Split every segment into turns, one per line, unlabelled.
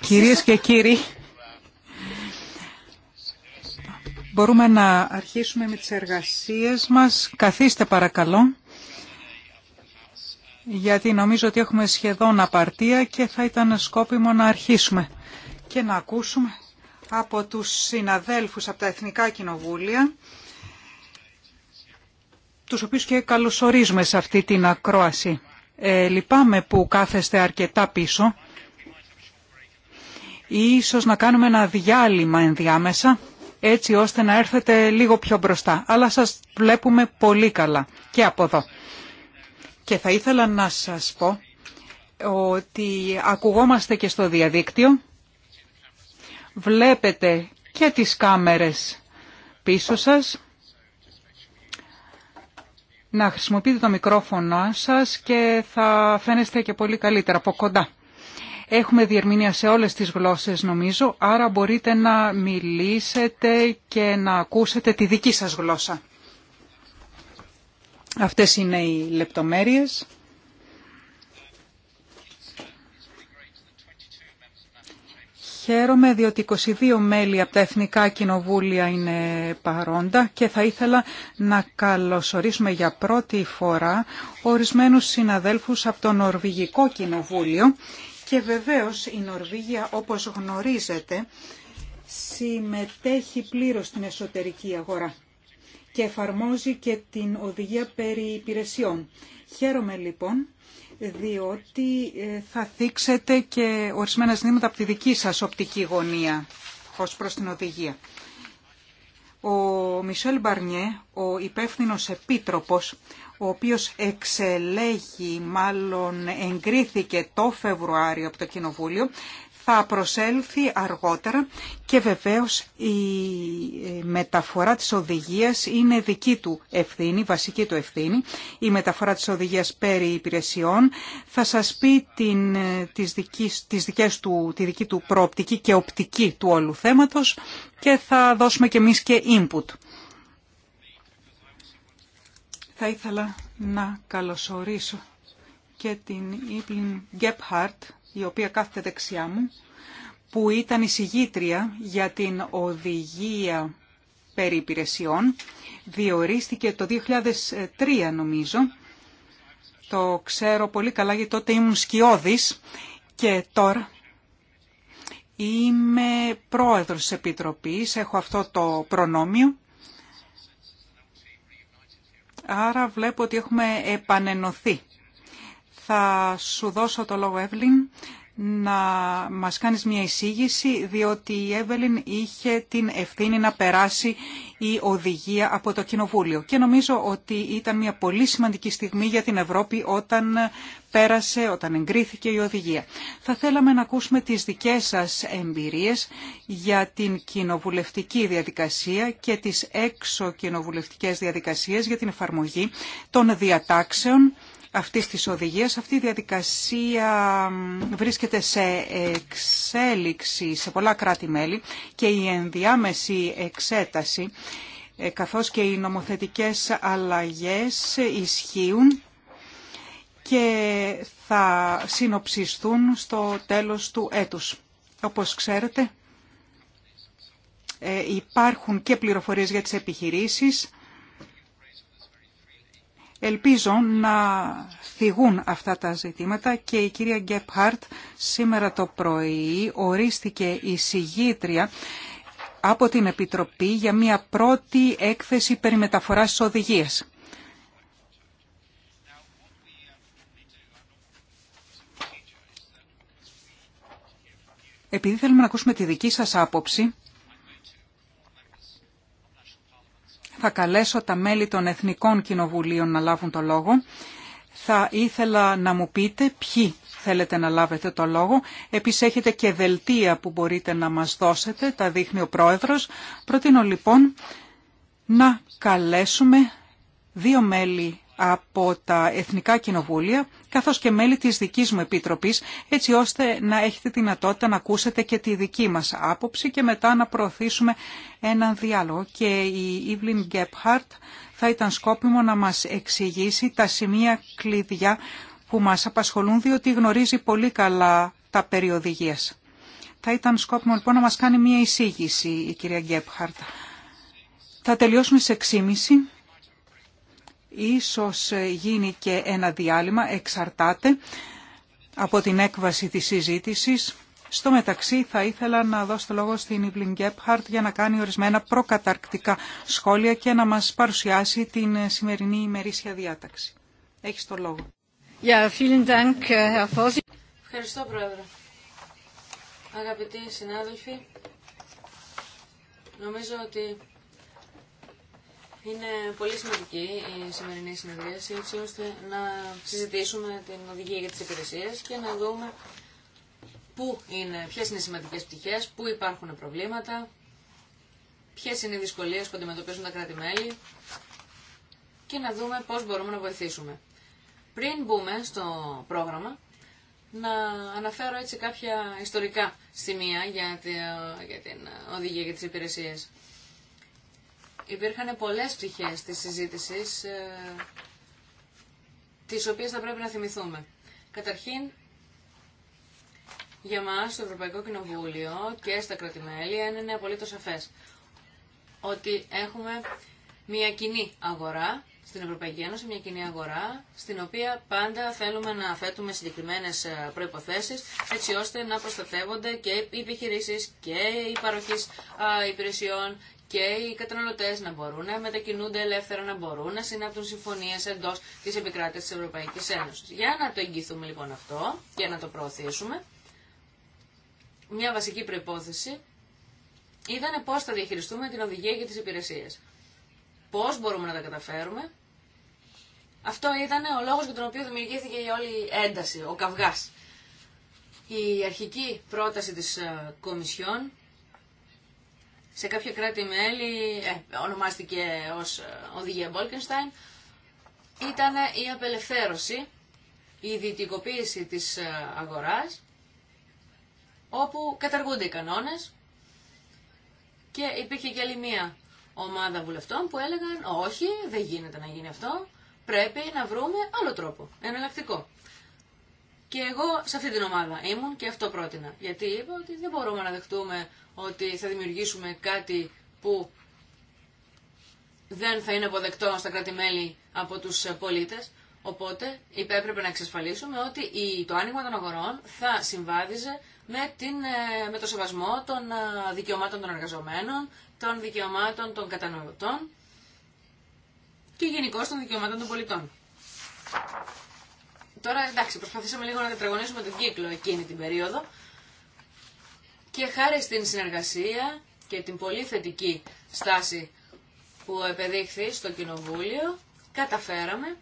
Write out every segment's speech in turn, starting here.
Κυρίες και κύριοι,
μπορούμε να αρχίσουμε με τις εργασίες μας. Καθίστε παρακαλώ, γιατί νομίζω ότι έχουμε σχεδόν απαρτία και θα ήταν σκόπιμο να αρχίσουμε και να ακούσουμε από τους συναδέλφους από τα Εθνικά Κοινοβούλια, τους οποίους και καλωσορίζουμε σε αυτή την ακρόαση. Ε, λυπάμαι που κάθεστε αρκετά πίσω ή ίσως να κάνουμε ένα διάλειμμα ενδιάμεσα έτσι ώστε να έρθετε λίγο πιο μπροστά. Αλλά σας βλέπουμε πολύ καλά και από εδώ. Και θα ήθελα να σας πω ότι ακουγόμαστε και στο διαδίκτυο. Βλέπετε και τις κάμερες πίσω σας. Να χρησιμοποιείτε το μικρόφωνο σας και θα φαίνεστε και πολύ καλύτερα από κοντά. Έχουμε διερμηνία σε όλες τις γλώσσες νομίζω, άρα μπορείτε να μιλήσετε και να ακούσετε τη δική σας γλώσσα. Αυτές είναι οι λεπτομέρειες. Χαίρομαι διότι 22 μέλη από τα Εθνικά Κοινοβούλια είναι παρόντα και θα ήθελα να καλωσορίσουμε για πρώτη φορά ορισμένους συναδέλφους από το Νορβηγικό Κοινοβούλιο και βεβαίως η Νορβηγία, όπως γνωρίζετε, συμμετέχει πλήρως στην εσωτερική αγορά και εφαρμόζει και την οδηγία περί υπηρεσιών. Χαίρομαι λοιπόν διότι ε, θα δείξετε και ορισμένα ζητήματα από τη δική σας οπτική γωνία ως προς την οδηγία. Ο Μισελ Μπαρνιέ, ο υπεύθυνος επίτροπος, ο οποίος εξελέγει, μάλλον εγκρίθηκε το Φεβρουάριο από το Κοινοβούλιο, θα προσέλθει αργότερα και βεβαίως η ε, μεταφορά της οδηγίας είναι δική του ευθύνη, βασική του ευθύνη. Η μεταφορά της οδηγίας περί υπηρεσιών θα σας πει την, ε, τις δικής, τις δικές του, τη δική του προοπτική και οπτική του όλου θέματος και θα δώσουμε και εμείς και input. Θα ήθελα να καλωσορίσω και την Ήπλιν Γκέπχαρτ, η οποία κάθεται δεξιά μου, που ήταν η συγγήτρια για την οδηγία περί Διορίστηκε το 2003 νομίζω. Το ξέρω πολύ καλά γιατί τότε ήμουν σκιώδης και τώρα είμαι πρόεδρος της Επιτροπής, έχω αυτό το προνόμιο Άρα βλέπω ότι έχουμε επανενωθεί. Θα σου δώσω το λόγο, Εύλην, να μας κάνεις μια εισήγηση, διότι η Εύελιν είχε την ευθύνη να περάσει η οδηγία από το Κοινοβούλιο. Και νομίζω ότι ήταν μια πολύ σημαντική στιγμή για την Ευρώπη όταν πέρασε, όταν εγκρίθηκε η οδηγία. Θα θέλαμε να ακούσουμε τις δικές σας εμπειρίες για την κοινοβουλευτική διαδικασία και τις έξω κοινοβουλευτικές διαδικασίες για την εφαρμογή των διατάξεων αυτής της οδηγίας. Αυτή η διαδικασία βρίσκεται σε εξέλιξη σε πολλά κράτη-μέλη και η ενδιάμεση εξέταση ε, καθώς και οι νομοθετικές αλλαγές ισχύουν και θα συνοψιστούν στο τέλος του έτους. Όπως ξέρετε, ε, υπάρχουν και πληροφορίες για τις επιχειρήσεις Ελπίζω να θυγούν αυτά τα ζητήματα και η κυρία Γκέπχαρτ σήμερα το πρωί ορίστηκε η συγγήτρια από την Επιτροπή για μια πρώτη έκθεση περί μεταφοράς οδηγίας. Επειδή θέλουμε να ακούσουμε τη δική σας άποψη, Θα καλέσω τα μέλη των Εθνικών Κοινοβουλίων να λάβουν το λόγο. Θα ήθελα να μου πείτε ποιοι θέλετε να λάβετε το λόγο. Επίσης έχετε και δελτία που μπορείτε να μας δώσετε, τα δείχνει ο Πρόεδρος. Προτείνω λοιπόν να καλέσουμε δύο μέλη από τα Εθνικά Κοινοβούλια, καθώς και μέλη της δικής μου Επιτροπής, έτσι ώστε να έχετε δυνατότητα να ακούσετε και τη δική μας άποψη και μετά να προωθήσουμε έναν διάλογο. Και η Ιβλιν Γκέπχαρτ θα ήταν σκόπιμο να μας εξηγήσει τα σημεία κλειδιά που μας απασχολούν, διότι γνωρίζει πολύ καλά τα περιοδηγίας. Θα ήταν σκόπιμο λοιπόν να μας κάνει μια εισήγηση η κυρία Γκέπχαρτ. Θα τελειώσουμε σε 6.30 Ίσως γίνει και ένα διάλειμμα, εξαρτάται από την έκβαση της συζήτησης. Στο μεταξύ θα ήθελα να δώσω το λόγο στην Ιβλιν Γκέπχαρτ για να κάνει ορισμένα προκαταρκτικά σχόλια και να μας παρουσιάσει την σημερινή ημερήσια διάταξη. Έχεις το λόγο.
Ευχαριστώ,
Πρόεδρε. Αγαπητοί συνάδελφοι, νομίζω ότι είναι πολύ σημαντική η σημερινή συνεδρίαση έτσι ώστε να συζητήσουμε την οδηγία για τις υπηρεσίες και να δούμε πού είναι, ποιες είναι οι σημαντικές πτυχές, πού υπάρχουν προβλήματα, ποιες είναι οι δυσκολίες που αντιμετωπίζουν τα κράτη-μέλη και να δούμε πώς μπορούμε να βοηθήσουμε. Πριν μπούμε στο πρόγραμμα, να αναφέρω έτσι κάποια ιστορικά σημεία για την οδηγία για τις υπηρεσίες υπήρχαν πολλές πτυχές της συζήτησης, ε, τις οποίες θα πρέπει να θυμηθούμε. Καταρχήν, για μας το Ευρωπαϊκό Κοινοβούλιο και στα κρατημέλια είναι απολύτω σαφές ότι έχουμε μια κοινή αγορά στην Ευρωπαϊκή Ένωση, μια κοινή αγορά στην οποία πάντα θέλουμε να θέτουμε συγκεκριμένε ε, προϋποθέσεις έτσι ώστε να προστατεύονται και οι επιχειρήσει και οι παροχή υπηρεσιών και οι καταναλωτέ να μπορούν να μετακινούνται ελεύθερα, να μπορούν να συνάπτουν συμφωνίε εντό τη επικράτηση τη Ευρωπαϊκή Ένωση. Για να το εγγυηθούμε λοιπόν αυτό και να το προωθήσουμε, μια βασική προπόθεση ήταν πώ θα διαχειριστούμε την οδηγία για τι υπηρεσίε. Πώ μπορούμε να τα καταφέρουμε. Αυτό ήταν ο λόγο για τον οποίο δημιουργήθηκε η όλη ένταση, ο καυγά. Η αρχική πρόταση της ε, Κομισιόν σε κάποια κράτη-μέλη, ε, ονομάστηκε ως ε, οδηγία Μπόλκενστάιν, ήταν η απελευθέρωση, η ιδιωτικοποίηση της ε, αγοράς, όπου καταργούνται οι κανόνες και υπήρχε και άλλη μία ομάδα βουλευτών που έλεγαν όχι, δεν γίνεται να γίνει αυτό, πρέπει να βρούμε άλλο τρόπο, εναλλακτικό. Και εγώ σε αυτή την ομάδα ήμουν και αυτό πρότεινα. Γιατί είπα ότι δεν μπορούμε να δεχτούμε ότι θα δημιουργήσουμε κάτι που δεν θα είναι αποδεκτό στα κράτη-μέλη από τους πολίτες. Οπότε έπρεπε να εξασφαλίσουμε ότι το άνοιγμα των αγορών θα συμβάδιζε με, την, ε, με το σεβασμό των ε, δικαιωμάτων των εργαζομένων, των δικαιωμάτων των κατανοητών και γενικώ των δικαιωμάτων των πολιτών. Τώρα εντάξει, προσπαθήσαμε λίγο να τετραγωνίσουμε τον κύκλο εκείνη την περίοδο και χάρη στην συνεργασία και την πολύ θετική στάση που επεδείχθη στο Κοινοβούλιο, καταφέραμε,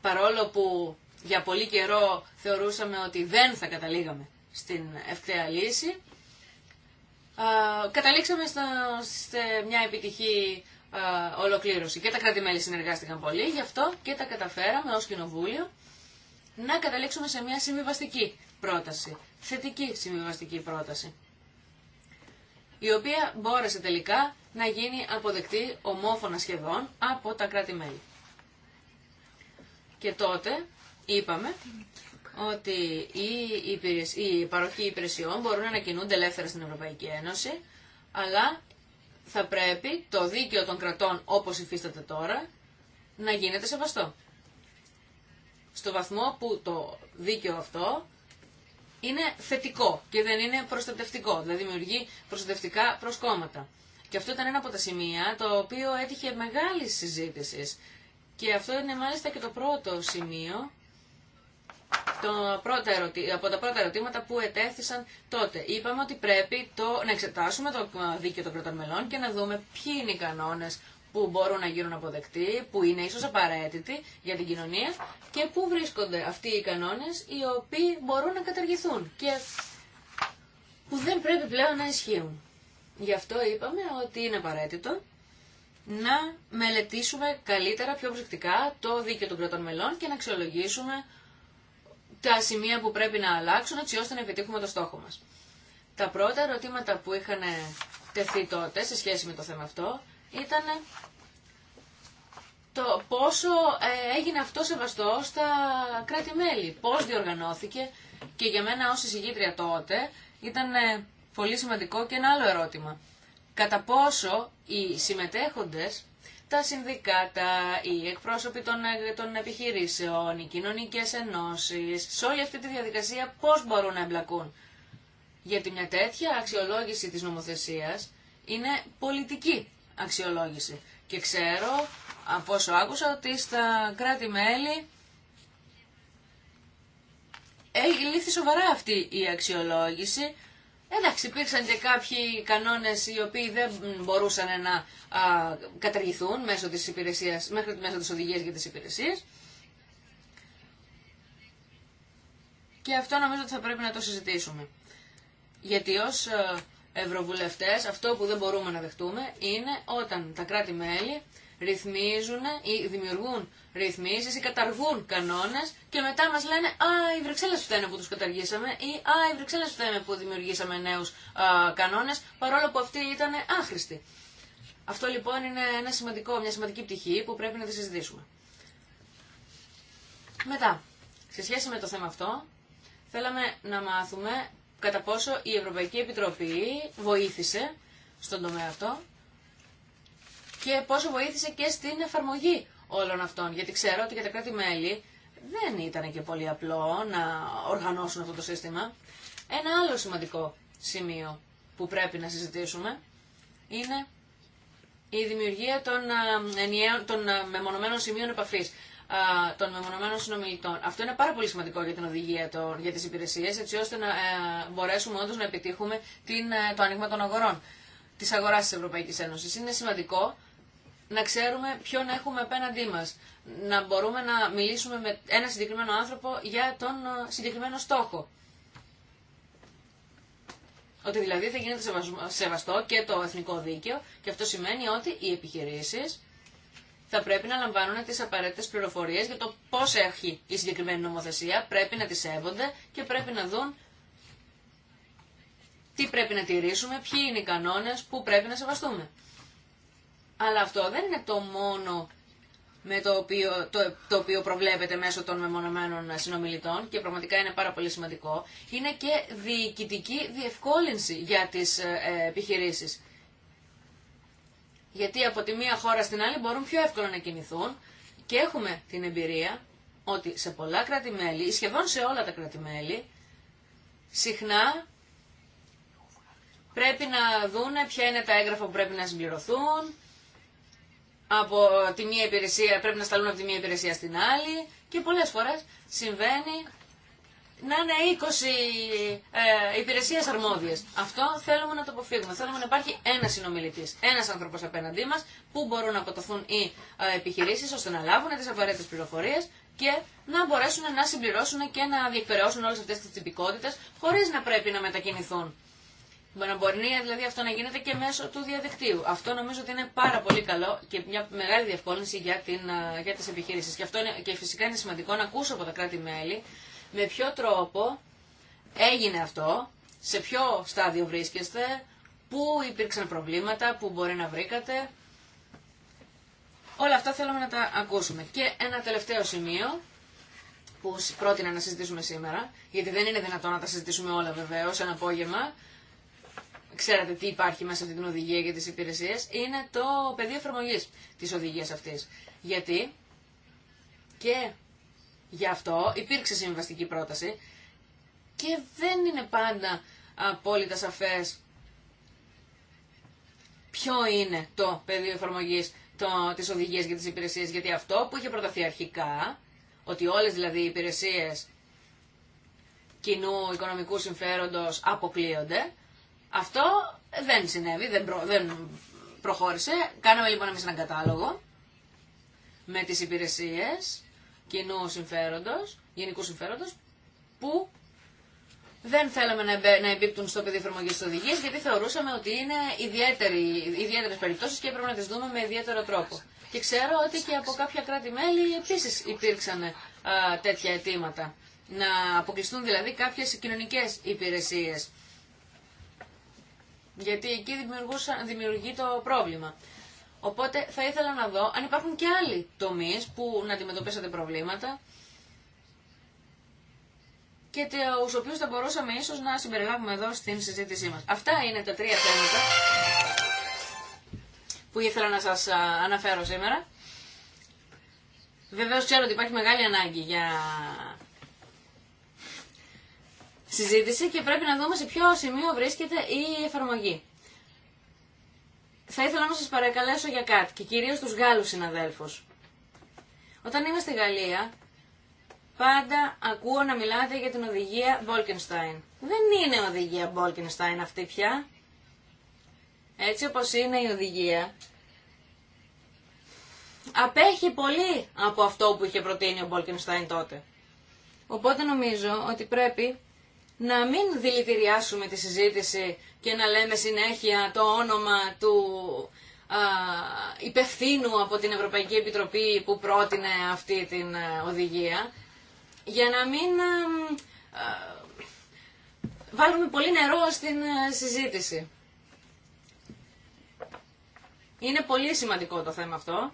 παρόλο που για πολύ καιρό θεωρούσαμε ότι δεν θα καταλήγαμε στην ευκαιρία λύση, καταλήξαμε σε μια επιτυχή ε, ολοκλήρωση. Και τα κράτη-μέλη συνεργάστηκαν πολύ, γι' αυτό και τα καταφέραμε ως Κοινοβούλιο να καταλήξουμε σε μια συμβιβαστική πρόταση, θετική συμβιβαστική πρόταση, η οποία μπόρεσε τελικά να γίνει αποδεκτή ομόφωνα σχεδόν από τα κράτη-μέλη. Και τότε είπαμε ότι οι υπηρεσ... οι υπηρεσιών μπορούν να κινούνται ελεύθερα στην Ευρωπαϊκή Ένωση, αλλά θα πρέπει το δίκαιο των κρατών όπως υφίσταται τώρα να γίνεται σεβαστό. Στο βαθμό που το δίκαιο αυτό είναι θετικό και δεν είναι προστατευτικό, δηλαδή δημιουργεί προστατευτικά προσκόμματα. Και αυτό ήταν ένα από τα σημεία το οποίο έτυχε μεγάλη συζήτηση. Και αυτό είναι μάλιστα και το πρώτο σημείο το πρώτα από τα πρώτα ερωτήματα που ετέθησαν τότε. Είπαμε ότι πρέπει το... να εξετάσουμε το δίκαιο των κρατών μελών και να δούμε ποιοι είναι οι κανόνες που μπορούν να γίνουν αποδεκτοί, που είναι ίσως απαραίτητοι για την κοινωνία και πού βρίσκονται αυτοί οι κανόνες οι οποίοι μπορούν να καταργηθούν και που δεν πρέπει πλέον να ισχύουν. Γι' αυτό είπαμε ότι είναι απαραίτητο να μελετήσουμε καλύτερα, πιο προσεκτικά το δίκαιο των κρατών μελών και να αξιολογήσουμε τα σημεία που πρέπει να αλλάξουν έτσι ώστε να επιτύχουμε το στόχο μας. Τα πρώτα ερωτήματα που είχαν τεθεί τότε σε σχέση με το θέμα αυτό ήταν το πόσο ε, έγινε αυτό σεβαστό στα κράτη-μέλη, πώς διοργανώθηκε και για μένα ως εισηγήτρια τότε ήταν ε, πολύ σημαντικό και ένα άλλο ερώτημα. Κατά πόσο οι συμμετέχοντες τα συνδικάτα, οι εκπρόσωποι των, επιχειρήσεων, οι κοινωνικέ ενώσει, σε όλη αυτή τη διαδικασία πώς μπορούν να εμπλακούν. Γιατί μια τέτοια αξιολόγηση της νομοθεσίας είναι πολιτική αξιολόγηση. Και ξέρω, από όσο άκουσα, ότι στα κράτη-μέλη λήφθη σοβαρά αυτή η αξιολόγηση Εντάξει, υπήρξαν και κάποιοι κανόνες οι οποίοι δεν μπορούσαν να καταργηθούν μέσω της υπηρεσίας, μέχρι μέσω της οδηγίας για τις υπηρεσίες. Και αυτό νομίζω ότι θα πρέπει να το συζητήσουμε. Γιατί ως ε, ευρωβουλευτές αυτό που δεν μπορούμε να δεχτούμε είναι όταν τα κράτη-μέλη ρυθμίζουν ή δημιουργούν ρυθμίσει ή καταργούν κανόνε και μετά μα λένε Α, οι Βρυξέλλε φταίνε που του καταργήσαμε ή Α, οι Βρυξέλλε φταίνε που δημιουργήσαμε νέου κανόνε, παρόλο που αυτοί ήταν άχρηστοι. Αυτό λοιπόν είναι ένα σημαντικό, μια σημαντική πτυχή που πρέπει να τη συζητήσουμε. Μετά, σε σχέση με το θέμα αυτό, θέλαμε να μάθουμε κατά πόσο η Ευρωπαϊκή Επιτροπή βοήθησε στον τομέα αυτό και πόσο βοήθησε και στην εφαρμογή όλων αυτών. Γιατί ξέρω ότι για τα κράτη-μέλη δεν ήταν και πολύ απλό να οργανώσουν αυτό το σύστημα. Ένα άλλο σημαντικό σημείο που πρέπει να συζητήσουμε είναι η δημιουργία των, ενιαίων, των μεμονωμένων σημείων επαφή, των μεμονωμένων συνομιλητών. Αυτό είναι πάρα πολύ σημαντικό για την οδηγία των, για τις υπηρεσίες, έτσι ώστε να μπορέσουμε όντως να επιτύχουμε την, το άνοιγμα των αγορών, της αγοράς της Ευρωπαϊκής Ένωσης. Είναι σημαντικό να ξέρουμε ποιον έχουμε απέναντί μα, να μπορούμε να μιλήσουμε με ένα συγκεκριμένο άνθρωπο για τον ε, συγκεκριμένο στόχο. Ότι δηλαδή θα γίνεται σεβαστό και το εθνικό δίκαιο και αυτό σημαίνει ότι οι επιχειρήσεις θα πρέπει να λαμβάνουν τι απαραίτητες πληροφορίες για το πώς έχει η συγκεκριμένη νομοθεσία, πρέπει να τη σέβονται και πρέπει να δουν τι πρέπει να τηρήσουμε, ποιοι είναι οι κανόνε που πρέπει να σεβαστούμε. Αλλά αυτό δεν είναι το μόνο με το οποίο, το, το οποίο προβλέπεται μέσω των μεμονωμένων συνομιλητών και πραγματικά είναι πάρα πολύ σημαντικό, είναι και διοικητική διευκόλυνση για τις ε, ε, επιχειρήσεις. Γιατί από τη μία χώρα στην άλλη μπορούν πιο εύκολα να κινηθούν και έχουμε την εμπειρία ότι σε πολλά κράτη-μέλη, ή σχεδόν σε όλα τα κράτη-μέλη, συχνά πρέπει να δούνε ποια είναι τα έγγραφα που πρέπει να συμπληρωθούν, από τη μία υπηρεσία, πρέπει να σταλούν από τη μία υπηρεσία στην άλλη και πολλές φορές συμβαίνει να είναι 20 ε, υπηρεσίε αρμόδιε. Αυτό θέλουμε να το αποφύγουμε. Θέλουμε να υπάρχει ένας συνομιλητής, ένας άνθρωπος απέναντί μας που μπορούν να αποταθούν οι ε, επιχειρήσει ώστε να λάβουν τι απαραίτητε πληροφορίε και να μπορέσουν να συμπληρώσουν και να διεκπαιρεώσουν όλες αυτές τις τυπικότητε χωρί να πρέπει να μετακινηθούν να μπορεί δηλαδή αυτό να γίνεται και μέσω του διαδικτύου. Αυτό νομίζω ότι είναι πάρα πολύ καλό και μια μεγάλη διευκόλυνση για, την, για τις επιχειρήσεις. Και, αυτό είναι, και φυσικά είναι σημαντικό να ακούσω από τα κράτη-μέλη με ποιο τρόπο έγινε αυτό, σε ποιο στάδιο βρίσκεστε, πού υπήρξαν προβλήματα, πού μπορεί να βρήκατε. Όλα αυτά θέλουμε να τα ακούσουμε. Και ένα τελευταίο σημείο που πρότεινα να συζητήσουμε σήμερα, γιατί δεν είναι δυνατόν να τα συζητήσουμε όλα βεβαίω ένα απόγευμα, ξέρατε τι υπάρχει μέσα από την οδηγία για τις υπηρεσίες, είναι το πεδίο εφαρμογή της οδηγίας αυτής. Γιατί και γι' αυτό υπήρξε συμβαστική πρόταση και δεν είναι πάντα απόλυτα σαφές ποιο είναι το πεδίο εφαρμογή της οδηγίας για τις υπηρεσίες, γιατί αυτό που είχε προταθεί αρχικά, ότι όλες δηλαδή οι υπηρεσίες κοινού οικονομικού συμφέροντος αποκλείονται, αυτό δεν συνέβη, δεν, δεν προχώρησε. Κάναμε λοιπόν εμείς έναν κατάλογο με τις υπηρεσίες κοινού συμφέροντος, γενικού συμφέροντος, που δεν θέλαμε να εμπίπτουν στο πεδίο εφαρμογή τη οδηγία, γιατί θεωρούσαμε ότι είναι ιδιαίτερε περιπτώσει και έπρεπε να τι δούμε με ιδιαίτερο τρόπο. Και ξέρω ότι και από κάποια κράτη-μέλη επίση υπήρξαν α, τέτοια αιτήματα. Να αποκλειστούν δηλαδή κάποιε κοινωνικέ υπηρεσίε γιατί εκεί δημιουργεί το πρόβλημα. Οπότε θα ήθελα να δω αν υπάρχουν και άλλοι τομείς που να αντιμετωπίσατε προβλήματα και του οποίου θα μπορούσαμε ίσω να συμπεριλάβουμε εδώ στην συζήτησή μα. Αυτά είναι τα τρία θέματα που ήθελα να σα αναφέρω σήμερα. Βεβαίω ξέρω ότι υπάρχει μεγάλη ανάγκη για συζήτηση και πρέπει να δούμε σε ποιο σημείο βρίσκεται η εφαρμογή. Θα ήθελα να σας παρακαλέσω για κάτι και κυρίως τους Γάλλους συναδέλφους. Όταν είμαι στη Γαλλία, πάντα ακούω να μιλάτε για την οδηγία Bolkenstein. Δεν είναι οδηγία Bolkenstein αυτή πια. Έτσι όπως είναι η οδηγία, απέχει πολύ από αυτό που είχε προτείνει ο Μπόλκενστάιν τότε. Οπότε νομίζω ότι πρέπει να μην δηλητηριάσουμε τη συζήτηση και να λέμε συνέχεια το όνομα του α, υπευθύνου από την Ευρωπαϊκή Επιτροπή που πρότεινε αυτή την ε, οδηγία, για να μην α, ε, ε, βάλουμε πολύ νερό στην συζήτηση. Είναι πολύ σημαντικό το θέμα αυτό,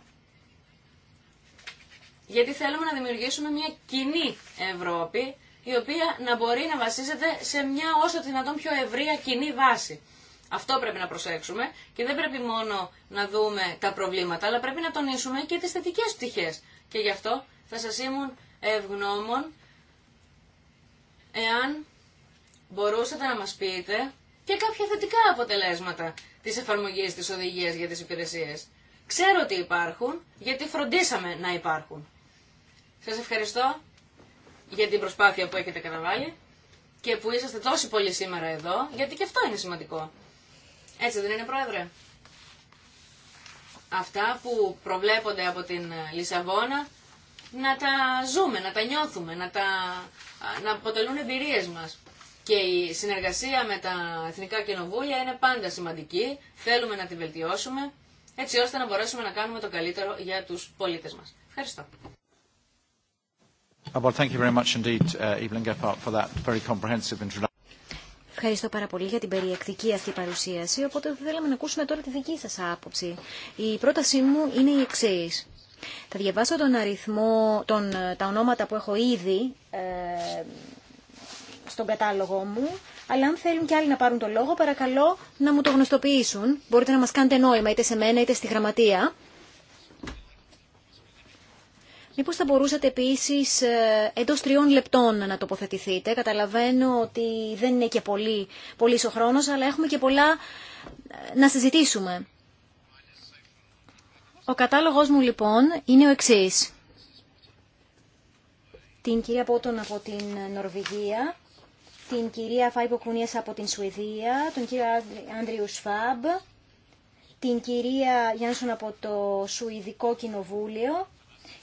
γιατί θέλουμε να δημιουργήσουμε μια κοινή Ευρώπη η οποία να μπορεί να βασίζεται σε μια όσο δυνατόν πιο ευρεία κοινή βάση. Αυτό πρέπει να προσέξουμε και δεν πρέπει μόνο να δούμε τα προβλήματα, αλλά πρέπει να τονίσουμε και τις θετικές πτυχές. Και γι' αυτό θα σας ήμουν ευγνώμων εάν μπορούσατε να μας πείτε και κάποια θετικά αποτελέσματα της εφαρμογής της οδηγίας για τις υπηρεσίες. Ξέρω ότι υπάρχουν, γιατί φροντίσαμε να υπάρχουν. Σας ευχαριστώ για την προσπάθεια που έχετε καταβάλει και που είσαστε τόσοι πολλοί σήμερα εδώ, γιατί και αυτό είναι σημαντικό. Έτσι δεν είναι, Πρόεδρε. Αυτά που προβλέπονται από την Λισαβόνα, να τα ζούμε, να τα νιώθουμε, να, τα, να αποτελούν εμπειρίε μας. Και η συνεργασία με τα Εθνικά Κοινοβούλια είναι πάντα σημαντική, θέλουμε να τη βελτιώσουμε, έτσι ώστε να μπορέσουμε να κάνουμε το καλύτερο για τους πολίτες μας. Ευχαριστώ.
Ευχαριστώ πάρα πολύ για την περιεκτική αυτή παρουσίαση, οπότε θα θέλαμε να ακούσουμε τώρα τη δική σας άποψη. Η πρότασή μου είναι η εξής. Θα διαβάσω τον αριθμό, τον, τα ονόματα που έχω ήδη ε, στον κατάλογο μου, αλλά αν θέλουν και άλλοι να πάρουν το λόγο, παρακαλώ να μου το γνωστοποιήσουν. Μπορείτε να μας κάνετε νόημα είτε σε μένα είτε στη γραμματεία. Μήπως θα μπορούσατε επίσης ε, εντός τριών λεπτών να τοποθετηθείτε. Καταλαβαίνω ότι δεν είναι και πολύ, πολύ ο χρόνος, αλλά έχουμε και πολλά ε, να συζητήσουμε. Ο κατάλογος μου λοιπόν είναι ο εξής. Την κυρία Πότον από την Νορβηγία, την κυρία Φάιπο Κουνίας από την Σουηδία, τον κύριο Άντριου Σφάμπ, την κυρία Γιάνσον από το Σουηδικό Κοινοβούλιο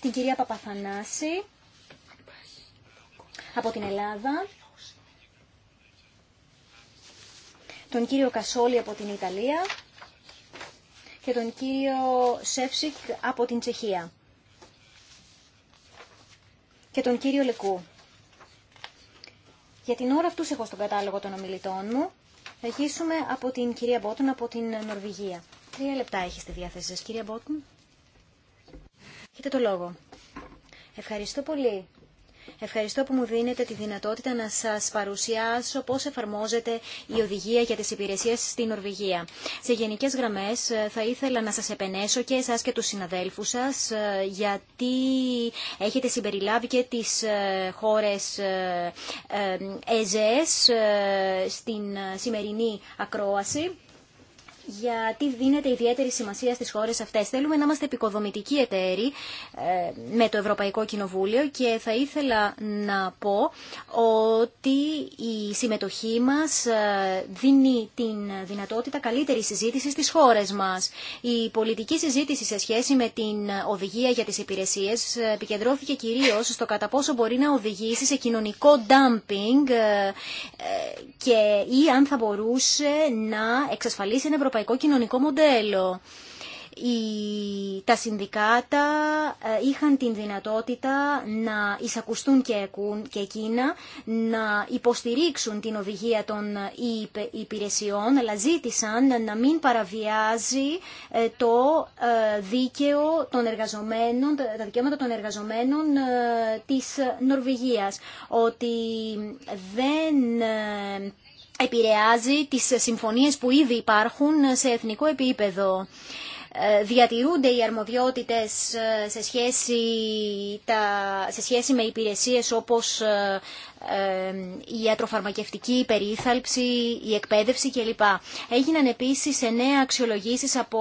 την κυρία Παπαθανάση από την Ελλάδα, τον κύριο Κασόλη από την Ιταλία και τον κύριο Σεύσικ από την Τσεχία και τον κύριο Λεκού. Για την ώρα αυτούς έχω στον κατάλογο των ομιλητών μου. Θα αρχίσουμε από την κυρία Μπότουν από την Νορβηγία. Τρία λεπτά έχει στη διάθεση σας, κυρία Μπότουν το λόγο. Ευχαριστώ πολύ. Ευχαριστώ που μου δίνετε τη δυνατότητα να σας παρουσιάσω πώς εφαρμόζεται η οδηγία για τις υπηρεσίες στην Νορβηγία. Σε γενικές γραμμές ε, θα ήθελα να σας επενέσω και εσάς και τους συναδέλφους σας ε, γιατί έχετε συμπεριλάβει και τις ε, χώρες ΕΖΕΣ στην σημερινή ακρόαση γιατί δίνεται ιδιαίτερη σημασία στις χώρες αυτές. Θέλουμε να είμαστε επικοδομητικοί εταίροι ε, με το Ευρωπαϊκό Κοινοβούλιο και θα ήθελα να πω ότι η συμμετοχή μας ε, δίνει την δυνατότητα καλύτερη συζήτηση στις χώρες μας. Η πολιτική συζήτηση σε σχέση με την οδηγία για τις υπηρεσίες ε, επικεντρώθηκε κυρίως στο κατά πόσο μπορεί να οδηγήσει σε κοινωνικό dumping και ή αν θα μπορούσε να εξασφαλίσει ένα ευρωπαϊκό ευρωπαϊκό κοινωνικό μοντέλο. Οι, τα συνδικάτα ε, είχαν την δυνατότητα να εισακουστούν και, και εκείνα, να υποστηρίξουν την οδηγία των ε, υπηρεσιών, αλλά ζήτησαν να μην παραβιάζει ε, το δίκαιο των εργαζομένων, τα δικαιώματα των εργαζομένων της Νορβηγίας. Ότι δεν επηρεάζει τις συμφωνίες που ήδη υπάρχουν σε εθνικό επίπεδο. Ε, διατηρούνται οι αρμοδιότητες ε, σε σχέση, τα, σε σχέση με υπηρεσίες όπως ε, η ιατροφαρμακευτική περίθαλψη, η εκπαίδευση κλπ. Έγιναν επίσης εννέα αξιολογήσεις από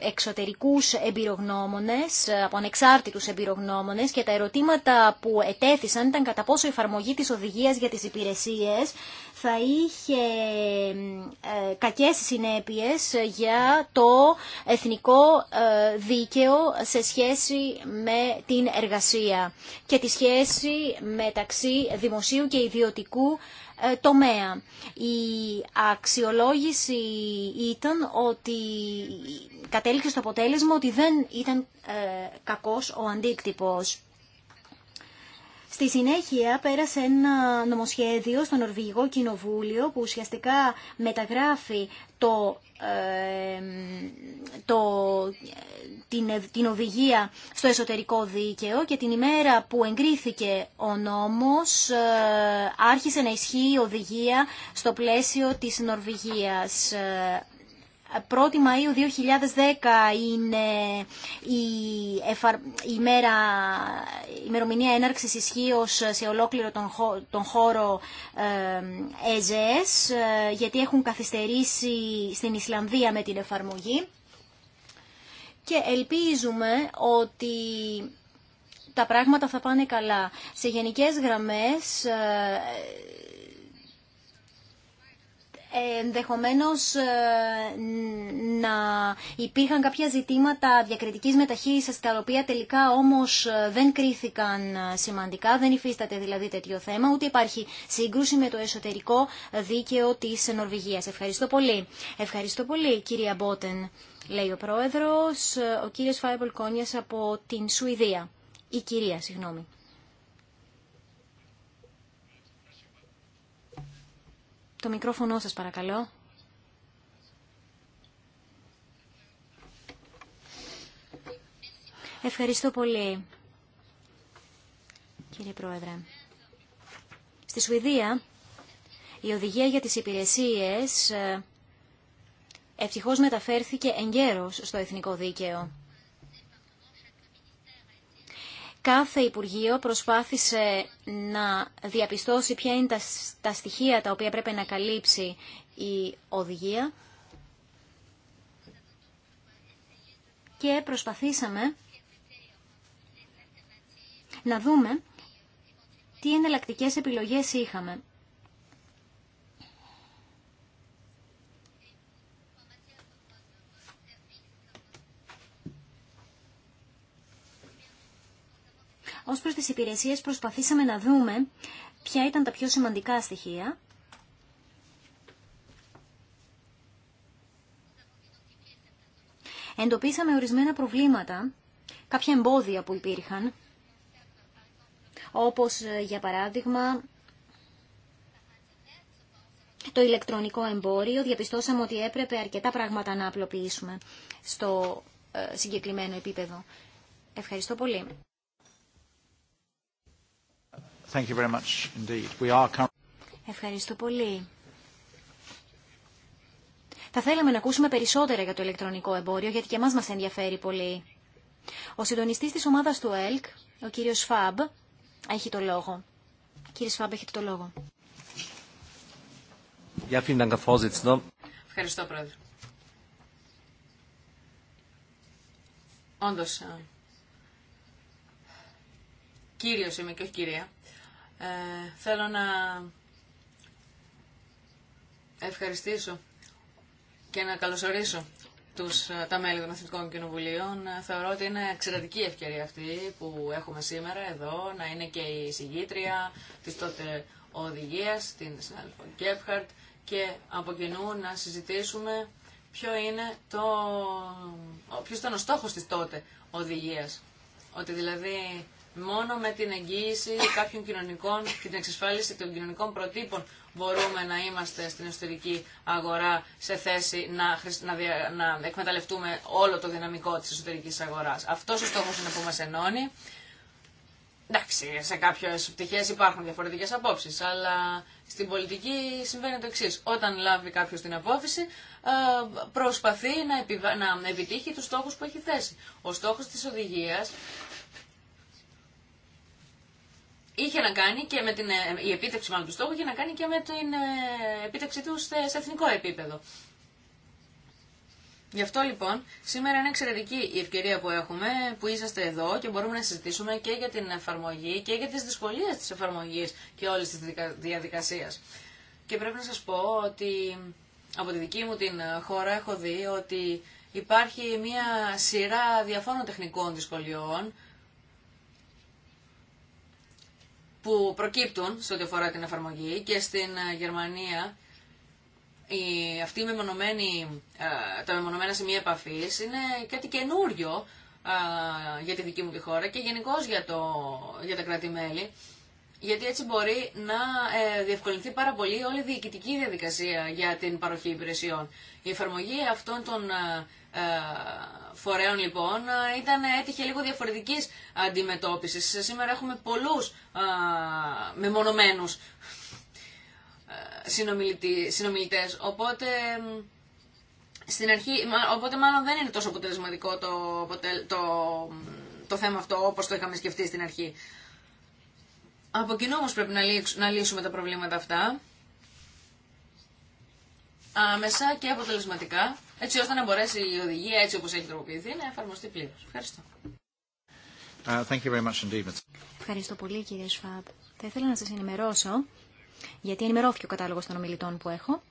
εξωτερικούς εμπειρογνώμονες, από ανεξάρτητους εμπειρογνώμονες και τα ερωτήματα που ετέθησαν ήταν κατά πόσο η εφαρμογή της οδηγίας για τις υπηρεσίες θα είχε ε, κακές συνέπειες για το εθνικό ε, δίκαιο σε σχέση με την εργασία και τη σχέση μεταξύ δημοσίου και ιδιωτικού ε, τομέα. Η αξιολόγηση ήταν ότι κατέληξε στο αποτέλεσμα ότι δεν ήταν κακός ο αντίκτυπος. Στη συνέχεια πέρασε ένα νομοσχέδιο στο Νορβηγικό Κοινοβούλιο που ουσιαστικά μεταγράφει το, το, την, την οδηγία στο εσωτερικό δίκαιο και την ημέρα που εγκρίθηκε ο νόμος ε, άρχισε να ισχύει η οδηγία στο πλαίσιο της Νορβηγίας. Ε, 1η Μαΐου 2010 είναι η, μέρα... ημερομηνία έναρξης ισχύω σε ολόκληρο τον, τον χώρο ΕΖΕΣ, ε, γιατί έχουν καθυστερήσει στην Ισλανδία με την εφαρμογή. Και ελπίζουμε ότι τα πράγματα θα πάνε καλά. Σε γενικές γραμμές... Ε, ενδεχομένως ε, να υπήρχαν κάποια ζητήματα διακριτικής μεταχείρισης τα οποία τελικά όμως ε, δεν κρίθηκαν ε, σημαντικά, δεν υφίσταται δηλαδή τέτοιο θέμα, ούτε υπάρχει σύγκρουση με το εσωτερικό δίκαιο της Νορβηγίας. Ευχαριστώ πολύ. Ευχαριστώ πολύ κυρία Μπότεν, λέει ο πρόεδρος, ο κύριος Φάιμπολ Κόνιας από την Σουηδία. Η κυρία, συγγνώμη. Το μικρόφωνο σας παρακαλώ. Ευχαριστώ πολύ, κύριε Πρόεδρε. Στη Σουηδία, η οδηγία για τις υπηρεσίες ε, ευτυχώς μεταφέρθηκε εγκαίρως στο εθνικό δίκαιο. Κάθε Υπουργείο προσπάθησε να διαπιστώσει ποια είναι τα, τα στοιχεία τα οποία πρέπει να καλύψει η οδηγία και προσπαθήσαμε να δούμε τι εναλλακτικές επιλογές είχαμε. Ως προς τις υπηρεσίες προσπαθήσαμε να δούμε ποια ήταν τα πιο σημαντικά στοιχεία. Εντοπίσαμε ορισμένα προβλήματα, κάποια εμπόδια που υπήρχαν, όπως ε, για παράδειγμα το ηλεκτρονικό εμπόριο, διαπιστώσαμε ότι έπρεπε αρκετά πράγματα να απλοποιήσουμε στο ε, συγκεκριμένο επίπεδο. Ευχαριστώ πολύ.
Thank you very much indeed. We are...
Ευχαριστώ πολύ. Θα θέλαμε να ακούσουμε περισσότερα για το ηλεκτρονικό εμπόριο, γιατί και εμάς μας ενδιαφέρει πολύ. Ο συντονιστής της ομάδας του ΕΛΚ, ο κύριος Φαμπ, έχει το λόγο. Κύριε Φαμπ, έχετε το λόγο.
Ευχαριστώ, Πρόεδρε. Όντως, ε, κύριος είμαι και όχι κυρία. Ε, θέλω να ευχαριστήσω και να καλωσορίσω τους, ε, τα μέλη των Εθνικών Κοινοβουλίων. Ε, θεωρώ ότι είναι εξαιρετική ευκαιρία αυτή που έχουμε σήμερα εδώ, να είναι και η συγγήτρια της τότε οδηγίας, την συνάδελφο Γκέφχαρτ, και από κοινού να συζητήσουμε ποιο είναι το, ποιος ήταν ο στόχος της τότε οδηγίας. Ότι δηλαδή Μόνο με την εγγύηση κάποιων κοινωνικών και την εξασφάλιση των κοινωνικών προτύπων μπορούμε να είμαστε στην εσωτερική αγορά σε θέση να, να, να εκμεταλλευτούμε όλο το δυναμικό της εσωτερικής αγοράς. Αυτός ο στόχος είναι που μας ενώνει. Εντάξει, σε κάποιε πτυχέ υπάρχουν διαφορετικέ απόψει, αλλά στην πολιτική συμβαίνει το εξή. Όταν λάβει κάποιο την απόφαση, ε, προσπαθεί να, να επιτύχει του στόχου που έχει θέσει. Ο στόχο τη οδηγία είχε να κάνει και με την, ε, η επίτευξη μάλλον του στόχου είχε να κάνει και με την ε, επίτευξη του σε εθνικό επίπεδο. Γι' αυτό λοιπόν σήμερα είναι εξαιρετική η ευκαιρία που έχουμε, που είσαστε εδώ και μπορούμε να συζητήσουμε και για την εφαρμογή και για τις δυσκολίες της εφαρμογής και όλης της διαδικασίας. Και πρέπει να σας πω ότι από τη δική μου την χώρα έχω δει ότι υπάρχει μια σειρά διαφόρων τεχνικών δυσκολιών που προκύπτουν σε ό,τι αφορά την εφαρμογή και στην ε, Γερμανία η, αυτή η μεμονωμένη, ε, τα μεμονωμένα σημεία επαφή είναι κάτι καινούριο ε, για τη δική μου τη χώρα και γενικώ για, το, για τα κράτη-μέλη. Γιατί έτσι μπορεί να διευκολυνθεί πάρα πολύ όλη η διοικητική διαδικασία για την παροχή υπηρεσιών. Η εφαρμογή αυτών των φορέων λοιπόν ε, ήταν, έτυχε λίγο διαφορετικής αντιμετώπισης. Σήμερα έχουμε πολλούς α, μεμονωμένους ε, συνομιλητές, οπότε... Στην αρχή, οπότε μάλλον δεν είναι τόσο αποτελεσματικό το, το, το θέμα αυτό όπως το είχαμε σκεφτεί στην αρχή. Από κοινού όμως πρέπει να λύσουμε τα προβλήματα αυτά άμεσα και αποτελεσματικά έτσι ώστε να μπορέσει η οδηγία έτσι όπως έχει τροποποιηθεί να εφαρμοστεί πλήρως. Ευχαριστώ.
Uh, thank you very much indeed.
Ευχαριστώ πολύ κύριε Σφαπ. Θα ήθελα να σας ενημερώσω, γιατί ενημερώθηκε ο κατάλογος των ομιλητών που έχω.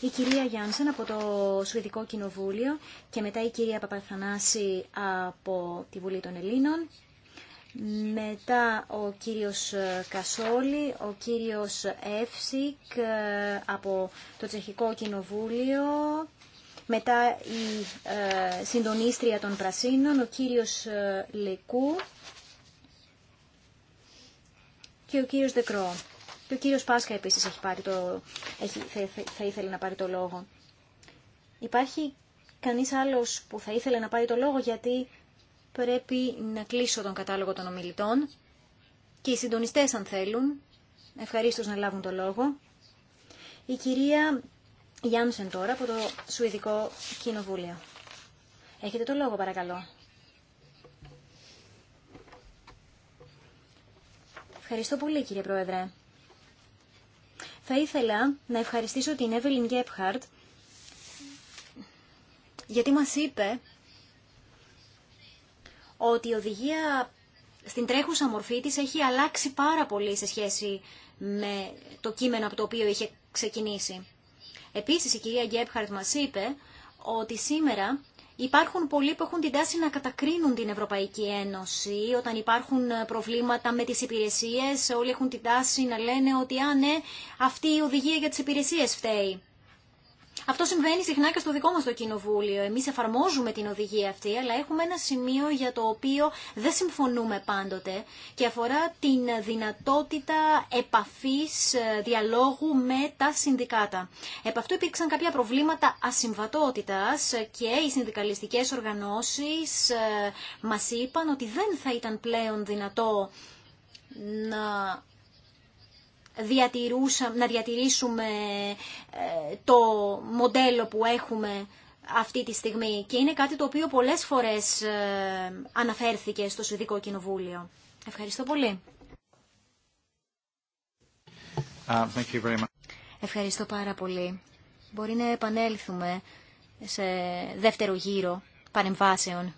η κυρία Γιάνσεν από το Σουηδικό Κοινοβούλιο και μετά η κυρία Παπαθανάση από τη Βουλή των Ελλήνων μετά ο κύριος ε, Κασόλη, ο κύριος Εύσικ ε, από το Τσεχικό Κοινοβούλιο, μετά η ε, συντονίστρια των Πρασίνων, ο κύριος ε, Λεκού και ο κύριος Δεκρό. Και ο κύριος Πάσχα επίσης έχει πάρει το, έχει, θα, θα ήθελε να πάρει το λόγο. Υπάρχει κανείς άλλος που θα ήθελε να πάρει το λόγο γιατί πρέπει να κλείσω τον κατάλογο των ομιλητών και οι συντονιστές αν θέλουν, ευχαρίστως να λάβουν το λόγο. Η κυρία Γιάνσεν τώρα από το Σουηδικό Κοινοβούλιο. Έχετε το λόγο παρακαλώ. Ευχαριστώ πολύ κύριε Πρόεδρε. Θα ήθελα να ευχαριστήσω την Εύελιν Γκέπχαρτ γιατί μας είπε ότι η οδηγία στην τρέχουσα μορφή της έχει αλλάξει πάρα πολύ σε σχέση με το κείμενο από το οποίο είχε ξεκινήσει. Επίσης η κυρία Γκέπχαρτ μας είπε ότι σήμερα υπάρχουν πολλοί που έχουν την τάση να κατακρίνουν την Ευρωπαϊκή Ένωση όταν υπάρχουν προβλήματα με τις υπηρεσίες. Όλοι έχουν την τάση να λένε ότι ναι, αυτή η οδηγία για τις υπηρεσίες φταίει». Αυτό συμβαίνει συχνά και στο δικό μας το κοινοβούλιο. Εμείς εφαρμόζουμε την οδηγία αυτή, αλλά έχουμε ένα σημείο για το οποίο δεν συμφωνούμε πάντοτε και αφορά την δυνατότητα επαφής ε, διαλόγου με τα συνδικάτα. Επ' αυτού υπήρξαν κάποια προβλήματα ασυμβατότητας και οι συνδικαλιστικές οργανώσεις ε, μας είπαν ότι δεν θα ήταν πλέον δυνατό να να διατηρήσουμε ε, το μοντέλο που έχουμε αυτή τη στιγμή και είναι κάτι το οποίο πολλές φορές ε, αναφέρθηκε στο Σουηδικό Κοινοβούλιο. Ευχαριστώ πολύ. Uh, Ευχαριστώ πάρα πολύ. Μπορεί να επανέλθουμε σε δεύτερο γύρο παρεμβάσεων.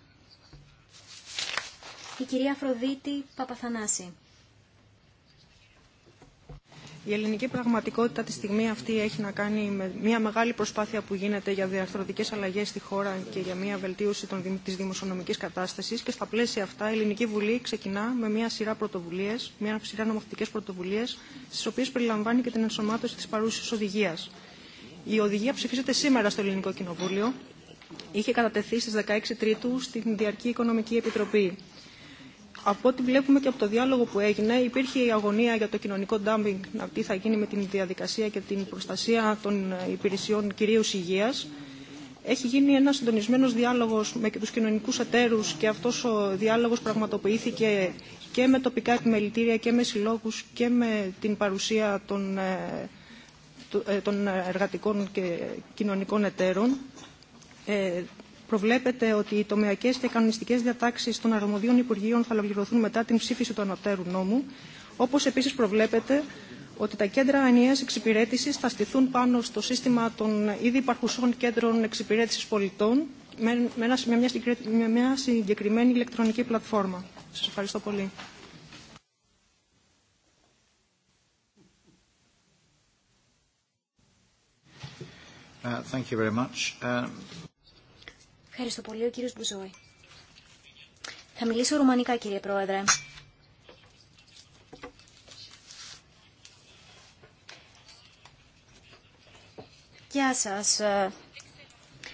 Η κυρία Αφροδίτη Παπαθανάση.
Η ελληνική πραγματικότητα τη στιγμή αυτή έχει να κάνει με μια μεγάλη προσπάθεια που γίνεται για διαρθρωτικές αλλαγές στη χώρα και για μια βελτίωση των, της δημοσιονομικής κατάστασης και στα πλαίσια αυτά η Ελληνική Βουλή ξεκινά με μια σειρά πρωτοβουλίες, μια σειρά νομοθετικές πρωτοβουλίες στις οποίες περιλαμβάνει και την ενσωμάτωση της παρούσης οδηγίας. Η οδηγία ψηφίζεται σήμερα στο Ελληνικό Κοινοβούλιο. Είχε κατατεθεί στις 16 Τρίτου στην Διαρκή Οικονομική Επιτροπή από ό,τι βλέπουμε και από το διάλογο που έγινε, υπήρχε η αγωνία για το κοινωνικό ντάμπινγκ, τι θα γίνει με την διαδικασία και την προστασία των υπηρεσιών κυρίως υγείας. Έχει γίνει ένα συντονισμένο διάλογο με του κοινωνικού εταίρου και αυτό ο διάλογο πραγματοποιήθηκε και με τοπικά επιμελητήρια και με συλλόγου και με την παρουσία των, ε, ε, των εργατικών και κοινωνικών εταίρων. Ε, προβλέπεται ότι οι τομεακέ και κανονιστικέ διατάξει των αρμοδίων Υπουργείων θα ολοκληρωθούν μετά την ψήφιση του ανωτέρου νόμου, όπω επίση προβλέπεται ότι τα κέντρα ενιαία εξυπηρέτηση θα στηθούν πάνω στο σύστημα των ήδη υπαρχουσών κέντρων εξυπηρέτηση πολιτών με μια, συγκεκριμένη ηλεκτρονική πλατφόρμα. Σα ευχαριστώ πολύ.
Uh, thank you very much. Um,
Ευχαριστώ πολύ, ο κύριος Μπουζόη. Θα μιλήσω ρουμανικά, κύριε Πρόεδρε. Γεια σας.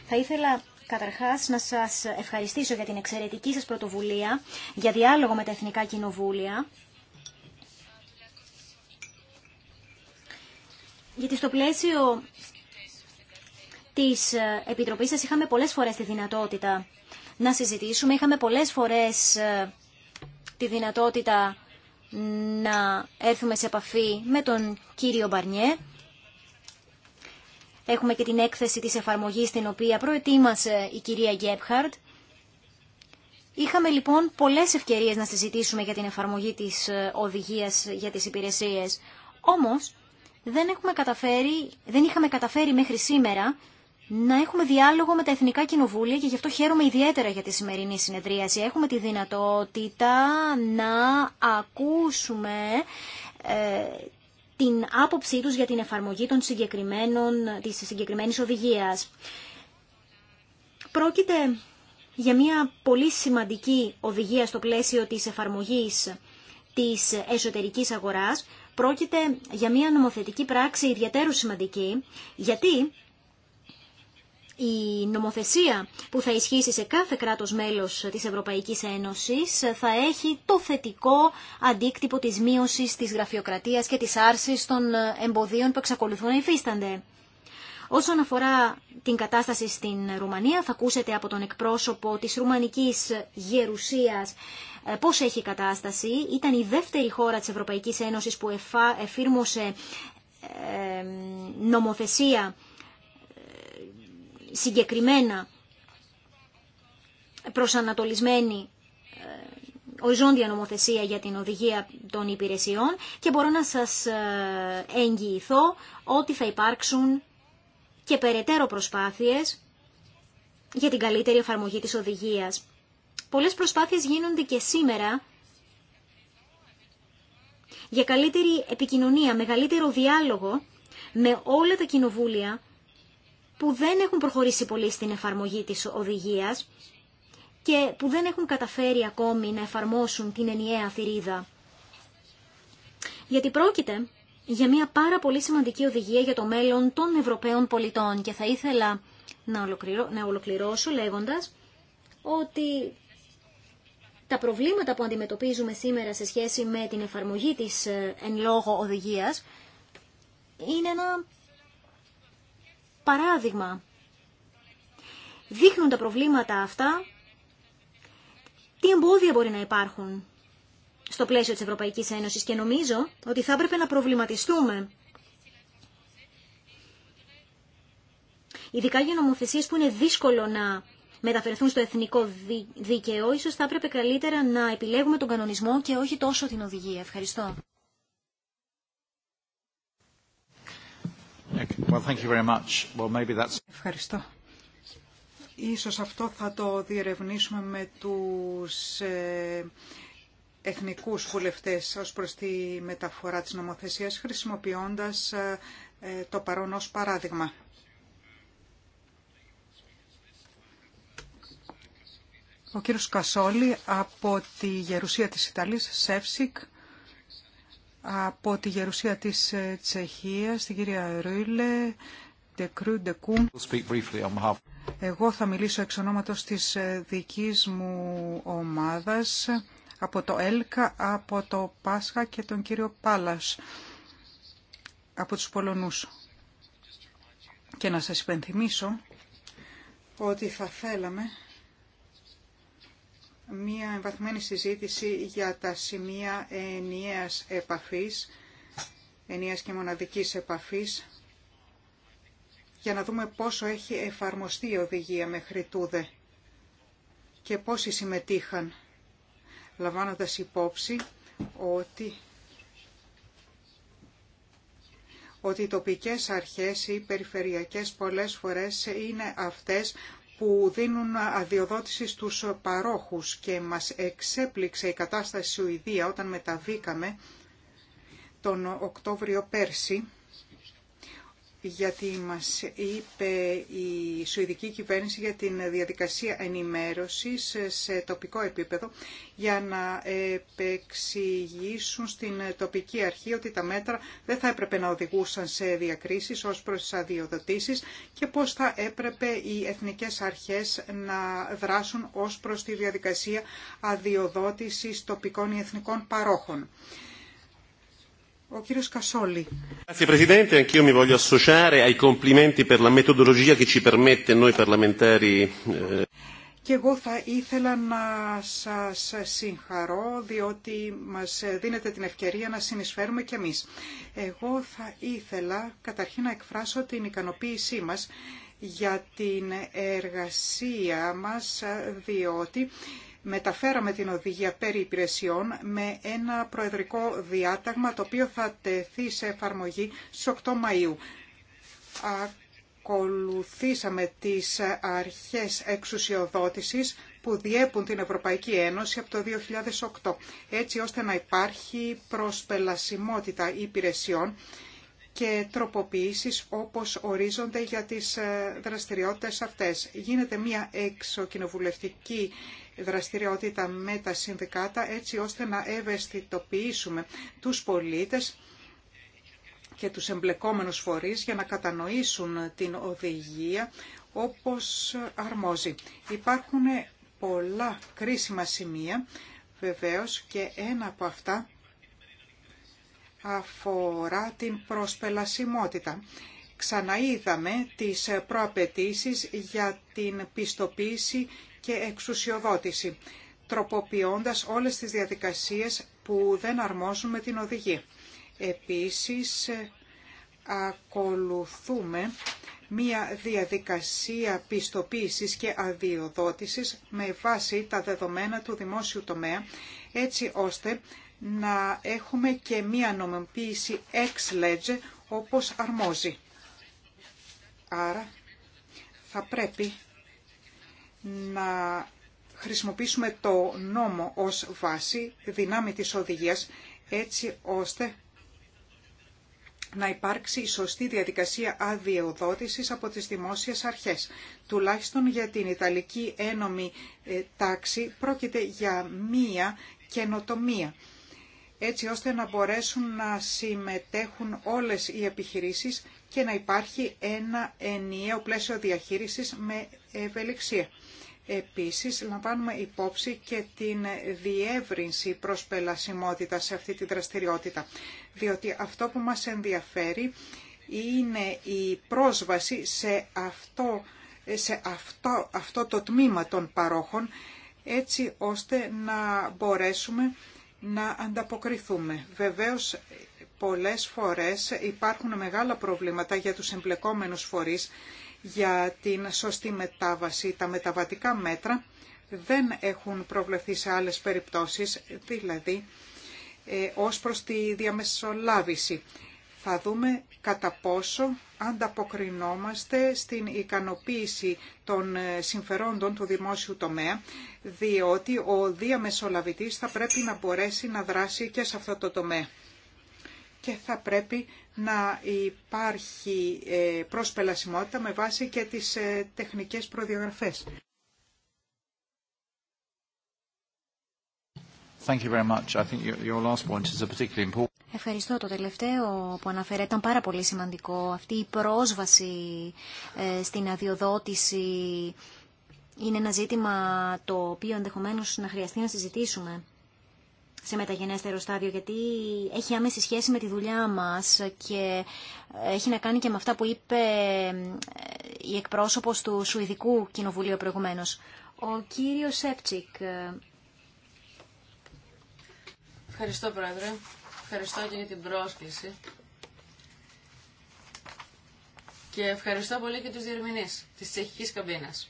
Θα ήθελα καταρχάς να σας ευχαριστήσω για την εξαιρετική σας πρωτοβουλία, για διάλογο με τα Εθνικά Κοινοβούλια. Γιατί στο πλαίσιο της ε, Επιτροπής σας είχαμε πολλές φορές τη δυνατότητα να συζητήσουμε. Είχαμε πολλές φορές ε, τη δυνατότητα να έρθουμε σε επαφή με τον κύριο Μπαρνιέ. Έχουμε και την έκθεση της εφαρμογής την οποία προετοίμασε η κυρία Γκέπχαρτ. Είχαμε λοιπόν πολλές ευκαιρίες να συζητήσουμε για την εφαρμογή της ε, οδηγίας για τις υπηρεσίες. Όμως δεν, έχουμε καταφέρει, δεν είχαμε καταφέρει μέχρι σήμερα να έχουμε διάλογο με τα Εθνικά Κοινοβούλια και γι' αυτό χαίρομαι ιδιαίτερα για τη σημερινή συνεδρίαση. Έχουμε τη δυνατότητα να ακούσουμε ε, την άποψή τους για την εφαρμογή των συγκεκριμένων, της συγκεκριμένης οδηγίας. Πρόκειται για μια πολύ σημαντική οδηγία στο πλαίσιο της εφαρμογής της εσωτερικής αγοράς. Πρόκειται για μια νομοθετική πράξη ιδιαίτερου σημαντική, γιατί η νομοθεσία που θα ισχύσει σε κάθε κράτος μέλος της Ευρωπαϊκής Ένωσης θα έχει το θετικό αντίκτυπο της μείωσης της γραφειοκρατίας και της άρσης των εμποδίων που εξακολουθούν να υφίστανται. Όσον αφορά την κατάσταση στην Ρουμανία, θα ακούσετε από τον εκπρόσωπο της Ρουμανικής Γερουσίας ε, πώς έχει η κατάσταση. Ήταν η δεύτερη χώρα της Ευρωπαϊκής Ένωσης που εφήρμοσε ε, νομοθεσία συγκεκριμένα προσανατολισμένη ε, οριζόντια νομοθεσία για την οδηγία των υπηρεσιών και μπορώ να σας ε, εγγυηθώ ότι θα υπάρξουν και περαιτέρω προσπάθειες για την καλύτερη εφαρμογή της οδηγίας. Πολλές προσπάθειες γίνονται και σήμερα για καλύτερη επικοινωνία, μεγαλύτερο διάλογο με όλα τα κοινοβούλια που δεν έχουν προχωρήσει πολύ στην εφαρμογή της οδηγίας και που δεν έχουν καταφέρει ακόμη να εφαρμόσουν την ενιαία θηρίδα. Γιατί πρόκειται για μια πάρα πολύ σημαντική οδηγία για το μέλλον των Ευρωπαίων πολιτών και θα ήθελα να, ολοκληρώσω λέγοντας ότι τα προβλήματα που αντιμετωπίζουμε σήμερα σε σχέση με την εφαρμογή της ε, εν λόγω οδηγίας είναι ένα παράδειγμα. Δείχνουν τα προβλήματα αυτά, τι εμπόδια μπορεί να υπάρχουν στο πλαίσιο της Ευρωπαϊκής Ένωσης και νομίζω ότι θα έπρεπε να προβληματιστούμε. Ειδικά για νομοθεσίες που είναι δύσκολο να μεταφερθούν στο εθνικό δίκαιο, ίσως θα έπρεπε καλύτερα να επιλέγουμε τον κανονισμό και όχι τόσο την οδηγία. Ευχαριστώ.
Ευχαριστώ. Ίσως αυτό θα το διερευνήσουμε με τους ε, εθνικούς βουλευτές ως προς τη μεταφορά της νομοθεσίας χρησιμοποιώντας ε, ε, το παρόν ως παράδειγμα. Ο κύριος Κασόλη από τη Γερουσία της Ιταλίας, Σεύσικ, από τη γερουσία της ε, Τσεχίας, την κυρία Ρούιλε, εγώ θα μιλήσω εξ ονόματος της ε, δικής μου ομάδας, από το ΕΛΚΑ, από το Πάσχα και τον κύριο Πάλας, από τους Πολωνούς. Και να σας υπενθυμίσω ότι θα θέλαμε μία εμβαθμένη συζήτηση για τα σημεία ενιαίας επαφής, ενιαίας και μοναδικής επαφής, για να δούμε πόσο έχει εφαρμοστεί η οδηγία μέχρι τούδε και πόσοι συμμετείχαν, λαμβάνοντας υπόψη ότι ότι οι τοπικές αρχές ή περιφερειακές πολλές φορές είναι αυτές που δίνουν αδειοδότηση στους παρόχους και μας εξέπληξε η κατάσταση Σουηδία όταν μεταβήκαμε τον Οκτώβριο πέρσι γιατί μας είπε η Σουηδική Κυβέρνηση για την διαδικασία ενημέρωσης σε τοπικό επίπεδο για να επεξηγήσουν στην τοπική αρχή ότι τα μέτρα δεν θα έπρεπε να οδηγούσαν σε διακρίσεις ως προς τις αδειοδοτήσεις και πώς θα έπρεπε οι εθνικές αρχές να δράσουν ως προς τη διαδικασία αδειοδότησης τοπικών ή εθνικών παρόχων. Ο κύριος Κασόλη. Και εγώ θα ήθελα να σας συγχαρώ, διότι μας δίνετε την ευκαιρία να συνεισφέρουμε κι εμείς. Εγώ θα ήθελα καταρχήν να εκφράσω την ικανοποίησή μας για την εργασία μας, διότι μεταφέραμε την οδηγία περί υπηρεσιών με ένα προεδρικό διάταγμα το οποίο θα τεθεί σε εφαρμογή στις 8 Μαΐου. Ακολουθήσαμε τις αρχές εξουσιοδότησης που διέπουν την Ευρωπαϊκή Ένωση από το 2008, έτσι ώστε να υπάρχει προσπελασιμότητα υπηρεσιών και τροποποιήσεις όπως ορίζονται για τις ε, δραστηριότητες αυτές. Γίνεται μια εξοκοινοβουλευτική δραστηριότητα με τα συνδικάτα έτσι ώστε να ευαισθητοποιήσουμε τους πολίτες και τους εμπλεκόμενους φορείς για να κατανοήσουν την οδηγία όπως αρμόζει. Υπάρχουν πολλά κρίσιμα σημεία βεβαίως και ένα από αυτά αφορά την προσπελασιμότητα. Ξαναείδαμε τις προαπαιτήσει για την πιστοποίηση και εξουσιοδότηση, τροποποιώντας όλες τις διαδικασίες που δεν αρμόζουν με την οδηγία. Επίσης, ακολουθούμε μία διαδικασία πιστοποίησης και αδειοδότησης με βάση τα δεδομένα του δημόσιου τομέα, έτσι ώστε να έχουμε και μία νομιμοποίηση ex lege όπως αρμόζει. Άρα θα πρέπει να χρησιμοποιήσουμε το νόμο ως βάση δυνάμει της οδηγίας έτσι ώστε να υπάρξει η σωστή διαδικασία αδειοδότησης από τις δημόσιες αρχές. Τουλάχιστον για την Ιταλική ένομη ε, τάξη πρόκειται για μία καινοτομία έτσι ώστε να μπορέσουν να συμμετέχουν όλες οι επιχειρήσεις και να υπάρχει ένα ενιαίο πλαίσιο διαχείρισης με ευελιξία. Επίσης, λαμβάνουμε υπόψη και την διεύρυνση πελασιμότητα σε αυτή τη δραστηριότητα, διότι αυτό που μας ενδιαφέρει είναι η πρόσβαση σε αυτό, σε αυτό, αυτό το τμήμα των παρόχων, έτσι ώστε να μπορέσουμε να ανταποκριθούμε. Βεβαίως, πολλές φορές υπάρχουν μεγάλα προβλήματα για τους εμπλεκόμενους φορείς για την σωστή μετάβαση. Τα μεταβατικά μέτρα δεν έχουν προβλεφθεί σε άλλες περιπτώσεις, δηλαδή ε, ως προς τη διαμεσολάβηση θα δούμε κατά πόσο ανταποκρινόμαστε στην ικανοποίηση των ε, συμφερόντων του δημόσιου τομέα, διότι ο διαμεσολαβητής θα πρέπει να μπορέσει να δράσει και σε αυτό το τομέα. Και θα πρέπει να υπάρχει ε, προσπελασιμότητα με βάση και τις ε, τεχνικές προδιαγραφές.
Thank you very much. I think your last point is
Ευχαριστώ. Το τελευταίο που αναφέρεται ήταν πάρα πολύ σημαντικό. Αυτή η πρόσβαση ε, στην αδειοδότηση είναι ένα ζήτημα το οποίο ενδεχομένως να χρειαστεί να συζητήσουμε σε μεταγενέστερο στάδιο, γιατί έχει άμεση σχέση με τη δουλειά μας και έχει να κάνει και με αυτά που είπε ε, η εκπρόσωπος του Σουηδικού Κοινοβουλίου προηγουμένως. Ο κύριος Σέπτσικ.
Ευχαριστώ, Πρόεδρε ευχαριστώ και για την πρόσκληση. Και ευχαριστώ πολύ και τους διερμηνείς της τσεχικής καμπίνας.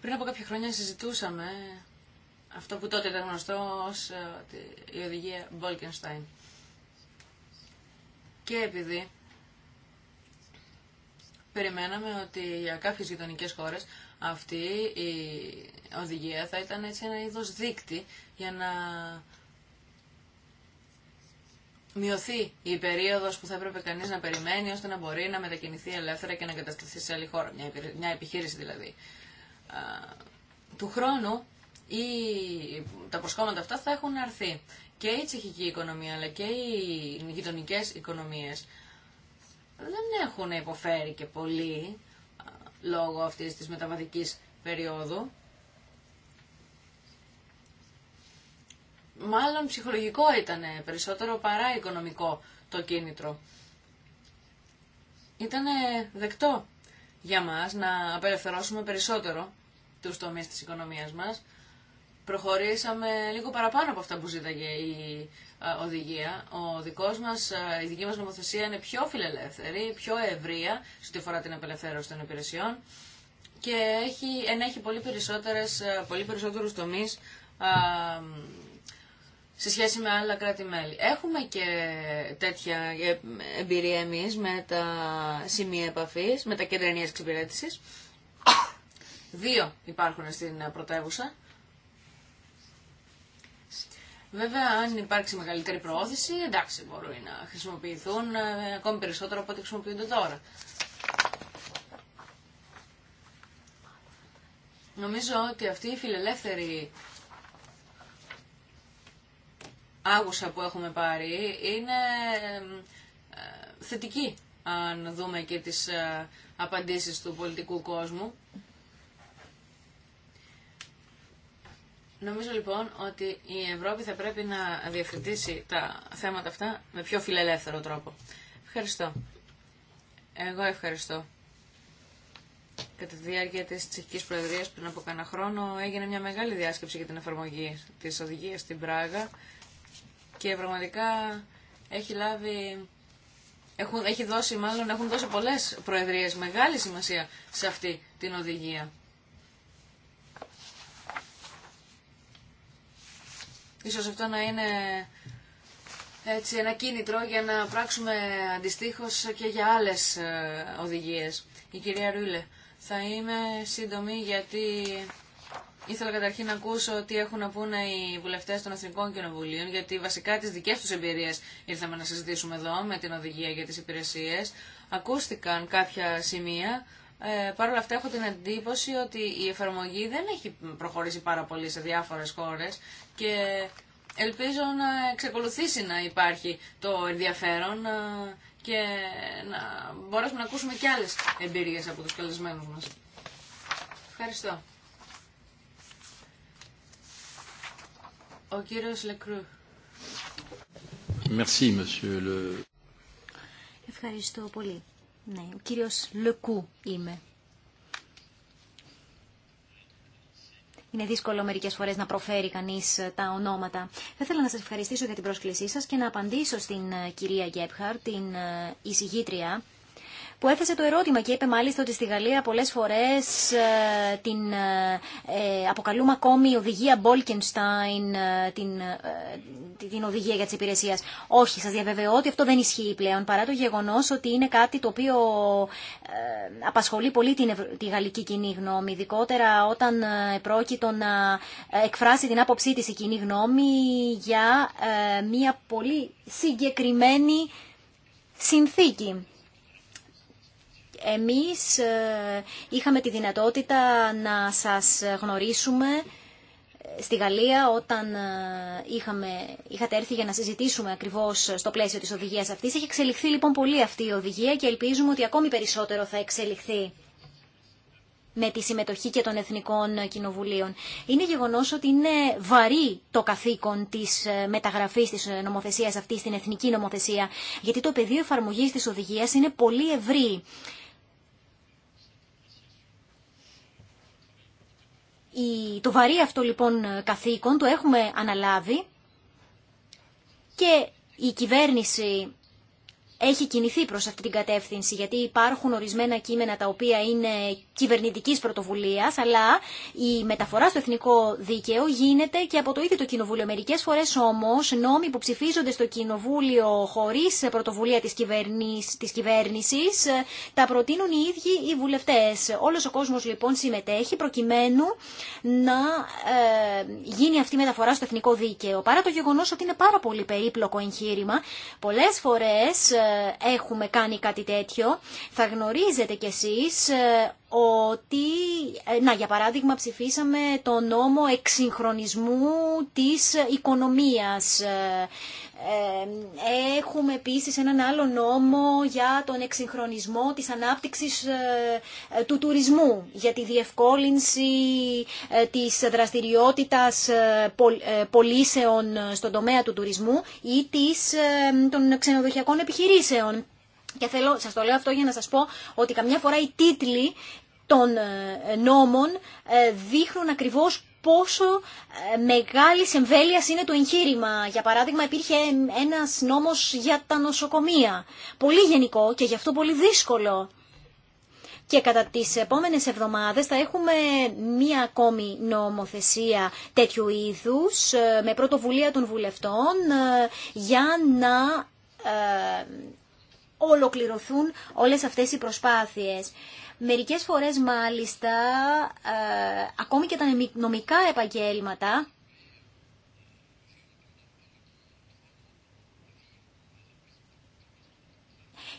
Πριν από κάποια χρόνια συζητούσαμε αυτό που τότε ήταν γνωστό ως ε, η οδηγία Bolkenstein. Και επειδή περιμέναμε ότι για κάποιες γειτονικέ χώρες αυτή η οδηγία θα ήταν έτσι ένα είδος δίκτυ για να μειωθεί η περίοδος που θα έπρεπε κανείς να περιμένει ώστε να μπορεί να μετακινηθεί ελεύθερα και να εγκατασταθεί σε άλλη χώρα, μια επιχείρηση δηλαδή. Του χρόνου ή τα προσκόμματα αυτά θα έχουν αρθεί. Και η τσεχική οικονομία αλλά και οι γειτονικέ οικονομίες δεν έχουν υποφέρει και πολύ λόγω αυτής της μεταβατικής περίοδου. Μάλλον ψυχολογικό ήταν περισσότερο παρά οικονομικό το κίνητρο. Ήταν δεκτό για μας να απελευθερώσουμε περισσότερο τους τομείς της οικονομίας μας. Προχωρήσαμε λίγο παραπάνω από αυτά που ζήταγε η ε, ο δικός μας, ε, η δική μας νομοθεσία είναι πιο φιλελεύθερη, πιο ευρεία σε αφορά την απελευθέρωση των υπηρεσιών και έχει, ενέχει πολύ, περισσότερες, ε, πολύ περισσότερους τομείς σε σχέση με άλλα κράτη-μέλη. Έχουμε και τέτοια εμπειρία εμεί με τα σημεία επαφής, με τα κέντρα ενίας εξυπηρέτησης. Δύο υπάρχουν στην πρωτεύουσα. Βέβαια, αν υπάρξει μεγαλύτερη προώθηση, εντάξει, μπορούν να χρησιμοποιηθούν ε, ακόμη περισσότερο από ό,τι χρησιμοποιούνται τώρα. Νομίζω ότι αυτή η φιλελεύθερη άγουσα που έχουμε πάρει είναι ε, ε, θετική, αν δούμε και τις απαντήσεις του πολιτικού κόσμου. Νομίζω λοιπόν ότι η Ευρώπη θα πρέπει να διευθυντήσει τα θέματα αυτά με πιο φιλελεύθερο τρόπο. Ευχαριστώ. Εγώ ευχαριστώ. Κατά τη διάρκεια τη Τσεχική Προεδρία πριν από κανένα χρόνο έγινε μια μεγάλη διάσκεψη για την εφαρμογή τη οδηγία στην Πράγα και πραγματικά έχει λάβει. Έχουν, έχει δώσει, μάλλον έχουν δώσει πολλές προεδρίες μεγάλη σημασία σε αυτή την οδηγία. Ίσως αυτό να είναι έτσι ένα κίνητρο για να πράξουμε αντιστοίχως και για άλλες ε, οδηγίες. Η κυρία Ρούλε, θα είμαι σύντομη γιατί ήθελα καταρχήν να ακούσω τι έχουν να πούνε οι βουλευτές των Εθνικών Κοινοβουλίων γιατί βασικά τις δικές τους εμπειρίες ήρθαμε να συζητήσουμε εδώ με την οδηγία για τις υπηρεσίες. Ακούστηκαν κάποια σημεία ε, Παρ' όλα αυτά έχω την εντύπωση ότι η εφαρμογή δεν έχει προχωρήσει πάρα πολύ σε διάφορε χώρε και ελπίζω να εξακολουθήσει να υπάρχει το ενδιαφέρον ε, και να μπορέσουμε να ακούσουμε και άλλε εμπειρίες από του καλεσμένου μα. Ευχαριστώ.
Ο κύριος Λεκρού.
Merci, monsieur le...
Ευχαριστώ πολύ. Ναι, ο κύριος Λεκού είμαι. Είναι δύσκολο μερικές φορές να προφέρει κανείς ε, τα ονόματα. Θα ήθελα να σας ευχαριστήσω για την πρόσκλησή σας και να απαντήσω στην ε, κυρία Γκέπχαρ, την ε, εισηγήτρια που έθεσε το ερώτημα και είπε μάλιστα ότι στη Γαλλία πολλές φορές ε, την ε, ε, αποκαλούμε ακόμη οδηγία Bolkenstein, την, την οδηγία για τις υπηρεσίες. Όχι, σας διαβεβαιώ ότι αυτό δεν ισχύει πλέον, παρά το γεγονός ότι είναι κάτι το οποίο απασχολεί πολύ την, τη γαλλική κοινή γνώμη, ειδικότερα όταν πρόκειτο να εκφράσει την άποψή της η κοινή γνώμη για μια πολύ συγκεκριμένη συνθήκη. Εμείς ε, είχαμε τη δυνατότητα να σας γνωρίσουμε ε, στη Γαλλία όταν ε, είχαμε, είχατε έρθει για να συζητήσουμε ακριβώς στο πλαίσιο της οδηγίας αυτής. Έχει εξελιχθεί λοιπόν πολύ αυτή η οδηγία και ελπίζουμε ότι ακόμη περισσότερο θα εξελιχθεί με τη συμμετοχή και των Εθνικών Κοινοβουλίων. Είναι γεγονός ότι είναι βαρύ το καθήκον της μεταγραφής της νομοθεσίας αυτής στην Εθνική Νομοθεσία, γιατί το πεδίο εφαρμογής της οδηγίας είναι πολύ ευρύ. το βαρύ αυτό λοιπόν καθήκον το έχουμε αναλάβει και η κυβέρνηση έχει κινηθεί προς αυτή την κατεύθυνση γιατί υπάρχουν ορισμένα κείμενα τα οποία είναι κυβερνητική πρωτοβουλία, αλλά η μεταφορά στο εθνικό δίκαιο γίνεται και από το ίδιο το Κοινοβούλιο. Μερικέ φορέ όμω, νόμοι που ψηφίζονται στο Κοινοβούλιο χωρί πρωτοβουλία τη κυβέρνηση, ε, τα προτείνουν οι ίδιοι οι βουλευτέ. Όλο ο κόσμο λοιπόν συμμετέχει προκειμένου να ε, γίνει αυτή η μεταφορά στο εθνικό δίκαιο. Παρά το γεγονό ότι είναι πάρα πολύ περίπλοκο εγχείρημα, πολλές φορέ ε, έχουμε κάνει κάτι τέτοιο. Θα γνωρίζετε κι εσείς ε, ότι, ε, να για παράδειγμα ψηφίσαμε το νόμο εξυγχρονισμού της οικονομίας. Ε, ε, έχουμε επίσης έναν άλλο νόμο για τον εξυγχρονισμό της ανάπτυξης του τουρισμού, για τη διευκόλυνση της δραστηριότητας πολίσεων στον τομέα του τουρισμού ή της, των ξενοδοχειακών επιχειρήσεων. Και θέλω, σας το λέω αυτό για να σας πω ότι καμιά φορά οι τίτλοι των ε, νόμων ε, δείχνουν ακριβώς πόσο ε, μεγάλη εμβέλεια είναι το εγχείρημα. Για παράδειγμα, υπήρχε ένας νόμος για τα νοσοκομεία. Πολύ γενικό και γι' αυτό πολύ δύσκολο. Και κατά τις επόμενες εβδομάδες θα έχουμε μία ακόμη νομοθεσία τέτοιου είδους με πρωτοβουλία των βουλευτών για να ολοκληρωθούν όλες αυτές οι προσπάθειες. Μερικές φορές μάλιστα ε, ακόμη και τα νομικά επαγγέλματα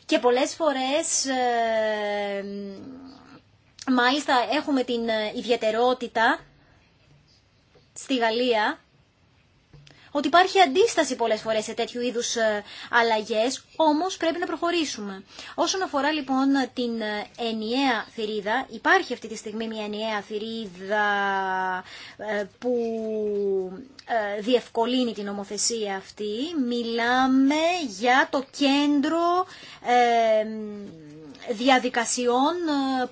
και πολλές φορές ε, μάλιστα έχουμε την ε, ιδιαιτερότητα στη Γαλλία ότι υπάρχει αντίσταση πολλές φορές σε τέτοιου είδου ε, αλλαγές, όμως πρέπει να προχωρήσουμε. Όσον αφορά λοιπόν την ε, ενιαία θηρίδα, υπάρχει αυτή τη στιγμή μια ενιαία θηρίδα ε, που διευκολύνει την ομοθεσία αυτή. Μιλάμε για το κέντρο διαδικασιών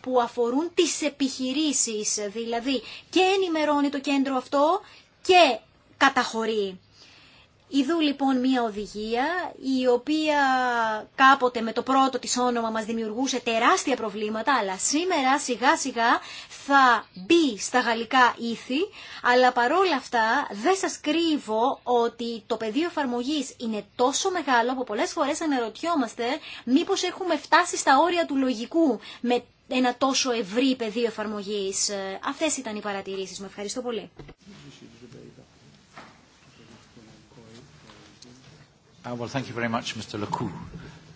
που αφορούν τις επιχειρήσεις, δηλαδή και ενημερώνει το κέντρο αυτό και καταχωρεί. Ιδού λοιπόν μια οδηγία η οποία κάποτε με το πρώτο της όνομα μας δημιουργούσε τεράστια προβλήματα αλλά σήμερα σιγά σιγά θα μπει στα γαλλικά ήθη αλλά παρόλα αυτά δεν σας κρύβω ότι το πεδίο εφαρμογή είναι τόσο μεγάλο που πολλές φορές αναρωτιόμαστε μήπως έχουμε φτάσει στα όρια του λογικού με ένα τόσο ευρύ πεδίο εφαρμογής. Ε, αυτές ήταν οι παρατηρήσεις μου. Ευχαριστώ πολύ.
Uh,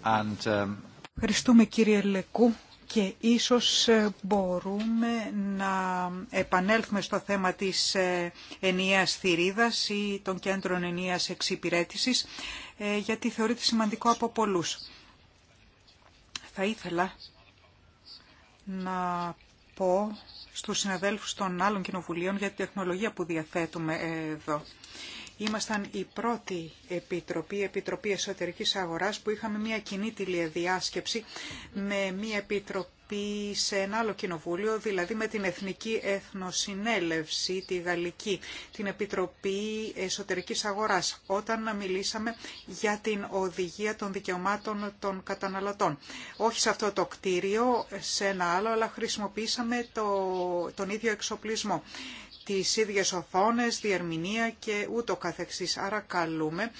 um,
Ευχαριστούμε κύριε Λεκού και ίσως ε, μπορούμε να επανέλθουμε στο θέμα της ε, ενιαίας θηρίδας ή των κέντρων ενιαίας εξυπηρέτησης, ε, γιατί θεωρείται σημαντικό από πολλούς. Θα ήθελα να πω στους συναδέλφους των άλλων κοινοβουλίων για την τεχνολογία που διαθέτουμε εδώ. Ήμασταν η πρώτη επιτροπή, επιτροπή εσωτερικής αγοράς, που είχαμε μια κοινή τηλεδιάσκεψη με μια επιτροπή σε ένα άλλο κοινοβούλιο, δηλαδή με την Εθνική Εθνοσυνέλευση, τη Γαλλική, την Επιτροπή Εσωτερικής Αγοράς, όταν μιλήσαμε για την οδηγία των δικαιωμάτων των καταναλωτών. Όχι σε αυτό το κτίριο, σε ένα άλλο, αλλά χρησιμοποίησαμε το, τον ίδιο εξοπλισμό τις ίδιες οθόνες, διερμηνία και ούτω καθεξής. Άρα καλούμε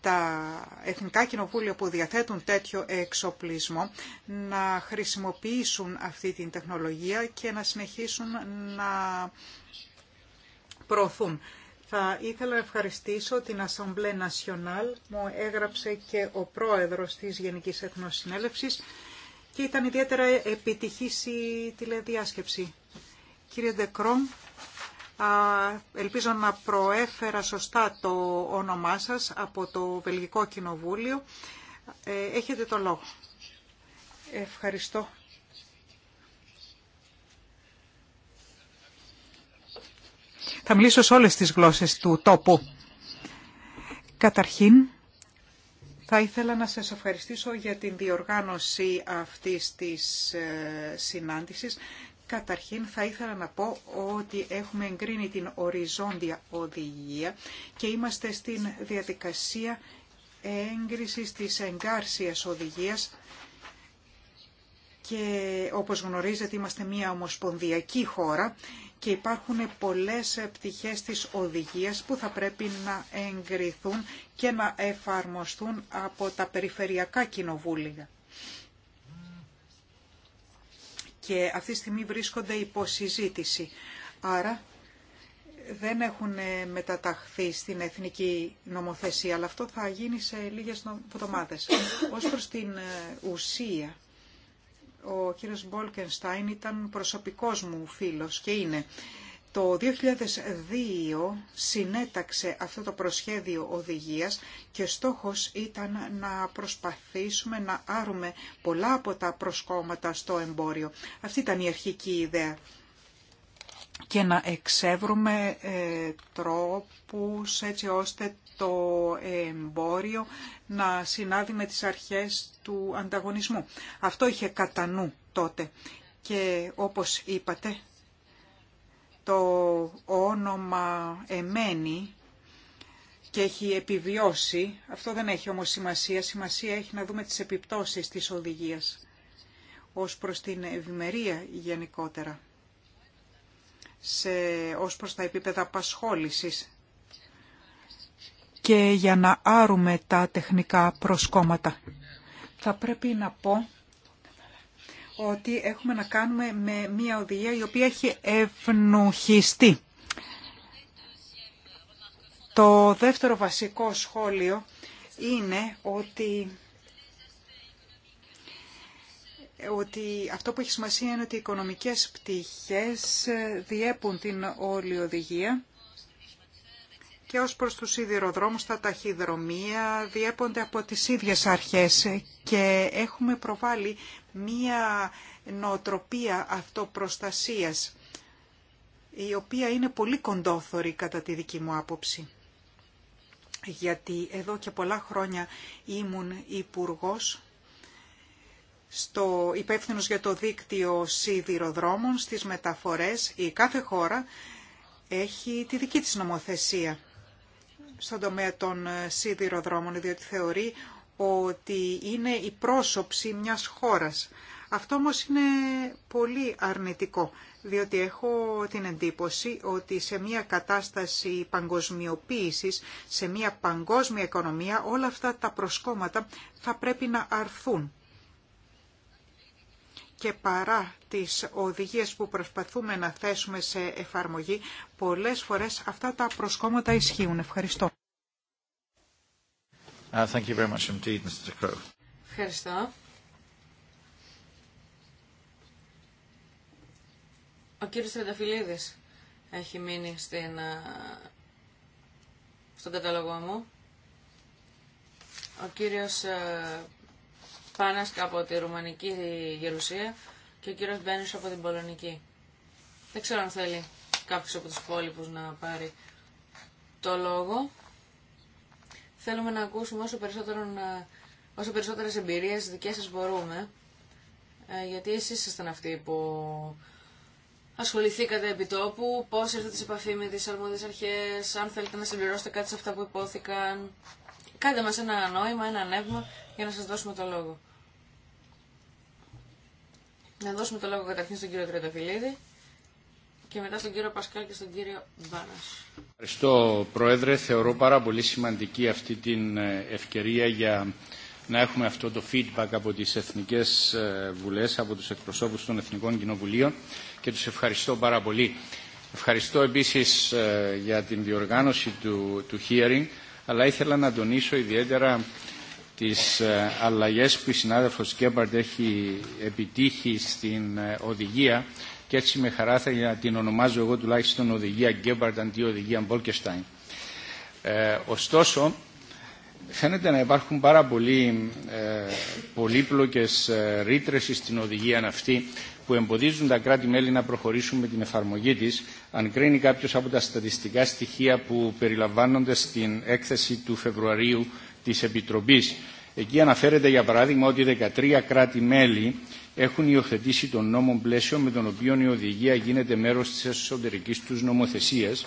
τα εθνικά κοινοβούλια που διαθέτουν τέτοιο εξοπλισμό να χρησιμοποιήσουν αυτή την τεχνολογία και να συνεχίσουν να προωθούν. Θα ήθελα να ευχαριστήσω την Assemblée Nationale, μου έγραψε και ο πρόεδρος της Γενικής Εθνοσυνέλευσης και ήταν ιδιαίτερα επιτυχής η τηλεδιάσκεψη. Κύριε Ντεκρόμ, ελπίζω να προέφερα σωστά το όνομά σας από το Βελγικό Κοινοβούλιο. Ε, έχετε το λόγο. Ευχαριστώ. Θα μιλήσω σε όλες τις γλώσσες του τόπου. Καταρχήν, θα ήθελα να σας ευχαριστήσω για την διοργάνωση αυτής της ε, συνάντησης Καταρχήν θα ήθελα να πω ότι έχουμε εγκρίνει την οριζόντια οδηγία και είμαστε στην διαδικασία έγκρισης της εγκάρσιας οδηγίας και όπως γνωρίζετε είμαστε μια ομοσπονδιακή χώρα και υπάρχουν πολλές πτυχές της οδηγίας που θα πρέπει να εγκριθούν και να εφαρμοστούν από τα περιφερειακά κοινοβούλια. και αυτή τη στιγμή βρίσκονται υπό συζήτηση. Άρα δεν έχουν ε, μεταταχθεί στην εθνική νομοθεσία, αλλά αυτό θα γίνει σε λίγες εβδομάδες. Ως προς την ε, ουσία, ο κύριος Μπόλκενστάιν ήταν προσωπικός μου φίλος και είναι. Το 2002 συνέταξε αυτό το προσχέδιο οδηγίας και στόχος ήταν να προσπαθήσουμε να άρουμε πολλά από τα προσκόμματα στο εμπόριο. Αυτή ήταν η αρχική ιδέα και να εξεύρουμε ε, τρόπους έτσι ώστε το εμπόριο να συνάδει με τις αρχές του ανταγωνισμού. Αυτό είχε κατά νου τότε και όπως είπατε το όνομα εμένει και έχει επιβιώσει. Αυτό δεν έχει όμως σημασία. Σημασία έχει να δούμε τις επιπτώσεις της οδηγίας ως προς την ευημερία γενικότερα, σε, ως προς τα επίπεδα απασχόλησης και για να άρουμε τα τεχνικά προσκόμματα. Θα πρέπει να πω ότι έχουμε να κάνουμε με μια οδηγία η οποία έχει ευνουχιστεί. Το δεύτερο βασικό σχόλιο είναι ότι ότι αυτό που έχει σημασία είναι ότι οι οικονομικές πτυχές διέπουν την όλη οδηγία και ως προς τους σιδηροδρόμους, τα ταχυδρομεία διέπονται από τις ίδιες αρχές και έχουμε προβάλει μία νοοτροπία αυτοπροστασίας, η οποία είναι πολύ κοντόθωρη κατά τη δική μου άποψη. Γιατί εδώ και πολλά χρόνια ήμουν Υπουργό, στο υπεύθυνο για το δίκτυο σιδηροδρόμων στις μεταφορές η κάθε χώρα έχει τη δική της νομοθεσία στον τομέα των σιδηροδρόμων διότι θεωρεί ότι είναι η πρόσωψη μιας χώρας. Αυτό όμως είναι πολύ αρνητικό, διότι έχω την εντύπωση ότι σε μια κατάσταση παγκοσμιοποίησης, σε μια παγκόσμια οικονομία, όλα αυτά τα προσκόμματα θα πρέπει να αρθούν. Και παρά τις οδηγίες που προσπαθούμε να θέσουμε σε εφαρμογή, πολλές φορές αυτά τα προσκόμματα ισχύουν. Ευχαριστώ.
Uh, thank you very much indeed, Mr.
Ευχαριστώ.
Ο κύριος Τρενταφυλλίδης έχει μείνει στην, στον καταλογό μου. Ο κύριος Πάνας από τη Ρουμανική Γερουσία και ο κύριος Μπένις από την Πολωνική. Δεν ξέρω αν θέλει κάποιος από τους υπόλοιπους να πάρει το λόγο. Θέλουμε να ακούσουμε όσο, ε, όσο περισσότερες εμπειρίες δικές σας μπορούμε, ε, γιατί εσείς ήσασταν αυτοί που ασχοληθήκατε επί τόπου, πώς ήρθατε σε επαφή με τις αρμόδιες αρχές, αν θέλετε να συμπληρώσετε κάτι σε αυτά που υπόθηκαν. Κάντε μας ένα νόημα, ένα ανέβημα για να σας δώσουμε το λόγο. Να δώσουμε το λόγο καταρχήν στον κύριο Τρετοφυλλίδη και μετά στον κύριο Πασκάλ και στον κύριο Μπάνας.
Ευχαριστώ Πρόεδρε. Θεωρώ πάρα πολύ σημαντική αυτή την ε, ευκαιρία για να έχουμε αυτό το feedback από τις Εθνικές ε, Βουλές, από τους εκπροσώπους των Εθνικών Κοινοβουλίων και τους ευχαριστώ πάρα πολύ. Ευχαριστώ επίσης ε, για την διοργάνωση του, του hearing, αλλά ήθελα να τονίσω ιδιαίτερα τις αλλαγές που η συνάδελφος Κέμπαρντ έχει επιτύχει στην οδηγία και έτσι με χαρά θα την ονομάζω εγώ τουλάχιστον οδηγία Γκέμπαρντ αντί οδηγία Μπόλκεστάιν. ωστόσο, φαίνεται να υπάρχουν πάρα πολλοί ε, πολύπλοκες ε, στην οδηγία αυτή που εμποδίζουν τα κράτη-μέλη να προχωρήσουν με την εφαρμογή της, αν κρίνει κάποιος από τα στατιστικά στοιχεία που περιλαμβάνονται στην έκθεση του Φεβρουαρίου της Επιτροπής. Εκεί αναφέρεται, για παράδειγμα, ότι 13 κράτη-μέλη έχουν υιοθετήσει τον νόμο πλαίσιο με τον οποίο η οδηγία γίνεται μέρος της εσωτερικής τους νομοθεσίας,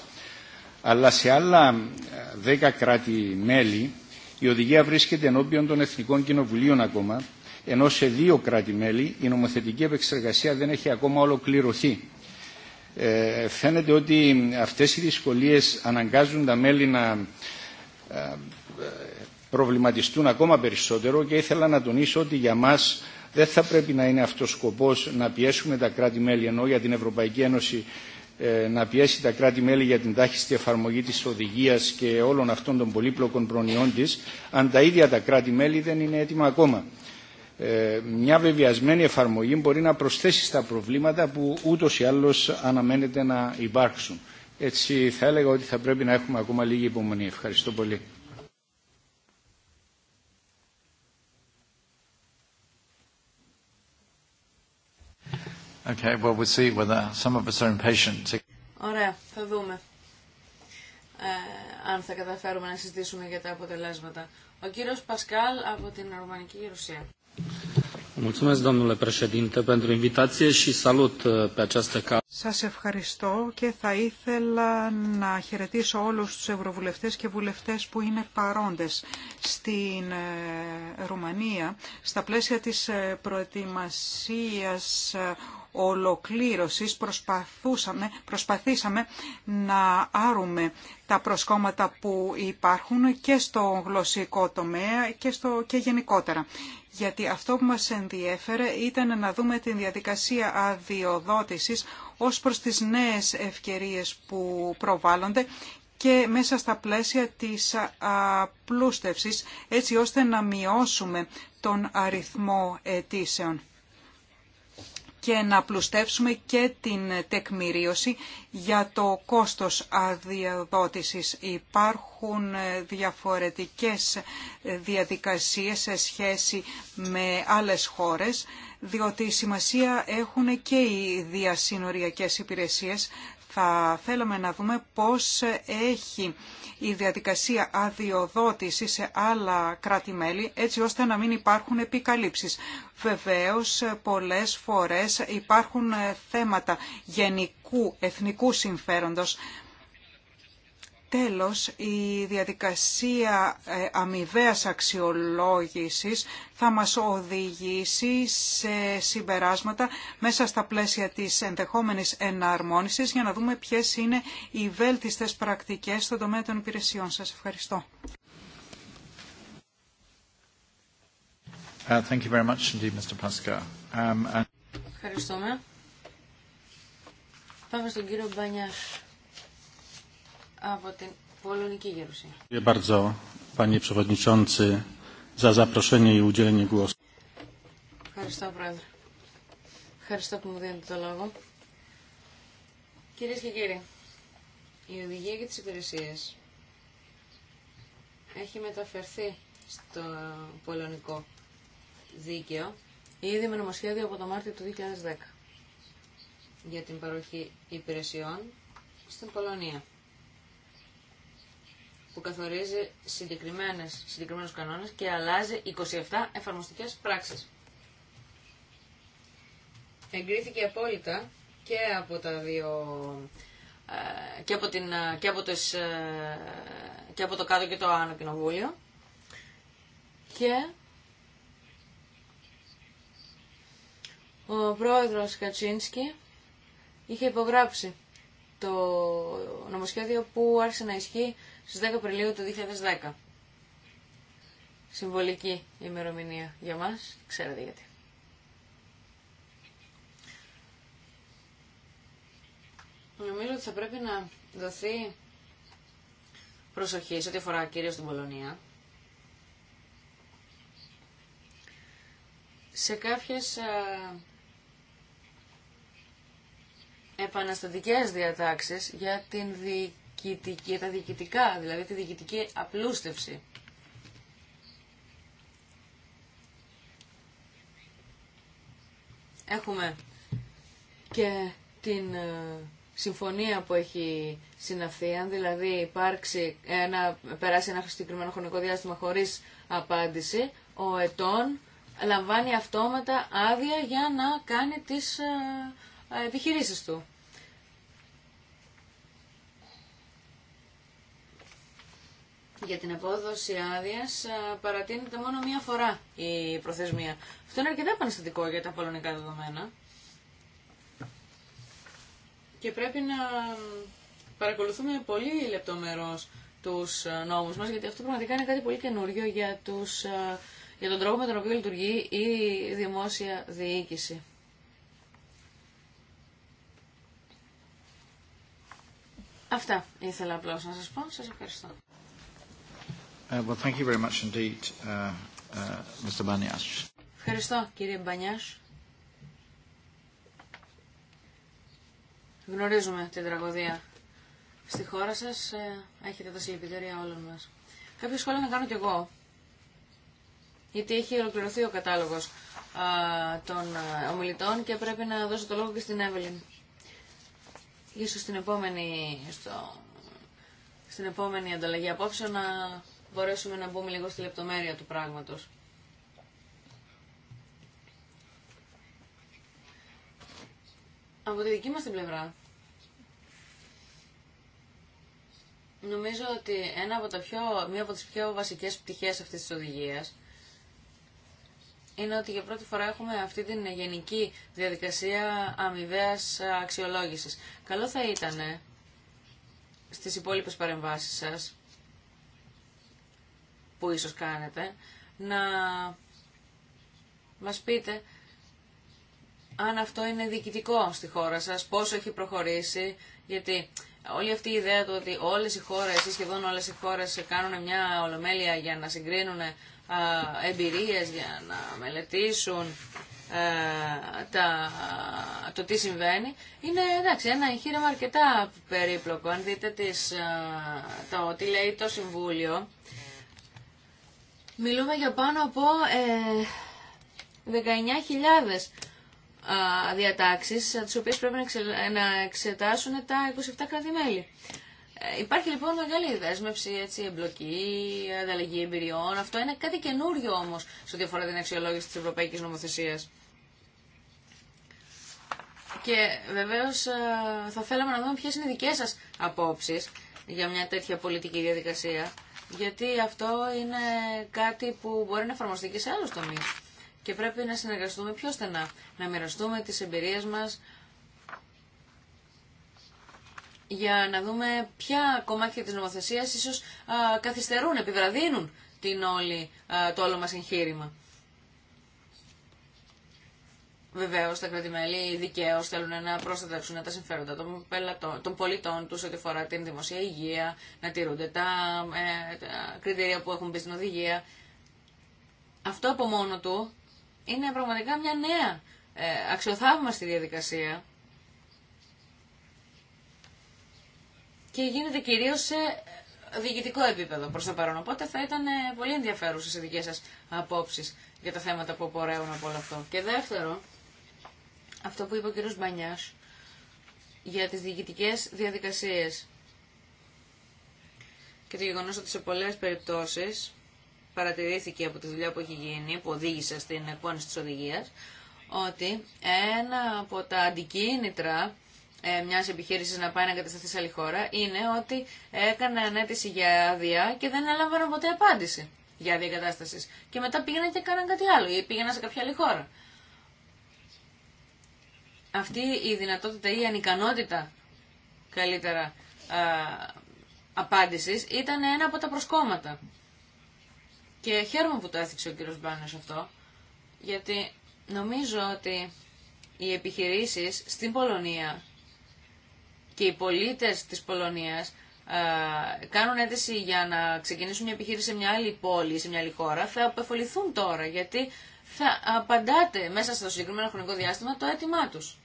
αλλά σε άλλα ε, δέκα κράτη-μέλη η οδηγία βρίσκεται ενώπιον των Εθνικών Κοινοβουλίων ακόμα, ενώ σε δύο κράτη-μέλη η νομοθετική επεξεργασία δεν έχει ακόμα ολοκληρωθεί. Ε, φαίνεται ότι αυτές οι δυσκολίες αναγκάζουν τα μέλη να ε, ε, προβληματιστούν ακόμα περισσότερο και ήθελα να τονίσω ότι για μας δεν θα πρέπει να είναι αυτός ο σκοπός να πιέσουμε τα κράτη-μέλη, ενώ για την Ευρωπαϊκή Ένωση ε, να πιέσει τα κράτη-μέλη για την τάχιστη εφαρμογή της οδηγίας και όλων αυτών των πολύπλοκων προνοιών της, αν τα ίδια τα κράτη-μέλη δεν είναι έτοιμα ακόμα. Ε, μια βεβαιασμένη εφαρμογή μπορεί να προσθέσει στα προβλήματα που ούτως ή άλλως αναμένεται να υπάρξουν. Έτσι θα έλεγα ότι θα πρέπει να έχουμε ακόμα λίγη υπομονή. Ευχαριστώ πολύ.
Ωραία,
θα δούμε ε, αν θα καταφέρουμε να συζητήσουμε για τα αποτελέσματα. Ο κύριος Πασκάλ από την Ορμανική Γερουσία.
Ε,
Σας ευχαριστώ και θα ήθελα να χαιρετήσω όλους τους ευρωβουλευτές και βουλευτές που είναι παρόντες στην ε, Ρουμανία στα πλαίσια της προετοιμασίας ολοκλήρωσης προσπαθούσαμε, προσπαθήσαμε να άρουμε τα προσκόμματα που υπάρχουν και στο γλωσσικό τομέα και, στο, και γενικότερα. Γιατί αυτό που μας ενδιέφερε ήταν να δούμε την διαδικασία αδειοδότησης ως προς τις νέες ευκαιρίες που προβάλλονται και μέσα στα πλαίσια της απλούστευσης έτσι ώστε να μειώσουμε τον αριθμό αιτήσεων και να πλουστεύσουμε και την τεκμηρίωση για το κόστος αδειοδότησης. Υπάρχουν διαφορετικές διαδικασίες σε σχέση με άλλες χώρες, διότι σημασία έχουν και οι διασυνοριακές υπηρεσίες, θα θέλαμε να δούμε πώς έχει η διαδικασία αδειοδότηση σε άλλα κράτη-μέλη, έτσι ώστε να μην υπάρχουν επικαλύψεις. Βεβαίως, πολλές φορές υπάρχουν θέματα γενικού εθνικού συμφέροντος Τέλος, η διαδικασία ε, αμοιβαία αξιολόγησης θα μας οδηγήσει σε συμπεράσματα μέσα στα πλαίσια της ενδεχόμενης εναρμόνισης για να δούμε ποιες είναι οι βέλτιστες πρακτικές στον τομέα των υπηρεσιών. Σας ευχαριστώ.
Uh, thank um,
Ευχαριστούμε. Πάμε στον κύριο Μπανιάς από την Πολωνική Γερουσία. Ευχαριστώ, Πρόεδρε. Ευχαριστώ που μου δίνετε το λόγο. Κυρίες και κύριοι, η οδηγία για τις έχει μεταφερθεί στο πολωνικό δίκαιο ήδη με νομοσχέδιο από το Μάρτιο του 2010 για την παροχή υπηρεσιών στην Πολωνία που καθορίζει συγκεκριμένες, κανόνε κανόνες και αλλάζει 27 εφαρμοστικές πράξεις. Εγκρίθηκε απόλυτα και από τα δύο ε, και από, την, ε, και από, τις, ε, και από το κάτω και το άνω κοινοβούλιο και ο πρόεδρος Κατσίνσκι είχε υπογράψει το νομοσχέδιο που άρχισε να ισχύει στις 10 Απριλίου του 2010. Συμβολική ημερομηνία για μας, ξέρετε γιατί. Νομίζω ότι θα πρέπει να δοθεί προσοχή σε ό,τι αφορά κυρίως την Πολωνία. Σε κάποιες ε, επαναστατικές διατάξεις για την δι διοικητική, τα διοικητικά, δηλαδή τη διοικητική απλούστευση. Έχουμε και την ε, συμφωνία που έχει συναυθεί, δηλαδή υπάρξει ένα, περάσει ένα συγκεκριμένο χρονικό διάστημα χωρίς απάντηση, ο ετών λαμβάνει αυτόματα άδεια για να κάνει τις ε, ε, επιχειρήσεις του. για την απόδοση άδεια παρατείνεται μόνο μία φορά η προθεσμία. Αυτό είναι αρκετά επαναστατικό για τα πολωνικά δεδομένα. Και πρέπει να παρακολουθούμε πολύ λεπτομερώς τους νόμους μας, γιατί αυτό πραγματικά είναι κάτι πολύ καινούργιο για, τους, για τον τρόπο με τον οποίο λειτουργεί η δημόσια διοίκηση. Αυτά ήθελα απλώς να σας πω. Σας ευχαριστώ.
Uh, well, thank you very much indeed, uh, uh, Mr.
Ευχαριστώ, κύριε Μπανιάς. Γνωρίζουμε την τραγωδία στη χώρα σας. Ε, έχετε τα συλληπιτήρια όλων μας. Κάποιο σχόλιο να κάνω κι εγώ. Γιατί έχει ολοκληρωθεί ο κατάλογος των ε, ομιλητών και πρέπει να δώσω το λόγο και στην Εύελιν. Ίσως στην επόμενη, στο, στην επόμενη ανταλλαγή απόψε να μπορέσουμε να μπούμε λίγο στη λεπτομέρεια του πράγματος. Από τη δική μας την πλευρά, νομίζω ότι ένα από τα πιο, μία από τις πιο βασικές πτυχές αυτής της οδηγίας είναι ότι για πρώτη φορά έχουμε αυτή την γενική διαδικασία αμοιβαία αξιολόγησης. Καλό θα ήταν ε, στις υπόλοιπες παρεμβάσεις σας που ίσως κάνετε, να μας πείτε αν αυτό είναι διοικητικό στη χώρα σας, πόσο έχει προχωρήσει, γιατί όλη αυτή η ιδέα του ότι όλες οι χώρες ή σχεδόν όλες οι χώρες κάνουν μια ολομέλεια για να συγκρίνουν ε, εμπειρίες, για να μελετήσουν ε, τα, το τι συμβαίνει είναι εντάξει, ένα εγχείρημα αρκετά περίπλοκο αν δείτε τις, ε, το τι λέει το Συμβούλιο Μιλούμε για πάνω από 19.000 ε, διατάξεις, ε, τις οποίες πρέπει να εξετάσουν τα 27 κρατη ε, Υπάρχει λοιπόν μεγάλη δέσμευση, έτσι, εμπλοκή, ανταλλαγή εμπειριών. Αυτό είναι κάτι καινούριο όμως σε ό,τι αφορά την αξιολόγηση της Ευρωπαϊκής Νομοθεσίας. Και βεβαίως θα θέλαμε να δούμε ποιες είναι οι δικές σας απόψεις για μια τέτοια πολιτική διαδικασία γιατί αυτό είναι κάτι που μπορεί να εφαρμοστεί και σε άλλους τομείς. Και πρέπει να συνεργαστούμε πιο στενά, να μοιραστούμε τις εμπειρίες μας, για να δούμε ποια κομμάτια της νομοθεσίας ίσως καθυστερούν, επιβραδύνουν την όλη, το όλο μας εγχείρημα. Βεβαίω, τα κρατημέλη δικαίω θέλουν να προστατεύσουν τα συμφέροντα των, πελατών, των πολιτών του ό,τι αφορά την δημοσία υγεία, να τηρούνται ε, τα, κριτήρια που έχουν μπει στην οδηγία. Αυτό από μόνο του είναι πραγματικά μια νέα ε, αξιοθαύμαστη διαδικασία και γίνεται κυρίω σε διοικητικό επίπεδο προς το παρόν. Οπότε θα ήταν ε, πολύ ενδιαφέρουσε οι δικέ σα απόψει για τα θέματα που απορρέουν από όλο αυτό. Και δεύτερο, αυτό που είπε ο κ. Μπανιάς για τις διοικητικές διαδικασίες και το γεγονό ότι σε πολλές περιπτώσεις παρατηρήθηκε από τη δουλειά που έχει γίνει, που οδήγησε στην εκπόνηση της οδηγίας, ότι ένα από τα αντικίνητρα ε, μια επιχείρηση να πάει να εγκατασταθεί σε άλλη χώρα είναι ότι έκανε ανέτηση για άδεια και δεν έλαβαν ποτέ απάντηση για άδεια Και μετά πήγαιναν και έκαναν κάτι άλλο ή πήγαιναν σε κάποια άλλη χώρα αυτή η δυνατότητα ή η ανικανότητα καλύτερα απάντησης ήταν ένα από τα προσκόμματα. Και χαίρομαι που το έθιξε ο κύριος Μπάνος αυτό, γιατί νομίζω ότι οι επιχειρήσεις στην Πολωνία και οι πολίτες της Πολωνίας κάνουν αίτηση για να ξεκινήσουν μια επιχείρηση σε μια άλλη πόλη, σε μια άλλη χώρα, θα απεφοληθούν τώρα, γιατί θα απαντάτε μέσα στο συγκεκριμένο χρονικό διάστημα το αίτημά τους.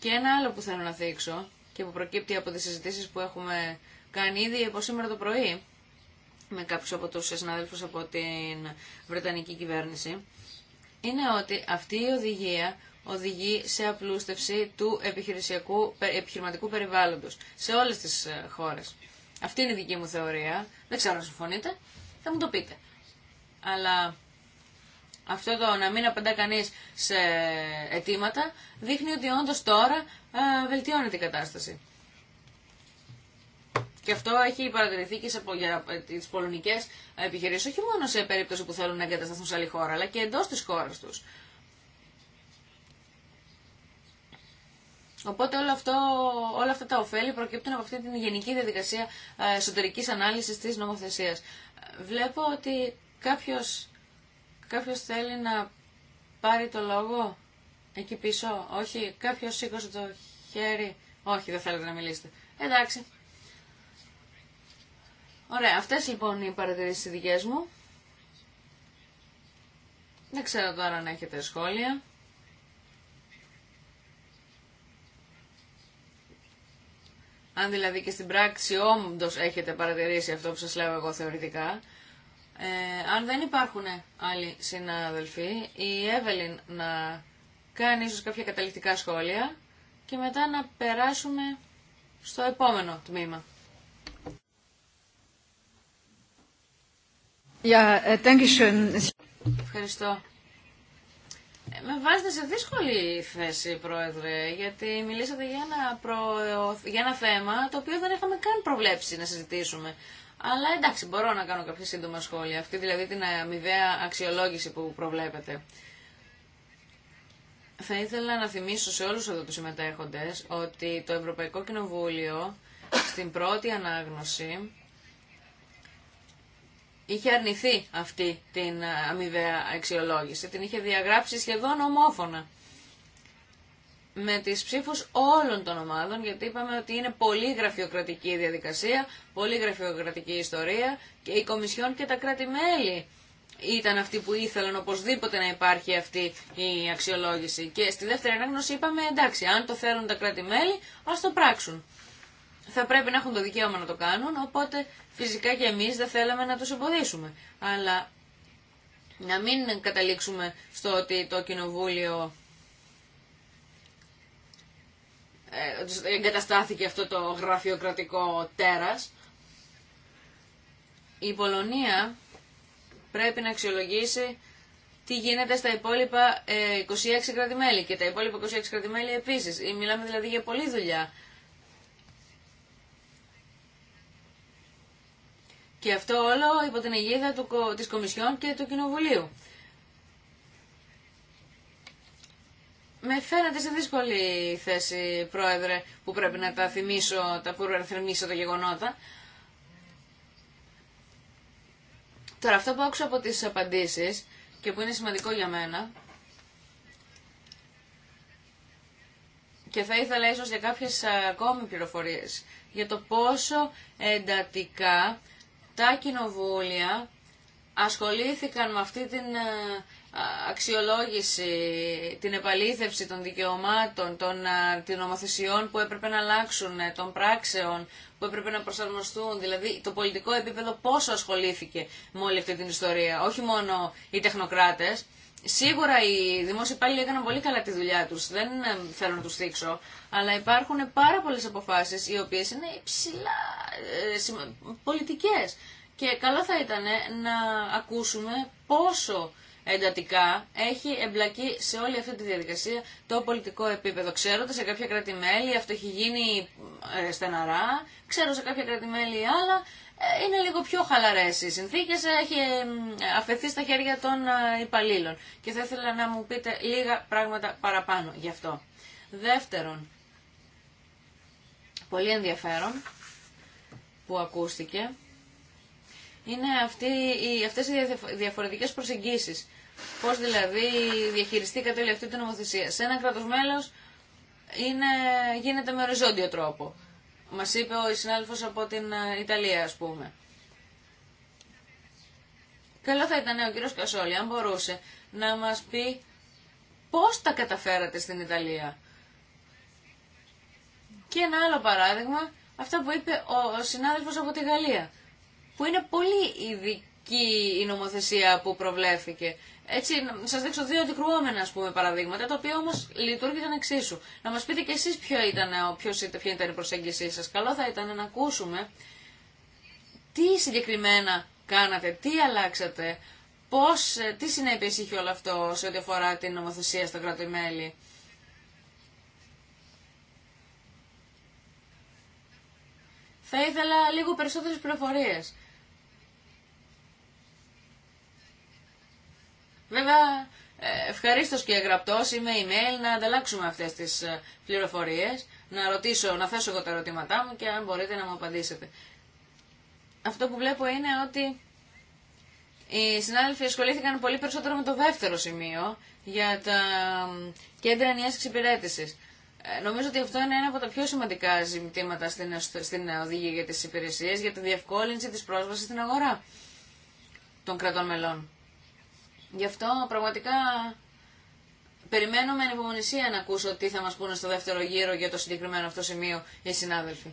Και ένα άλλο που θέλω να δείξω και που προκύπτει από τις συζητήσεις που έχουμε κάνει ήδη από σήμερα το πρωί με κάποιους από τους συναδέλφους από την Βρετανική κυβέρνηση είναι ότι αυτή η οδηγία οδηγεί σε απλούστευση του επιχειρησιακού, επιχειρηματικού περιβάλλοντος σε όλες τις ε, χώρες. Αυτή είναι η δική μου θεωρία. Δεν ξέρω αν συμφωνείτε. Θα μου το πείτε. Αλλά αυτό το να μην απαντά κανεί σε αιτήματα δείχνει ότι όντω τώρα ε, βελτιώνεται η κατάσταση. Και αυτό έχει παρατηρηθεί και σε, για τι πολωνικέ επιχειρήσει, όχι μόνο σε περίπτωση που θέλουν να εγκατασταθούν σε άλλη χώρα, αλλά και εντό τη χώρα του. Οπότε όλο αυτό, όλα αυτά τα ωφέλη προκύπτουν από αυτή την γενική διαδικασία ε, εσωτερική ανάλυση τη νομοθεσία. Βλέπω ότι κάποιο Κάποιος θέλει να πάρει το λόγο εκεί πίσω. Όχι, κάποιος σήκωσε το χέρι. Όχι, δεν θέλετε να μιλήσετε. Εντάξει. Ωραία, αυτές λοιπόν οι παρατηρήσεις οι δικές μου. Δεν ξέρω τώρα αν έχετε σχόλια. Αν δηλαδή και στην πράξη όντως έχετε παρατηρήσει αυτό που σας λέω εγώ θεωρητικά, ε, αν δεν υπάρχουν άλλοι συνάδελφοι, η Εύελιν να κάνει ίσως κάποια καταληκτικά σχόλια και μετά να περάσουμε στο επόμενο τμήμα. Yeah, ε, Ευχαριστώ. Ε, με βάζετε σε δύσκολη θέση, Πρόεδρε, γιατί μιλήσατε για ένα, προ... για ένα θέμα το οποίο δεν είχαμε καν προβλέψει να συζητήσουμε. Αλλά εντάξει, μπορώ να κάνω κάποια σύντομα σχόλια. Αυτή δηλαδή την αμοιβαία ε, αξιολόγηση που προβλέπετε. Θα ήθελα να θυμίσω σε όλους εδώ τους συμμετέχοντες ότι το Ευρωπαϊκό Κοινοβούλιο στην πρώτη ανάγνωση είχε αρνηθεί αυτή την αμοιβαία ε, αξιολόγηση. Την είχε διαγράψει σχεδόν ομόφωνα με τις ψήφους όλων των ομάδων, γιατί είπαμε ότι είναι πολύ γραφειοκρατική η διαδικασία, πολύ γραφειοκρατική η ιστορία και η Κομισιόν και τα κράτη-μέλη ήταν αυτοί που ήθελαν οπωσδήποτε να υπάρχει αυτή η αξιολόγηση. Και στη δεύτερη ανάγνωση είπαμε εντάξει, αν το θέλουν τα κράτη-μέλη, ας το πράξουν. Θα πρέπει να έχουν το δικαίωμα να το κάνουν, οπότε φυσικά και εμείς δεν θέλαμε να τους εμποδίσουμε. Αλλά να μην καταλήξουμε στο ότι το Κοινοβούλιο ε, εγκαταστάθηκε αυτό το γραφειοκρατικό τέρας. Η Πολωνία πρέπει να αξιολογήσει τι γίνεται στα υπόλοιπα 26 ε, κρατημέλη και τα υπόλοιπα 26 κρατημέλη επίσης. Μιλάμε δηλαδή για πολλή δουλειά. Και αυτό όλο υπό την αιγίδα του, της Κομισιόν και του Κοινοβουλίου. με φαίνεται σε δύσκολη θέση, Πρόεδρε, που πρέπει να τα θυμίσω, τα που θυμίσω τα γεγονότα. Τώρα, αυτό που άκουσα από τις απαντήσεις και που είναι σημαντικό για μένα και θα ήθελα ίσως για κάποιες ακόμη πληροφορίες για το πόσο εντατικά τα κοινοβούλια ασχολήθηκαν με αυτή την ε, αξιολόγηση, την επαλήθευση των δικαιωμάτων, των, των νομοθεσιών που έπρεπε να αλλάξουν, ε, των πράξεων που έπρεπε να προσαρμοστούν, δηλαδή το πολιτικό επίπεδο πόσο ασχολήθηκε με όλη αυτή την ιστορία, όχι μόνο οι τεχνοκράτες. Σίγουρα οι δημόσιοι υπάλληλοι έκαναν πολύ καλά τη δουλειά τους, δεν ε, θέλω να τους δείξω, αλλά υπάρχουν πάρα πολλές αποφάσεις οι οποίες είναι υψηλά ε, πολιτικές και καλό θα ήταν να ακούσουμε πόσο εντατικά έχει εμπλακεί σε όλη αυτή τη διαδικασία το πολιτικό επίπεδο. Ξέρω ότι σε κάποια κράτη-μέλη αυτό έχει γίνει ε, στεναρά, ξέρω σε κάποια κράτη-μέλη άλλα. Ε, είναι λίγο πιο χαλαρέ οι συνθήκε, ε, έχει αφαιθεί στα χέρια των υπαλλήλων. Και θα ήθελα να μου πείτε λίγα πράγματα παραπάνω γι' αυτό. Δεύτερον, πολύ ενδιαφέρον που ακούστηκε είναι αυτή, αυτές οι διαφορετικές προσεγγίσεις Πώς δηλαδή διαχειριστήκατε όλη αυτή την νομοθεσία. Σε ένα κράτος μέλος είναι, γίνεται με οριζόντιο τρόπο. Μα είπε ο συνάδελφο από την ε, Ιταλία α πούμε. Καλό θα ήταν ναι, ο κύριο Κασόλη, αν μπορούσε, να μας πει πώς τα καταφέρατε στην Ιταλία. Και ένα άλλο παράδειγμα, αυτά που είπε ο συνάδελφος από τη Γαλλία, που είναι πολύ ειδική η νομοθεσία που προβλέφθηκε έτσι, να σας δείξω δύο αντικρουόμενα πούμε, παραδείγματα, τα οποία όμως λειτουργήσαν εξίσου. Να μας πείτε και εσεί ποιο ήταν, ποιος, ποια ήταν η προσέγγιση σας. Καλό θα ήταν να ακούσουμε τι συγκεκριμένα κάνατε, τι αλλάξατε, πώς, τι συνέπειε είχε όλο αυτό σε ό,τι αφορά την νομοθεσία στα κράτη-μέλη. Θα ήθελα λίγο περισσότερες πληροφορίες. Βέβαια, ε, ευχαρίστω και γραπτό είμαι email να ανταλλάξουμε αυτέ τι ε, πληροφορίε, να ρωτήσω, να θέσω εγώ τα ερωτήματά μου και αν μπορείτε να μου απαντήσετε. Αυτό που βλέπω είναι ότι οι συνάδελφοι ασχολήθηκαν πολύ περισσότερο με το δεύτερο σημείο για τα κέντρα ενιαίας εξυπηρέτησης. Ε, νομίζω ότι αυτό είναι ένα από τα πιο σημαντικά ζητήματα στην οδηγία για τις υπηρεσίες, για τη διευκόλυνση της πρόσβασης στην αγορά των κρατών μελών. Γι' αυτό πραγματικά περιμένουμε με ανυπομονησία να ακούσω τι θα μας πούνε στο δεύτερο γύρο για το συγκεκριμένο αυτό σημείο οι συνάδελφοι.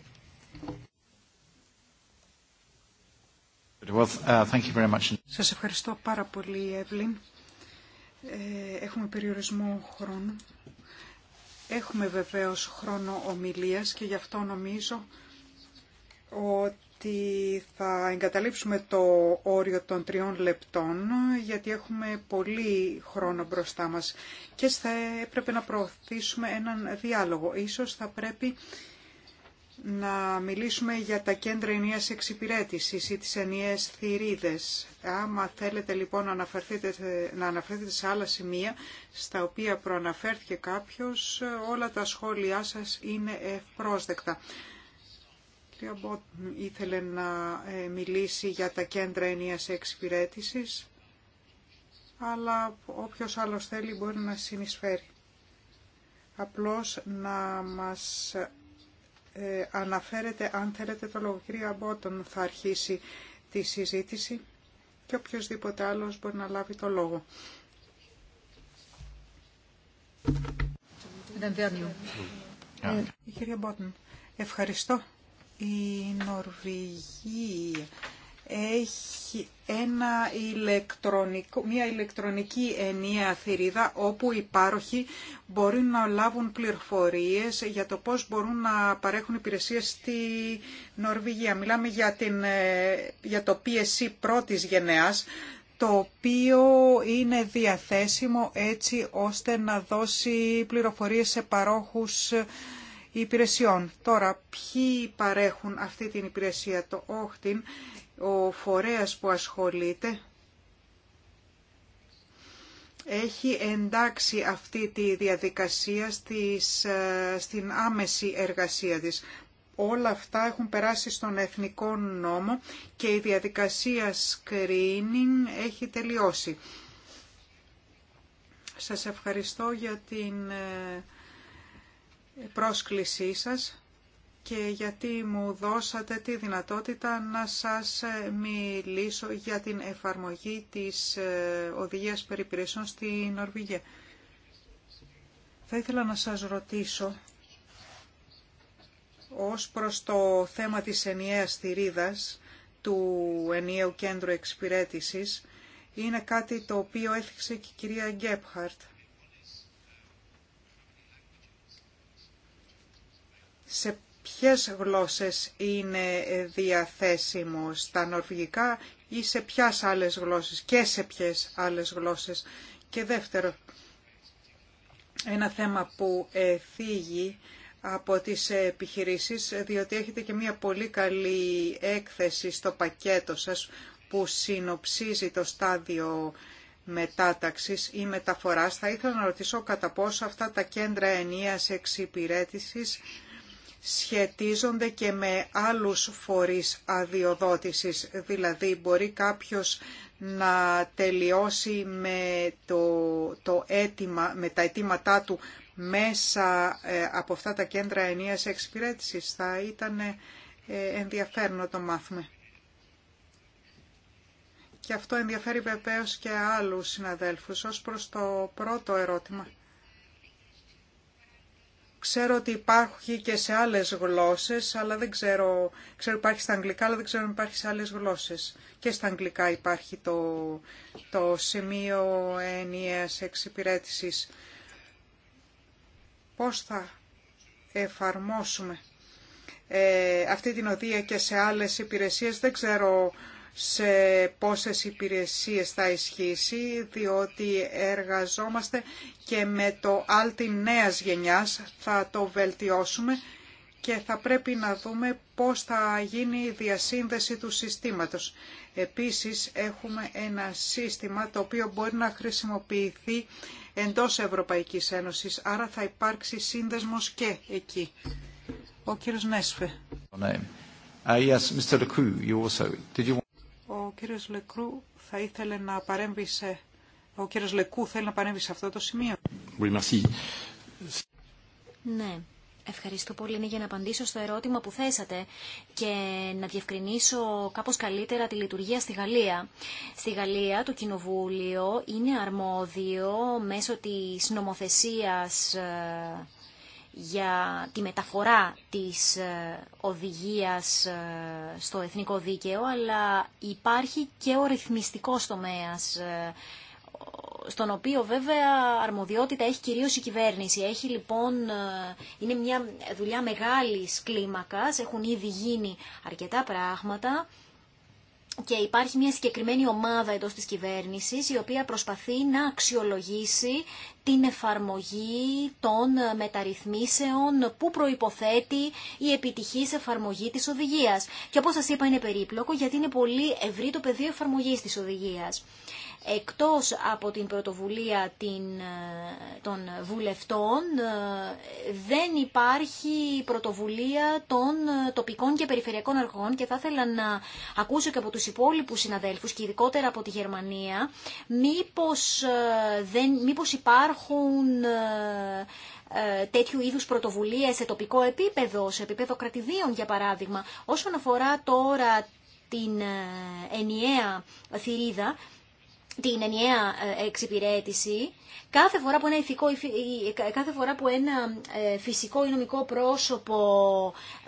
Σα uh, Σας
ευχαριστώ πάρα πολύ, Εύλην. Έχουμε περιορισμό χρόνου. Έχουμε βεβαίως χρόνο ομιλίας και γι' αυτό νομίζω ότι θα εγκαταλείψουμε το όριο των τριών λεπτών, γιατί έχουμε πολύ χρόνο μπροστά μας και θα έπρεπε να προωθήσουμε έναν διάλογο. Ίσως θα πρέπει να μιλήσουμε για τα κέντρα ενίας εξυπηρέτησης ή τις ενιαίες θηρίδες. Άμα θέλετε λοιπόν να αναφερθείτε, να σε άλλα σημεία στα οποία προαναφέρθηκε κάποιος, όλα τα σχόλιά σας είναι ευπρόσδεκτα κυρία Μπότν ήθελε να ε, μιλήσει για τα κέντρα ενίας εξυπηρέτησης, αλλά όποιος άλλο θέλει μπορεί να συνεισφέρει. Απλώς να μας ε, αναφέρετε, αν θέλετε το λόγο, κυρία Μπότον θα αρχίσει τη συζήτηση και οποιοδήποτε άλλος μπορεί να λάβει το λόγο. Η ε, κυρία Μπότον, ευχαριστώ. Η Νορβηγία έχει ένα ηλεκτρονικό, μια ηλεκτρονική ενιαία θηρίδα όπου οι πάροχοι μπορεί να λάβουν πληροφορίες για το πώς μπορούν να παρέχουν υπηρεσίες στη Νορβηγία. Μιλάμε για, την, ε, για το PSC πρώτης γενεάς, το οποίο είναι διαθέσιμο έτσι ώστε να δώσει πληροφορίες σε παρόχους Τώρα, ποιοι παρέχουν αυτή την υπηρεσία, το όχτιν, ο φορέας που ασχολείται, έχει εντάξει αυτή τη διαδικασία στις, ε, στην άμεση εργασία της. Όλα αυτά έχουν περάσει στον Εθνικό Νόμο και η διαδικασία screening έχει τελειώσει. Σας ευχαριστώ για την ε, πρόσκλησή σας και γιατί μου δώσατε τη δυνατότητα να σας μιλήσω για την εφαρμογή της ε, οδηγίας περιπηρεσιών στη Νορβηγία. Θα ήθελα να σας ρωτήσω ως προς το θέμα της ενιαίας θηρίδας του ενιαίου κέντρου εξυπηρέτησης είναι κάτι το οποίο έθιξε και η κυρία Γκέπχαρτ. σε ποιες γλώσσες είναι διαθέσιμο στα νορβηγικά ή σε ποιες άλλες γλώσσες και σε ποιες άλλες γλώσσες. Και δεύτερο, ένα θέμα που θίγει από τις επιχειρήσεις, διότι έχετε και μια πολύ καλή έκθεση στο πακέτο σας που συνοψίζει το στάδιο μετάταξης ή μεταφοράς. Θα ήθελα να ρωτήσω κατά πόσο αυτά τα κέντρα ενίας εξυπηρέτησης σχετίζονται και με άλλους φορείς αδειοδότησης, δηλαδή μπορεί κάποιος να τελειώσει με, το, το με τα αιτήματά του μέσα ε, από αυτά τα κέντρα ενίας εξυπηρέτησης. Θα ήταν ε, ενδιαφέρον να το μάθουμε. Και αυτό ενδιαφέρει βεβαίως και άλλους συναδέλφους ως προς το πρώτο ερώτημα. Ξέρω ότι υπάρχει και σε άλλες γλώσσες, αλλά δεν ξέρω, ξέρω υπάρχει στα αγγλικά, αλλά δεν ξέρω αν υπάρχει σε άλλες γλώσσες. Και στα αγγλικά υπάρχει το, το σημείο ενιαίας εξυπηρέτησης. Πώς θα εφαρμόσουμε ε, αυτή την οδεία και σε άλλες υπηρεσίες, δεν ξέρω σε πόσες υπηρεσίες θα ισχύσει, διότι εργαζόμαστε και με το Άλτη νέας γενιάς θα το βελτιώσουμε και θα πρέπει να δούμε πώς θα γίνει η διασύνδεση του συστήματος. Επίσης έχουμε ένα σύστημα το οποίο μπορεί να χρησιμοποιηθεί εντός Ευρωπαϊκής Ένωσης, άρα θα υπάρξει σύνδεσμος και εκεί. Ο κύριος Νέσφε. Ο κύριος Λεκρού θα ήθελε να παρέμβει σε... Ο κύριος Λεκού θέλει να παρέμβει σε αυτό το σημείο.
Ναι. Ευχαριστώ πολύ ναι, για να απαντήσω στο ερώτημα που θέσατε και να διευκρινίσω κάπως καλύτερα τη λειτουργία στη Γαλλία. Στη Γαλλία το Κοινοβούλιο είναι αρμόδιο μέσω της νομοθεσίας ε, για τη μεταφορά της ε, οδηγίας ε, στο εθνικό δίκαιο, αλλά υπάρχει και ο ρυθμιστικός τομέας, ε, στον οποίο βέβαια αρμοδιότητα έχει κυρίως η κυβέρνηση. Έχει λοιπόν, είναι μια δουλειά μεγάλης κλίμακας, έχουν ήδη γίνει αρκετά πράγματα και υπάρχει μια συγκεκριμένη ομάδα εντός της κυβέρνησης η οποία προσπαθεί να αξιολογήσει την εφαρμογή των μεταρρυθμίσεων που προϋποθέτει η επιτυχής εφαρμογή της οδηγίας. Και όπως σας είπα είναι περίπλοκο γιατί είναι πολύ ευρύ το πεδίο εφαρμογής της οδηγίας εκτός από την πρωτοβουλία την, ε, των βουλευτών ε, δεν υπάρχει πρωτοβουλία των ε, τοπικών και περιφερειακών αργών. και θα ήθελα να ακούσω και από τους υπόλοιπους συναδέλφους και ειδικότερα από τη Γερμανία μήπως, δεν, μήπως υπάρχουν τέτοιου είδους πρωτοβουλίε σε τοπικό επίπεδο, σε επίπεδο κρατηδίων για παράδειγμα. Όσον αφορά τώρα την ενιαία θηρίδα, την ενιαία ε, εξυπηρέτηση, κάθε φορά που ένα, ηθικό, κάθε φορά που ένα ε, φυσικό ή νομικό πρόσωπο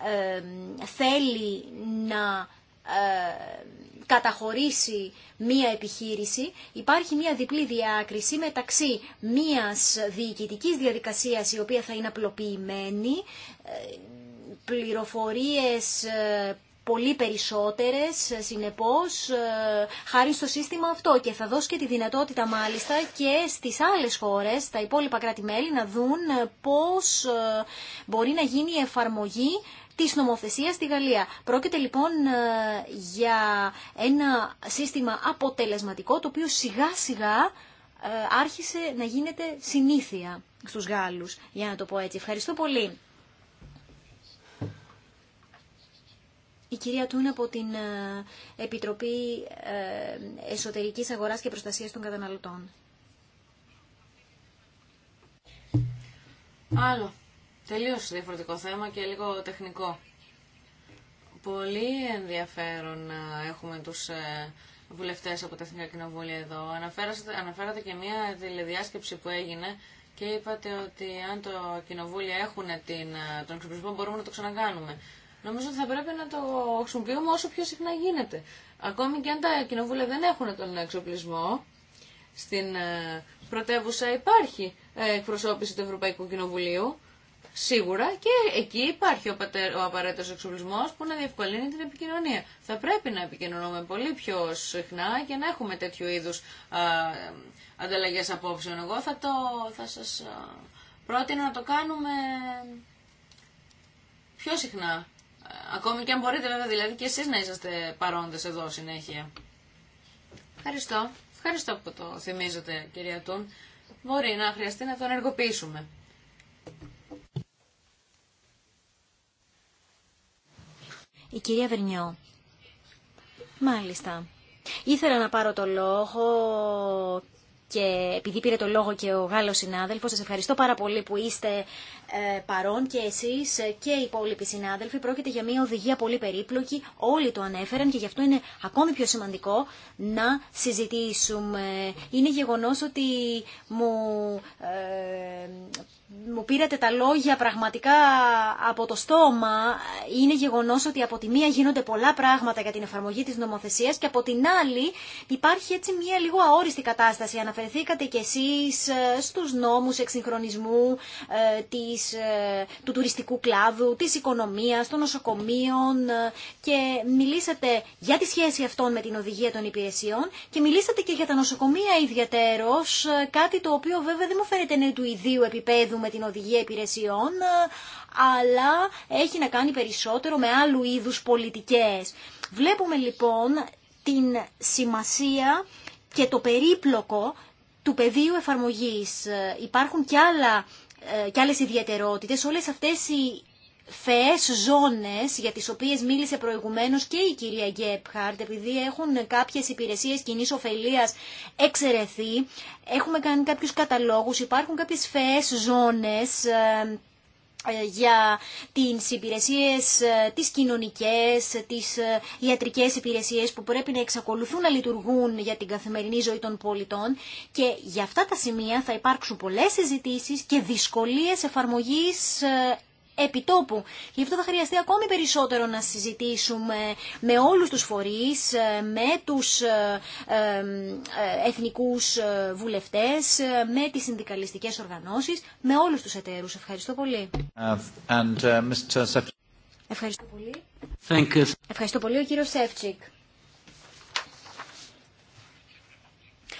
ε, θέλει να καταχωρήσει μία επιχείρηση, υπάρχει μία διπλή διάκριση μεταξύ μίας διοικητικής διαδικασίας η οποία θα είναι απλοποιημένη, πληροφορίες πολύ περισσότερες ε, συνεπώς ε, χάρη στο σύστημα αυτό και θα δώσει και τη δυνατότητα μάλιστα και στις άλλες χώρες, τα υπόλοιπα κράτη-μέλη να δουν ε, πώς μπορεί να γίνει η εφαρμογή της νομοθεσία στη Γαλλία. Πρόκειται λοιπόν για ένα σύστημα αποτελεσματικό το οποίο σιγά σιγά άρχισε να γίνεται συνήθεια στους Γάλλους, για να το πω έτσι. Ευχαριστώ πολύ. Η κυρία Τούν από την ε, Επιτροπή ε, Εσωτερικής Αγοράς και Προστασίας των Καταναλωτών. Άλλο. Τελείως διαφορετικό θέμα και λίγο τεχνικό.
Πολύ ενδιαφέρον ε, έχουμε τους βουλευτές από τα Εθνικά Κοινοβούλια εδώ. Αναφέρατε, αναφέρατε και μία τηλεδιάσκεψη που έγινε και είπατε ότι αν το κοινοβούλια έχουν την, τον εξοπλισμό μπορούμε να το ξανακάνουμε. Νομίζω ότι θα πρέπει να το χρησιμοποιούμε όσο πιο συχνά γίνεται. Ακόμη και αν τα κοινοβούλια δεν έχουν τον εξοπλισμό, στην ε, πρωτεύουσα υπάρχει ε, εκπροσώπηση του Ευρωπαϊκού Κοινοβουλίου, σίγουρα, και εκεί υπάρχει ο, ο απαραίτητο εξοπλισμό που να διευκολύνει την επικοινωνία. Θα πρέπει να επικοινωνούμε πολύ πιο συχνά και να έχουμε τέτοιου είδου ανταλλαγέ απόψεων. Εγώ θα, το, θα σας πρότεινα να το κάνουμε πιο συχνά Ακόμη και αν μπορείτε βέβαια δηλαδή και εσείς να είσαστε παρόντες εδώ συνέχεια. Ευχαριστώ. Ευχαριστώ που το θυμίζετε κυρία Τούν. Μπορεί να χρειαστεί
να τον ενεργοποιήσουμε. Η κυρία Βερνιό. Μάλιστα. Ήθελα να πάρω το λόγο και επειδή πήρε το λόγο και ο Γάλλος συνάδελφος, σας ευχαριστώ πάρα πολύ που είστε ε, παρόν και εσείς και οι υπόλοιποι συνάδελφοι. Πρόκειται για μια οδηγία πολύ περίπλοκη, όλοι το ανέφεραν και γι' αυτό είναι ακόμη πιο σημαντικό να συζητήσουμε. Είναι γεγονός ότι μου ε, μου πήρατε τα λόγια πραγματικά από το στόμα. Είναι γεγονός ότι από τη μία γίνονται πολλά πράγματα για την εφαρμογή της νομοθεσίας και από την άλλη υπάρχει έτσι μία λίγο αόριστη κατάσταση. Αναφερθήκατε κι εσείς ε, στους νόμους εξυγχρονισμού ε, της, ε, του τουριστικού κλάδου, της οικονομίας, των νοσοκομείων και μιλήσατε για τη σχέση αυτών με την οδηγία των υπηρεσιών και μιλήσατε και για τα νοσοκομεία ιδιαίτερος, κάτι το οποίο βέβαια δεν μου φαίνεται είναι του ιδίου επίπεδου με την οδηγία υπηρεσιών, ε, αλλά έχει να κάνει περισσότερο με άλλου είδους πολιτικές. Βλέπουμε λοιπόν την σημασία και το περίπλοκο του πεδίου εφαρμογής. Ε, υπάρχουν και άλλα ε, και άλλες ιδιαιτερότητες, όλες αυτές οι φαιές ζώνες για τις οποίες μίλησε προηγουμένως και η κυρία Γκέπχαρτ επειδή έχουν κάποιες υπηρεσίες κοινή ωφελία εξαιρεθεί έχουμε κάνει κάποιους καταλόγους υπάρχουν κάποιες φαιές ζώνες ε, ε, για τις υπηρεσίες, ε, τις κοινωνικές, τις ιατρικές υπηρεσίες που πρέπει να εξακολουθούν να λειτουργούν για την καθημερινή ζωή των πολιτών και για αυτά τα σημεία θα υπάρξουν πολλές συζητήσεις και δυσκολίες εφαρμογής επιτόπου. Γι' αυτό θα χρειαστεί ακόμη περισσότερο να συζητήσουμε με όλους τους φορείς, ε, με τους ε, ε, εθνικούς βουλευτές, με τις συνδικαλιστικές οργανώσεις, με όλους τους εταίρους. Ευχαριστώ πολύ.
And, uh,
Ευχαριστώ πολύ. Thank you. Ευχαριστώ πολύ ο κύριος Σεύτσικ.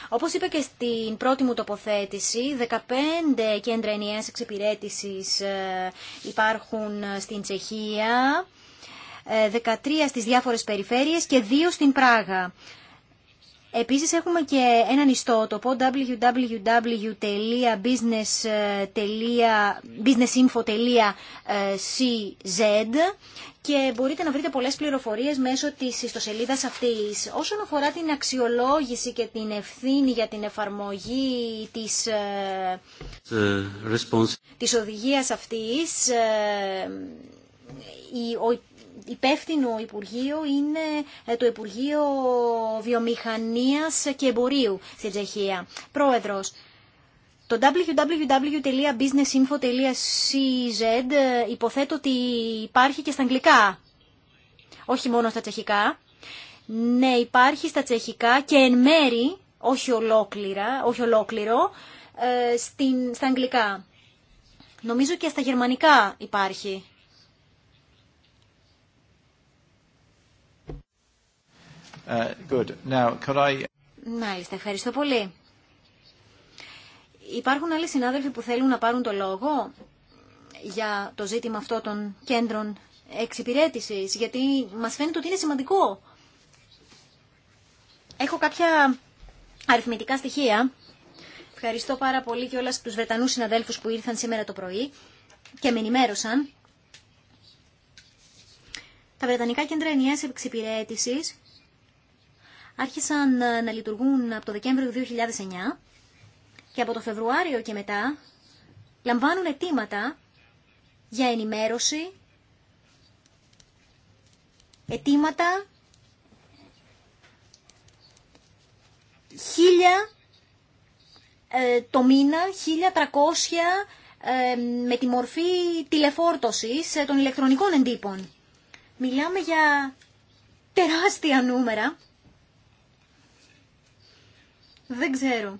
Όπως είπα και στην πρώτη μου τοποθέτηση, 15 κέντρα ενιαίας εξυπηρέτησης ε, υπάρχουν ε, στην Τσεχία, 13 ε, στις διάφορες περιφέρειες και 2 στην Πράγα. Επίσης έχουμε και έναν ιστότοπο www.businessinfo.cz ε, ε, και μπορείτε να βρείτε πολλές πληροφορίες μέσω της ιστοσελίδας αυτής. Όσον αφορά την αξιολόγηση και την ευθύνη για την εφαρμογή της, ε, της οδηγίας αυτής, ο υπεύθυνο Υπουργείο είναι ε, το Υπουργείο Βιομηχανίας και Εμπορίου στην Τσεχία. Πρόεδρος, το www.businessinfo.cz ε, υποθέτω ότι υπάρχει και στα αγγλικά, όχι μόνο στα τσεχικά. Ναι, υπάρχει στα τσεχικά και εν μέρη, όχι, ολόκληρα, όχι ολόκληρο, ε, στην, στα αγγλικά. Νομίζω και στα γερμανικά υπάρχει.
Uh, good. Now,
Μάλιστα, ευχαριστώ πολύ. Υπάρχουν άλλοι συνάδελφοι που θέλουν να πάρουν το λόγο για το ζήτημα αυτό των κέντρων εξυπηρέτησης, γιατί μας φαίνεται ότι είναι σημαντικό. Έχω κάποια αριθμητικά στοιχεία. Ευχαριστώ πάρα πολύ και όλα τους Βρετανούς συναδέλφους που ήρθαν σήμερα το πρωί και με ενημέρωσαν. Τα Βρετανικά Κέντρα Ενιαίας Εξυπηρέτησης άρχισαν ε, να λειτουργούν από το Δεκέμβριο 2009 και από το Φεβρουάριο και μετά λαμβάνουν αιτήματα για ενημέρωση, αιτήματα χίλια ε, το μήνα, 1300 ε, με τη μορφή τηλεφόρτωσης ε, των ηλεκτρονικών εντύπων. Μιλάμε για τεράστια νούμερα δεν ξέρω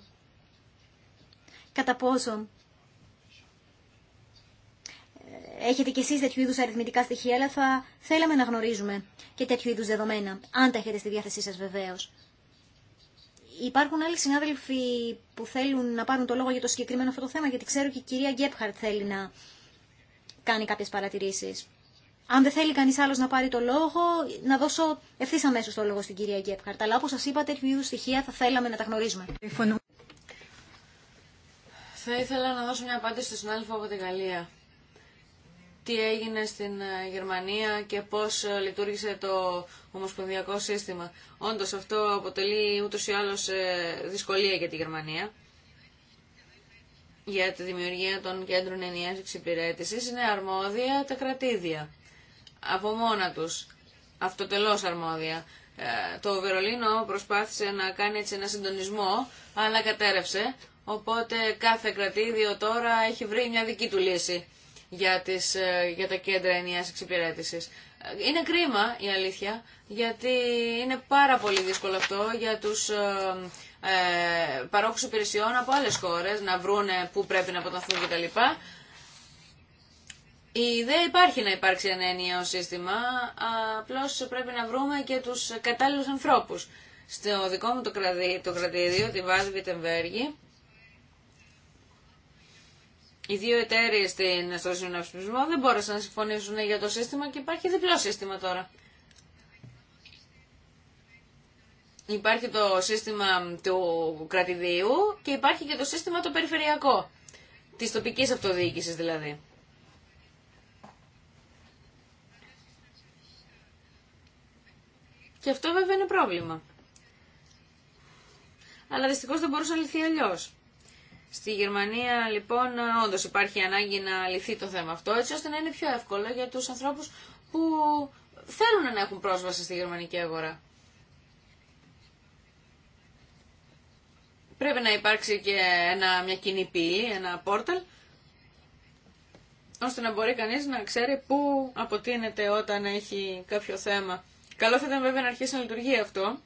κατά πόσο ε, έχετε κι εσείς τέτοιου είδους αριθμητικά στοιχεία, αλλά θα θέλαμε να γνωρίζουμε και τέτοιου είδους δεδομένα, αν τα έχετε στη διάθεσή σας βεβαίως. Υπάρχουν άλλοι συνάδελφοι που θέλουν να πάρουν το λόγο για το συγκεκριμένο αυτό το θέμα, γιατί ξέρω και η κυρία Γκέπχαρτ θέλει να κάνει κάποιες παρατηρήσεις αν δεν θέλει κανεί άλλο να πάρει το λόγο, να δώσω ευθύ αμέσω το λόγο στην κυρία Γκέπχαρτ. Αλλά όπω σα είπα, τέτοιου είδου στοιχεία θα θέλαμε να τα γνωρίζουμε. Θα ήθελα να
δώσω μια απάντηση στον συνάδελφο από τη Γαλλία. Τι έγινε στην ε, Γερμανία και πώ ε, λειτουργήσε το ομοσπονδιακό σύστημα. Όντω, αυτό αποτελεί ούτως ή άλλως ε, δυσκολία για τη Γερμανία για τη δημιουργία των κέντρων ενιαίας εξυπηρέτησης είναι αρμόδια τα κρατήδια από μόνα τους, αυτοτελώς αρμόδια. Ε, το Βερολίνο προσπάθησε να κάνει έτσι ένα συντονισμό, αλλά κατέρευσε, οπότε κάθε κρατήδιο τώρα έχει βρει μια δική του λύση για, τις, ε, για τα κέντρα ενιαίας εξυπηρέτησης. Ε, είναι κρίμα η αλήθεια, γιατί είναι πάρα πολύ δύσκολο αυτό για τους ε, παρόχους υπηρεσιών από άλλες χώρες να βρούνε πού πρέπει να αποταθούν κτλ. Η ιδέα υπάρχει να υπάρξει ένα ενιαίο σύστημα, Απλώ πρέπει να βρούμε και τους κατάλληλου ανθρώπους. Στο δικό μου το, κρατήριο, το κρατήριο τη Βάδη Βιτεμβέργη, οι δύο εταίρειε στην συναυσπισμό δεν μπόρεσαν να συμφωνήσουν για το σύστημα και υπάρχει διπλό σύστημα τώρα. Υπάρχει το σύστημα του κρατηδίου και υπάρχει και το σύστημα το περιφερειακό, της τοπικής αυτοδιοίκησης δηλαδή. Και αυτό βέβαια είναι πρόβλημα. Αλλά δυστυχώ δεν μπορούσε να λυθεί αλλιώ. Στη Γερμανία λοιπόν όντω υπάρχει ανάγκη να λυθεί το θέμα αυτό έτσι ώστε να είναι πιο εύκολο για τους ανθρώπους που θέλουν να έχουν πρόσβαση στη γερμανική αγορά. Πρέπει να υπάρξει και ένα, μια κοινή πύλη, ένα πόρταλ, ώστε να μπορεί κανείς να ξέρει πού αποτείνεται όταν έχει κάποιο θέμα Καλό θα ήταν βέβαια να αρχίσει να λειτουργεί αυτό.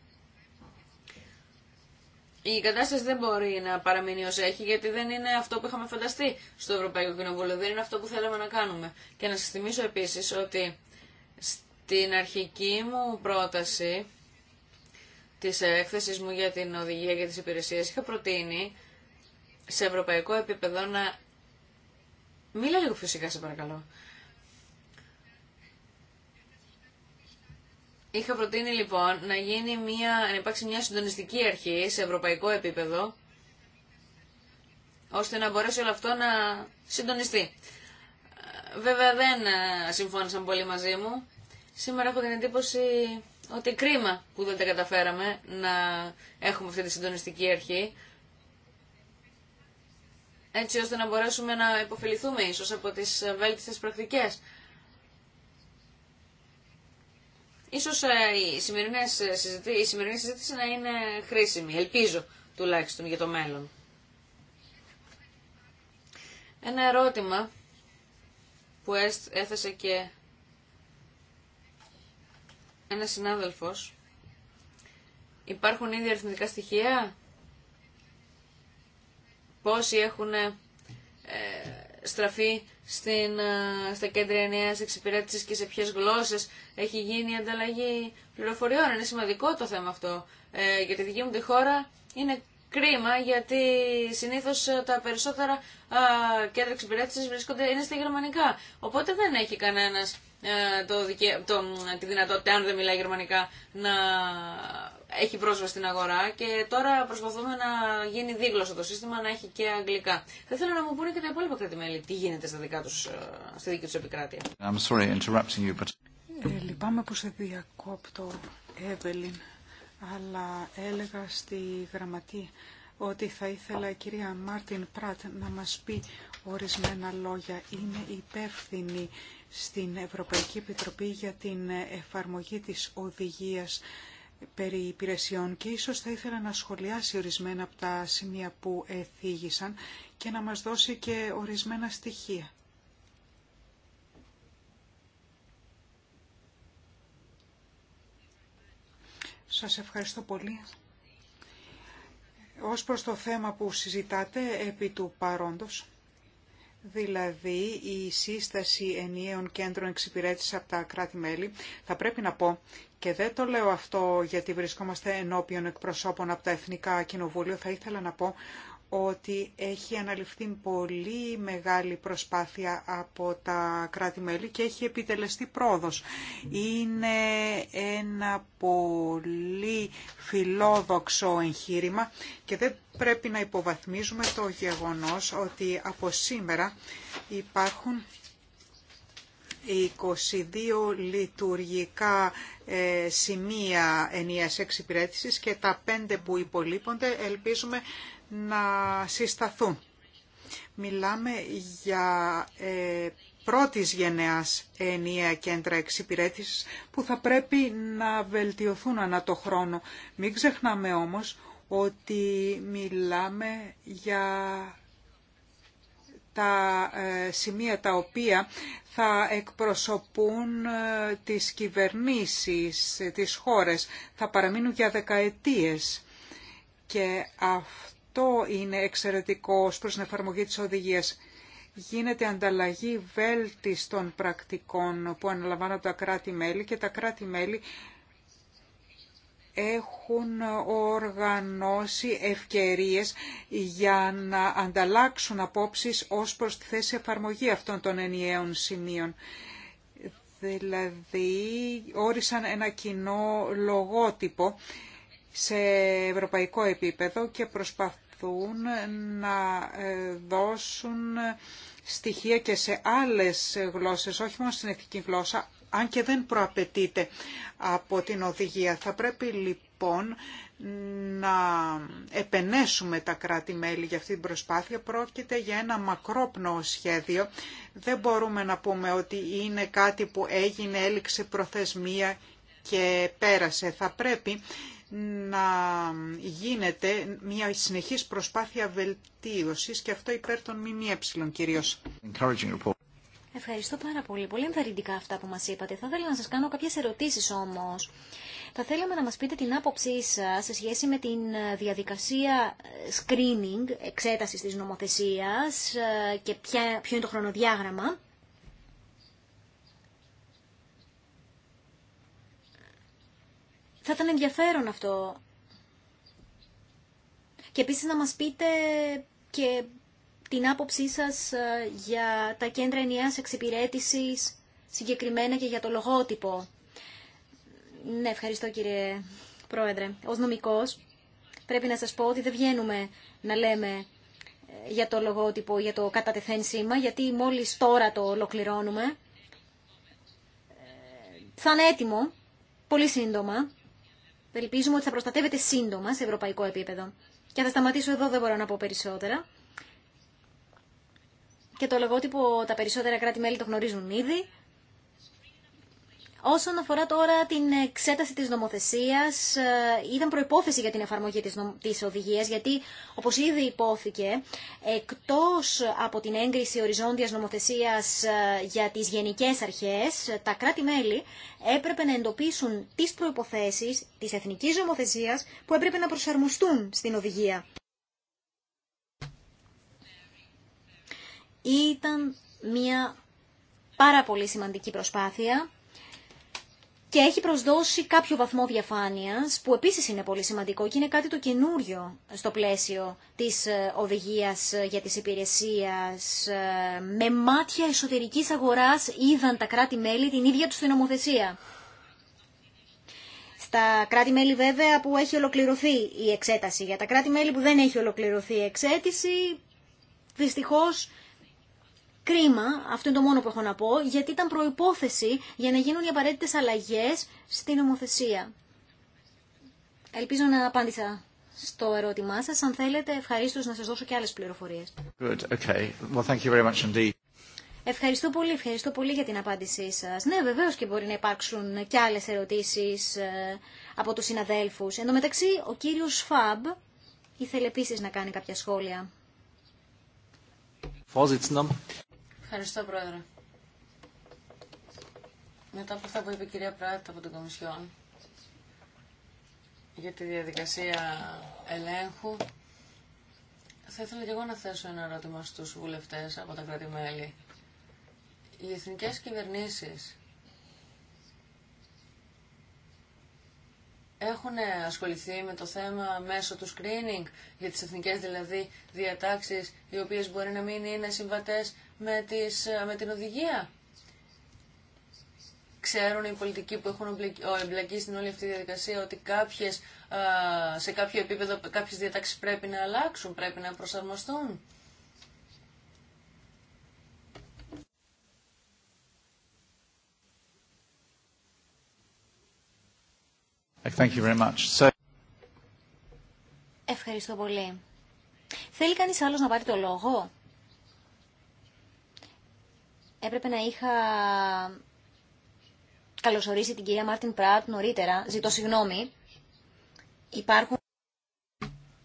Η κατάσταση δεν μπορεί να παραμείνει ως έχει, γιατί δεν είναι αυτό που είχαμε φανταστεί στο Ευρωπαϊκό Κοινοβούλιο, δεν είναι αυτό που θέλαμε να κάνουμε. Και να σας θυμίσω επίσης ότι στην αρχική μου πρόταση της έκθεσης μου για την οδηγία για τις υπηρεσίες είχα προτείνει σε ευρωπαϊκό επίπεδο να... Μίλα λίγο φυσικά, σε παρακαλώ. Είχα προτείνει λοιπόν να, γίνει μια, να υπάρξει μια συντονιστική αρχή σε ευρωπαϊκό επίπεδο, ώστε να μπορέσει όλο αυτό να συντονιστεί. Βέβαια δεν ε, συμφώνησαν πολύ μαζί μου. Σήμερα έχω την εντύπωση ότι κρίμα που δεν τα καταφέραμε να έχουμε αυτή τη συντονιστική αρχή, έτσι ώστε να μπορέσουμε να υποφεληθούμε ίσως από τις βέλτιστες πρακτικές Ίσως ε, οι σημερινές ε, η σημερινή συζήτηση να είναι χρήσιμη, ελπίζω τουλάχιστον για το μέλλον. Ένα ερώτημα που έθεσε και ένα συνάδελφος. Υπάρχουν ήδη αριθμητικά στοιχεία. Πόσοι έχουν ε, στραφεί στην, ε, στα κέντρα νέα εξυπηρέτηση και σε ποιε γλώσσε έχει γίνει η ανταλλαγή πληροφοριών. Είναι σημαντικό το θέμα αυτό. Ε, για τη δική μου τη χώρα είναι κρίμα γιατί συνήθως ε, τα περισσότερα ε, κέντρα εξυπηρέτησης βρίσκονται, είναι στα γερμανικά. Οπότε δεν έχει κανένας ε, το, δικαι... το... τη δυνατότητα, αν δεν μιλάει γερμανικά, να έχει πρόσβαση στην αγορά και τώρα προσπαθούμε να γίνει δίγλωσσο το σύστημα, να έχει και αγγλικά. Θα ήθελα να μου πούνε και τα υπόλοιπα κράτη-μέλη τι γίνεται στα δικά τους, ε, στη δική τους επικράτεια.
I'm sorry, interrupting you, but...
Ε, λυπάμαι που σε διακόπτω, Εύελιν, αλλά έλεγα
στη γραμματή ότι θα ήθελα η κυρία Μάρτιν Πράτ να μας πει ορισμένα λόγια. Είναι υπεύθυνη στην Ευρωπαϊκή Επιτροπή για την εφαρμογή της οδηγίας περί υπηρεσιών και ίσως θα ήθελα να σχολιάσει ορισμένα από τα σημεία που εθίγησαν και να μας δώσει και ορισμένα στοιχεία. Σας ευχαριστώ πολύ. Ως προς το θέμα που συζητάτε επί του παρόντος, Δηλαδή η σύσταση ενιαίων κέντρων εξυπηρέτηση από τα κράτη-μέλη θα πρέπει να πω και δεν το λέω αυτό γιατί βρισκόμαστε ενώπιον εκπροσώπων από τα Εθνικά Κοινοβούλια. Θα ήθελα να πω ότι έχει αναλυφθεί πολύ μεγάλη προσπάθεια από τα κράτη-μέλη και έχει επιτελεστεί πρόοδος. Είναι ένα πολύ φιλόδοξο εγχείρημα και δεν πρέπει να υποβαθμίζουμε το γεγονός ότι από σήμερα υπάρχουν 22 λειτουργικά ε, σημεία ενίας εξυπηρέτησης και τα 5 που υπολείπονται ελπίζουμε να συσταθούν. Μιλάμε για ε, πρώτης γενεάς ενιαία κέντρα εξυπηρέτησης που θα πρέπει να βελτιωθούν ανά το χρόνο. Μην ξεχνάμε όμως ότι μιλάμε για τα ε, σημεία τα οποία θα εκπροσωπούν ε, τις κυβερνήσεις, ε, της χώρες, θα παραμείνουν για δεκαετίες. Και αυτό αυτό είναι εξαιρετικό ως προς την εφαρμογή της οδηγίας. Γίνεται ανταλλαγή βέλτιστων πρακτικών που αναλαμβάνουν τα κράτη-μέλη και τα κράτη-μέλη έχουν οργανώσει ευκαιρίες για να ανταλλάξουν απόψεις ως προς τη θέση εφαρμογή αυτών των ενιαίων σημείων. Δηλαδή, όρισαν ένα κοινό λογότυπο σε ευρωπαϊκό επίπεδο και προσπαθούν να ε, δώσουν στοιχεία και σε άλλες γλώσσες, όχι μόνο στην εθνική γλώσσα, αν και δεν προαπαιτείται από την οδηγία. Θα πρέπει λοιπόν να επενέσουμε τα κράτη-μέλη για αυτή την προσπάθεια. Πρόκειται για ένα μακρόπνοο σχέδιο. Δεν μπορούμε να πούμε ότι είναι κάτι που έγινε, έληξε προθεσμία και πέρασε. Θα πρέπει να γίνεται μια συνεχής προσπάθεια βελτίωσης και αυτό υπέρ των ΜΜΕ
κυρίως.
Ευχαριστώ πάρα πολύ. Πολύ ενθαρρυντικά αυτά που μας είπατε. Θα ήθελα να σας κάνω κάποιες ερωτήσεις όμως. Θα θέλαμε να μας πείτε την άποψή σας σε σχέση με την διαδικασία screening, εξέτασης της νομοθεσίας ε, και ποιο είναι το χρονοδιάγραμμα. Θα ήταν ενδιαφέρον αυτό. Και επίσης να μας πείτε και την άποψή σας ε, για τα κέντρα ενιαίας εξυπηρέτησης συγκεκριμένα και για το λογότυπο. Ναι, ευχαριστώ κύριε Πρόεδρε. Ως νομικός πρέπει να σας πω ότι δεν βγαίνουμε να λέμε ε, για το λογότυπο, για το κατατεθέν σήμα, γιατί μόλις τώρα το ολοκληρώνουμε. Ε, θα είναι έτοιμο, πολύ σύντομα, Ελπίζουμε ότι θα προστατεύεται σύντομα σε ευρωπαϊκό επίπεδο. Και θα σταματήσω εδώ, δεν μπορώ να πω περισσότερα. Και το λογότυπο τα περισσότερα κράτη-μέλη το γνωρίζουν ήδη. Όσον αφορά τώρα την εξέταση της νομοθεσίας, ήταν ε, προϋπόθεση για την εφαρμογή της, της οδηγίας, γιατί όπως ήδη υπόθηκε, εκτός από την έγκριση οριζόντιας νομοθεσίας ε, για τις γενικές αρχές, ε, τα κράτη-μέλη έπρεπε να εντοπίσουν τις προϋποθέσεις της εθνικής νομοθεσίας που έπρεπε να προσαρμοστούν στην οδηγία. Ήταν μια πάρα πολύ σημαντική προσπάθεια και έχει προσδώσει κάποιο βαθμό διαφάνειας που επίσης είναι πολύ σημαντικό και είναι κάτι το καινούριο στο πλαίσιο της ε, οδηγίας ε, για τις υπηρεσίες. Ε, με μάτια εσωτερικής αγοράς είδαν τα κράτη-μέλη την ίδια τους την νομοθεσία. Στα κράτη-μέλη βέβαια που έχει ολοκληρωθεί η εξέταση. Για τα κράτη-μέλη που δεν έχει ολοκληρωθεί η εξέτηση, δυστυχώς Κρίμα, αυτό είναι το μόνο που έχω να πω, γιατί ήταν προϋπόθεση για να γίνουν οι απαραίτητες αλλαγές στην νομοθεσία. Ελπίζω να απάντησα στο ερώτημά σας. Αν θέλετε, ευχαρίστω να σας δώσω και άλλες πληροφορίες.
Okay. Well, thank you very much
Ευχαριστώ πολύ, ευχαριστώ πολύ για την απάντησή σας. Ναι, βεβαίως και μπορεί να υπάρξουν και άλλες ερωτήσεις ε, από τους συναδέλφους. Εν τω μεταξύ, ο κύριος Φαμπ ήθελε επίσης να κάνει κάποια σχόλια.
Ευχαριστώ, Πρόεδρε. Μετά από αυτά που είπε η κυρία Πράττα από την Κομισιόν για τη διαδικασία ελέγχου, θα ήθελα και εγώ να θέσω ένα ερώτημα στους βουλευτές από τα κράτη-μέλη. Οι εθνικές κυβερνήσεις έχουν ασχοληθεί με το θέμα μέσω του screening για τις εθνικές δηλαδή διατάξεις οι οποίες μπορεί να μην είναι συμβατές με, τις, με την οδηγία. Ξέρουν οι πολιτικοί που έχουν εμπλακεί στην όλη αυτή τη διαδικασία ότι κάποιες, σε κάποιο επίπεδο κάποιες διατάξεις πρέπει να αλλάξουν, πρέπει να προσαρμοστούν.
Thank you very much.
Ευχαριστώ πολύ. Θέλει κανείς άλλος να πάρει το λόγο έπρεπε να είχα καλωσορίσει την κυρία Μάρτιν Πράτ νωρίτερα. Ζητώ συγγνώμη. Υπάρχουν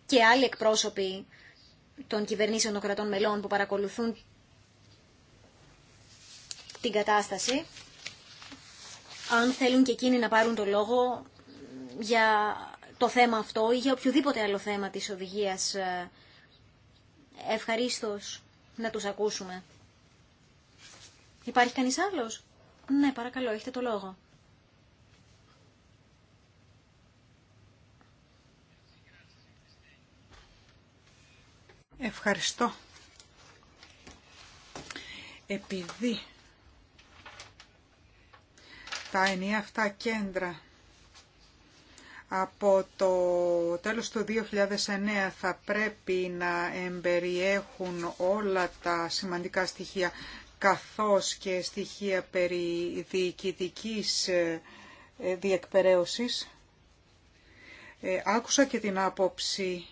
και άλλοι εκπρόσωποι των κυβερνήσεων των κρατών μελών που παρακολουθούν την κατάσταση. Αν θέλουν και εκείνοι να πάρουν το λόγο για το θέμα αυτό ή για οποιοδήποτε άλλο θέμα της οδηγίας, ε, ευχαρίστως να τους ακούσουμε. Υπάρχει κανείς άλλος? Ναι, παρακαλώ, έχετε το λόγο.
Ευχαριστώ. Επειδή τα ενία αυτά κέντρα από το τέλος του 2009 θα πρέπει να εμπεριέχουν όλα τα σημαντικά στοιχεία καθώς και στοιχεία περί διοικητικής ε, ε, διεκπαιρέωσης. Ε, άκουσα και την άποψη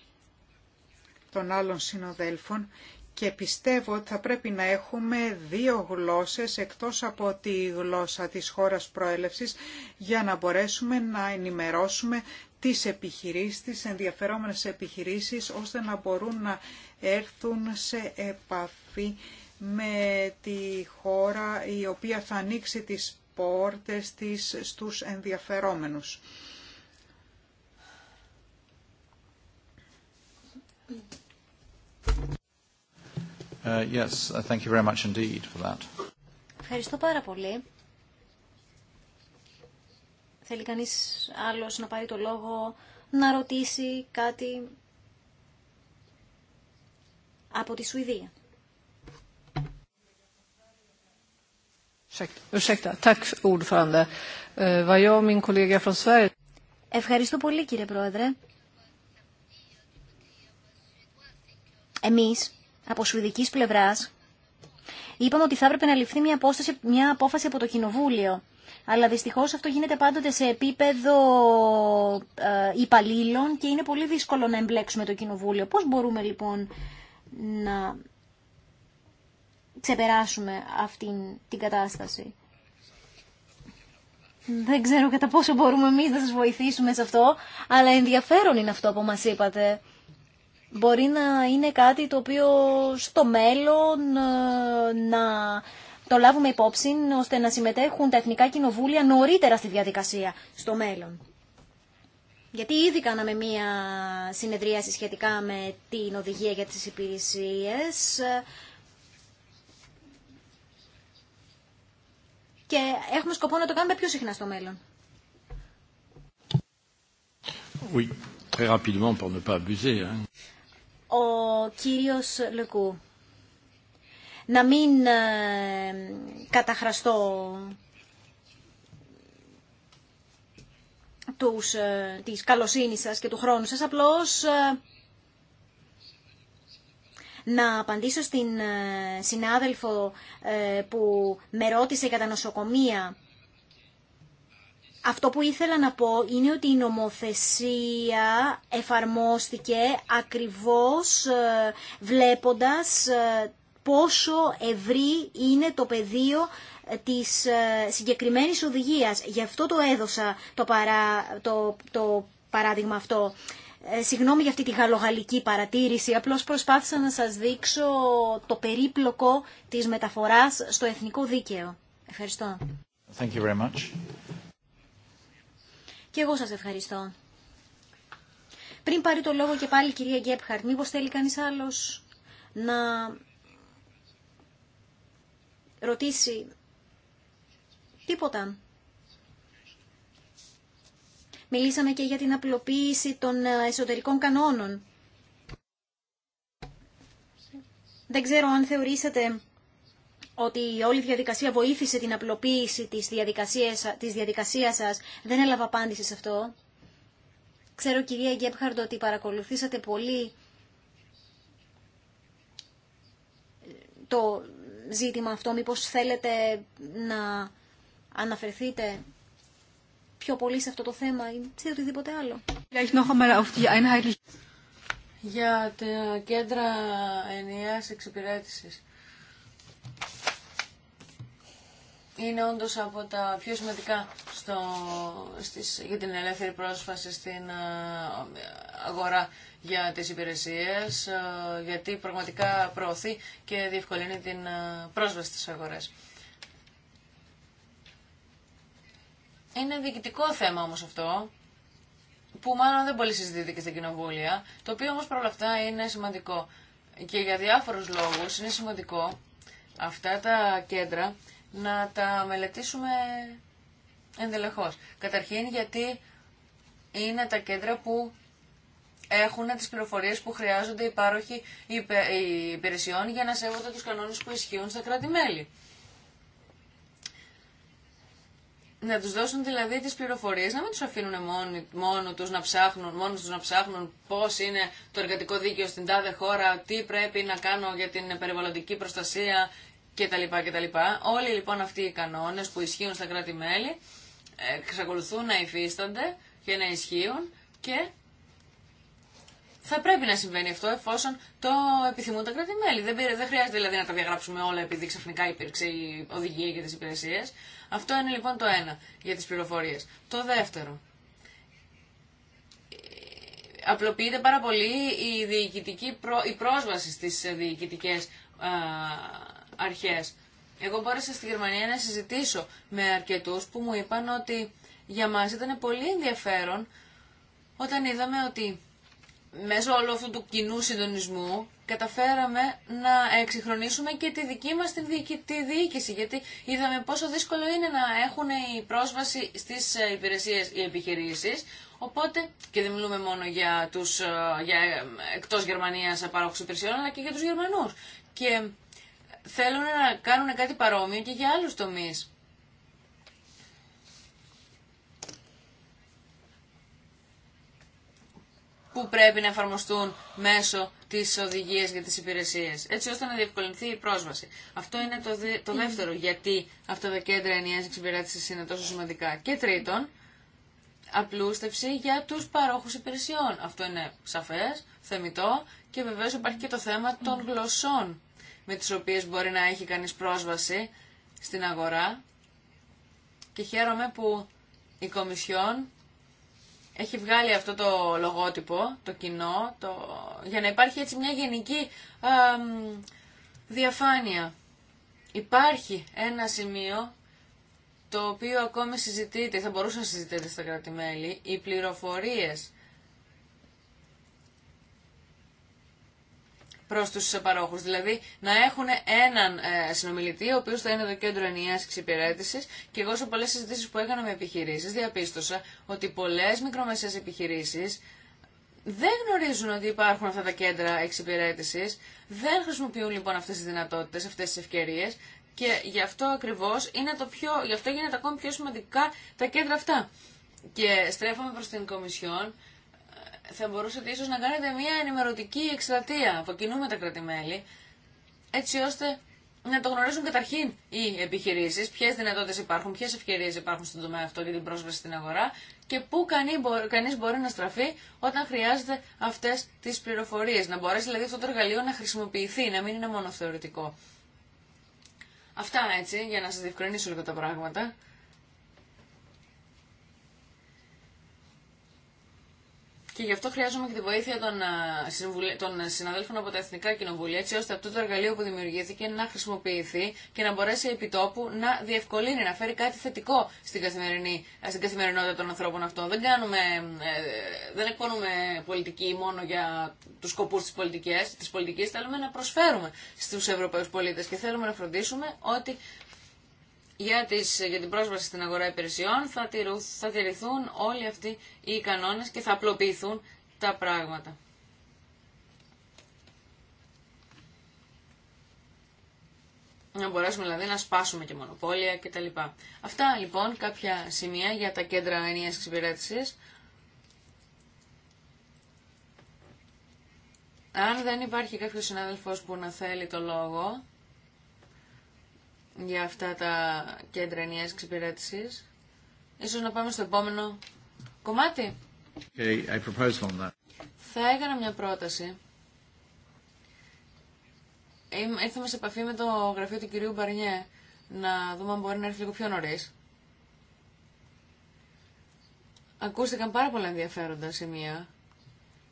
των άλλων συνοδέλφων και πιστεύω ότι θα πρέπει να έχουμε δύο γλώσσες εκτός από τη γλώσσα της χώρας προέλευσης για να μπορέσουμε να ενημερώσουμε τις επιχειρήσεις, τις ενδιαφερόμενες επιχειρήσεις ώστε να μπορούν να έρθουν σε επαφή με τη χώρα η οποία θα ανοίξει τις πόρτες της στους ενδιαφερόμενους.
Uh, yes, uh, thank you very much indeed for that.
Ευχαριστώ πάρα πολύ. Θέλει κανείς άλλος να πάρει το λόγο, να ρωτήσει κάτι από τη Σουηδία. Ευχαριστώ πολύ κύριε Πρόεδρε. Εμείς, από σουηδικής πλευράς, είπαμε ότι θα έπρεπε να ληφθεί μια, απόσταση, μια απόφαση από το Κοινοβούλιο. Αλλά δυστυχώς αυτό γίνεται πάντοτε σε επίπεδο ε, υπαλλήλων και είναι πολύ δύσκολο να εμπλέξουμε το Κοινοβούλιο. Πώς μπορούμε λοιπόν να ξεπεράσουμε αυτήν την κατάσταση. Δεν ξέρω κατά πόσο μπορούμε εμείς να σας βοηθήσουμε σε αυτό, αλλά ενδιαφέρον είναι αυτό που μας είπατε. Μπορεί να είναι κάτι το οποίο στο μέλλον ε, να το λάβουμε υπόψη, ώστε να συμμετέχουν τα εθνικά κοινοβούλια νωρίτερα στη διαδικασία στο μέλλον. Γιατί ήδη κάναμε μία συνεδρίαση σχετικά με την οδηγία για τις υπηρεσίες και έχουμε σκοπό να το κάνουμε πιο συχνά στο μέλλον.
Oui, pour ne pas abuser,
Ο κύριος Λεκού. Να μην ε, καταχραστώ τους, ε, της καλοσύνης σας και του χρόνου σας, απλώς... Ε, να απαντήσω στην ε, συνάδελφο ε, που με ρώτησε για τα νοσοκομεία. Αυτό που ήθελα να πω είναι ότι η νομοθεσία εφαρμόστηκε ακριβώς ε, βλέποντας πόσο ευρύ είναι το πεδίο της συγκεκριμένης οδηγίας. Γι' αυτό το έδωσα το, παρά, το, το παράδειγμα αυτό. Ε, συγγνώμη για αυτή τη γαλλογαλλική παρατήρηση, απλώς προσπάθησα να σας δείξω το περίπλοκο της μεταφοράς στο εθνικό δίκαιο. Ευχαριστώ.
Thank you very much.
Και εγώ σας ευχαριστώ. Πριν πάρει το λόγο και πάλι η κυρία Γκέπχαρτ, μήπως θέλει κανείς άλλος να ρωτήσει τίποτα. Μιλήσαμε και για την απλοποίηση των ε, εσωτερικών κανόνων. Δεν ξέρω αν θεωρήσατε ότι όλη η όλη διαδικασία βοήθησε την απλοποίηση της διαδικασίας, της διαδικασίας σας. Δεν έλαβα απάντηση σε αυτό. Ξέρω κυρία Γκέπχαρντ ότι παρακολουθήσατε πολύ το ζήτημα αυτό. Μήπως θέλετε να αναφερθείτε πιο πολύ σε αυτό το θέμα ή σε οτιδήποτε άλλο.
Για τα κέντρα ενιαίας εξυπηρέτησης. Είναι όντως από τα πιο σημαντικά στο, στις, για την ελεύθερη πρόσβαση στην αγορά για τις υπηρεσίες, γιατί πραγματικά προωθεί και διευκολύνει την πρόσβαση στις αγορές. Είναι διοικητικό θέμα όμως αυτό, που μάλλον δεν πολύ συζητείται και στα κοινοβούλια, το οποίο όμως παρόλα αυτά είναι σημαντικό. Και για διάφορους λόγους είναι σημαντικό αυτά τα κέντρα να τα μελετήσουμε ενδελεχώς. Καταρχήν γιατί είναι τα κέντρα που έχουν τις πληροφορίες που χρειάζονται οι πάροχοι υπηρεσιών για να σέβονται τους κανόνες που ισχύουν στα κράτη-μέλη. Να του δώσουν δηλαδή τι πληροφορίε, να μην του αφήνουν μόνο του να ψάχνουν, μόνο να ψάχνουν πώ είναι το εργατικό δίκαιο στην τάδε χώρα, τι πρέπει να κάνω για την περιβαλλοντική προστασία κτλ. κτλ. Όλοι λοιπόν αυτοί οι κανόνε που ισχύουν στα κράτη-μέλη ε, εξακολουθούν να υφίστανται και να ισχύουν και θα πρέπει να συμβαίνει αυτό εφόσον το επιθυμούν τα κράτη-μέλη. Δεν, χρειάζεται δηλαδή να τα διαγράψουμε όλα επειδή ξαφνικά υπήρξε η οδηγία για τι υπηρεσίε. Αυτό είναι λοιπόν το ένα για τις πληροφορίες. Το δεύτερο. Απλοποιείται πάρα πολύ η, διοικητική, η πρόσβαση στις διοικητικές αρχές. Εγώ μπόρεσα στη Γερμανία να συζητήσω με αρκετούς που μου είπαν ότι για μας ήταν πολύ ενδιαφέρον όταν είδαμε ότι μέσω όλου αυτού του κοινού συντονισμού καταφέραμε να εξυγχρονίσουμε και τη δική μας τη, διοίκηση, γιατί είδαμε πόσο δύσκολο είναι να έχουν η πρόσβαση στις ε, υπηρεσίες οι επιχειρήσεις, οπότε, και δεν μιλούμε μόνο για, τους, ε, για ε, εκτός Γερμανίας παρόχους υπηρεσιών, αλλά και για τους Γερμανούς. Και θέλουν να κάνουν κάτι παρόμοιο και για άλλους τομείς. που πρέπει να εφαρμοστούν μέσω τη οδηγία για τι υπηρεσίε, έτσι ώστε να διευκολυνθεί η πρόσβαση. Αυτό είναι το, το δεύτερο, γιατί αυτά τα κέντρα ενιαία εξυπηρέτηση είναι τόσο σημαντικά. Και τρίτον, απλούστευση για του παρόχου υπηρεσιών. Αυτό είναι σαφέ, θεμητό και βεβαίω υπάρχει και το θέμα των γλωσσών με τι οποίε μπορεί να έχει κανεί πρόσβαση στην αγορά και χαίρομαι που η Κομισιόν έχει βγάλει αυτό το λογότυπο, το κοινό, το... για να υπάρχει έτσι μια γενική διαφάνεια. Υπάρχει ένα σημείο το οποίο ακόμη συζητείται, θα μπορούσε να συζητείτε στα κράτη-μέλη, οι πληροφορίες Προ του παρόχου. Δηλαδή να έχουν έναν ε, συνομιλητή ο οποίο θα είναι το κέντρο ενιαία εξυπηρέτηση και εγώ σε πολλέ συζητήσει που έκανα με επιχειρήσει, διαπίστωσα ότι πολλέ μικρομεσαίες επιχειρήσει δεν γνωρίζουν ότι υπάρχουν αυτά τα κέντρα εξυπηρέτηση, δεν χρησιμοποιούν λοιπόν αυτέ τι δυνατότητε, αυτέ τι ευκαιρίε. και γι' αυτό ακριβώ είναι το πιο, γι' αυτό γίνεται ακόμη πιο σημαντικά τα κέντρα αυτά. Και στρέφομαι προ την Κομισιόν θα μπορούσατε ίσως να κάνετε μια ενημερωτική εξτρατεία από κοινού με τα κρατημέλη, έτσι ώστε να το γνωρίζουν καταρχήν οι επιχειρήσεις, ποιες δυνατότητες υπάρχουν, ποιες ευκαιρίες υπάρχουν στον τομέα αυτό για την πρόσβαση στην αγορά και πού κανείς μπορεί να στραφεί όταν χρειάζεται αυτές τις πληροφορίες. Να μπορέσει δηλαδή αυτό το εργαλείο να χρησιμοποιηθεί, να μην είναι μόνο θεωρητικό. Αυτά έτσι, για να σας διευκρινίσω λίγο τα πράγματα. Και γι' αυτό χρειάζομαι και τη βοήθεια ε, των, συναδέλφων από τα Εθνικά Κοινοβούλια, έτσι ώστε αυτό το εργαλείο που δημιουργήθηκε να χρησιμοποιηθεί και να μπορέσει επιτόπου να διευκολύνει, να φέρει κάτι θετικό στην, καθημερινή, ε, στην καθημερινότητα των ανθρώπων αυτών. Δεν, κάνουμε, ε, δεν εκπονούμε πολιτική μόνο για του σκοπού τη πολιτική. θέλουμε να προσφέρουμε στου Ευρωπαίου πολίτε και θέλουμε να φροντίσουμε ότι για, τις, για την πρόσβαση στην αγορά υπηρεσιών θα, τηρου, θα τηρηθούν όλοι αυτοί οι κανόνες και θα απλοποιηθούν τα πράγματα. Να μπορέσουμε δηλαδή να σπάσουμε και μονοπόλια κτλ. Αυτά λοιπόν κάποια σημεία για τα κέντρα ενίας εξυπηρέτησης. Αν δεν υπάρχει κάποιος συνάδελφος που να θέλει το λόγο, για αυτά τα κέντρα ενιαίας εξυπηρέτησης. Ίσως να πάμε στο επόμενο κομμάτι. Θα έκανα μια πρόταση. Ήρθαμε σε επαφή με το γραφείο του κυρίου Μπαρνιέ να δούμε αν μπορεί να έρθει λίγο πιο νωρί. Ακούστηκαν πάρα πολλά ενδιαφέροντα σημεία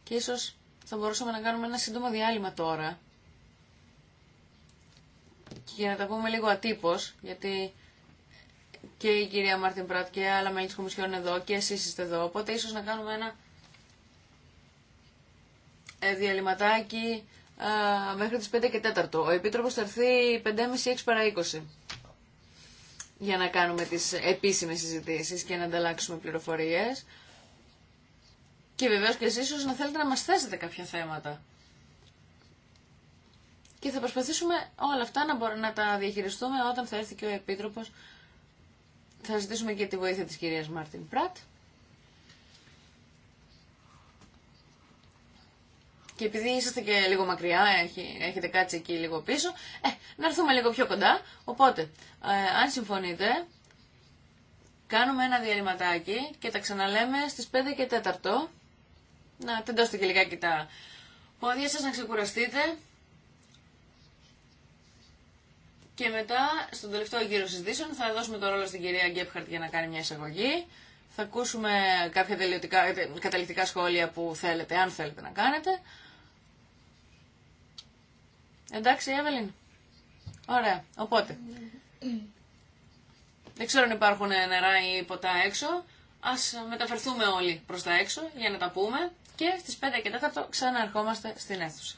και ίσως θα μπορούσαμε να κάνουμε ένα σύντομο διάλειμμα τώρα και να τα πούμε λίγο ατύπως, γιατί και η κυρία Μάρτιν Πράτ και άλλα μέλη τη Κομισιόν είναι εδώ και εσεί είστε εδώ, οπότε ίσως να κάνουμε ένα ε, διαλυματάκι μέχρι τις 5 και 4. Ο Επίτροπος θα έρθει 5.30-6 παρά 20 για να κάνουμε τις επίσημες συζητήσεις και να ανταλλάξουμε πληροφορίες. Και βεβαίως και εσείς ίσως να θέλετε να μας θέσετε κάποια θέματα. Και θα προσπαθήσουμε όλα αυτά να μπορούμε να τα διαχειριστούμε όταν θα έρθει και ο επίτροπο. Θα ζητήσουμε και τη βοήθεια της κυρίας Μάρτιν Πράτ. Και επειδή είσαστε και λίγο μακριά, έχετε κάτσει εκεί λίγο πίσω, ε, να έρθουμε λίγο πιο κοντά. Οπότε, ε, αν συμφωνείτε, κάνουμε ένα διαλυματάκι και τα ξαναλέμε στις 5 και 4. Να τεντώστε και λιγάκι τα πόδια σας, να ξεκουραστείτε. Και μετά, στον τελευταίο γύρο συζητήσεων, θα δώσουμε το ρόλο στην κυρία Γκέπχαρτ για να κάνει μια εισαγωγή. Θα ακούσουμε κάποια ε, καταληκτικά σχόλια που θέλετε, αν θέλετε να κάνετε. Εντάξει, Εύελιν. Ωραία. Οπότε. Δεν ξέρω αν υπάρχουν νερά ή ποτά έξω. Ας μεταφερθούμε όλοι προς τα έξω για να τα πούμε και στις 5 και 4 ξαναρχόμαστε στην αίθουσα.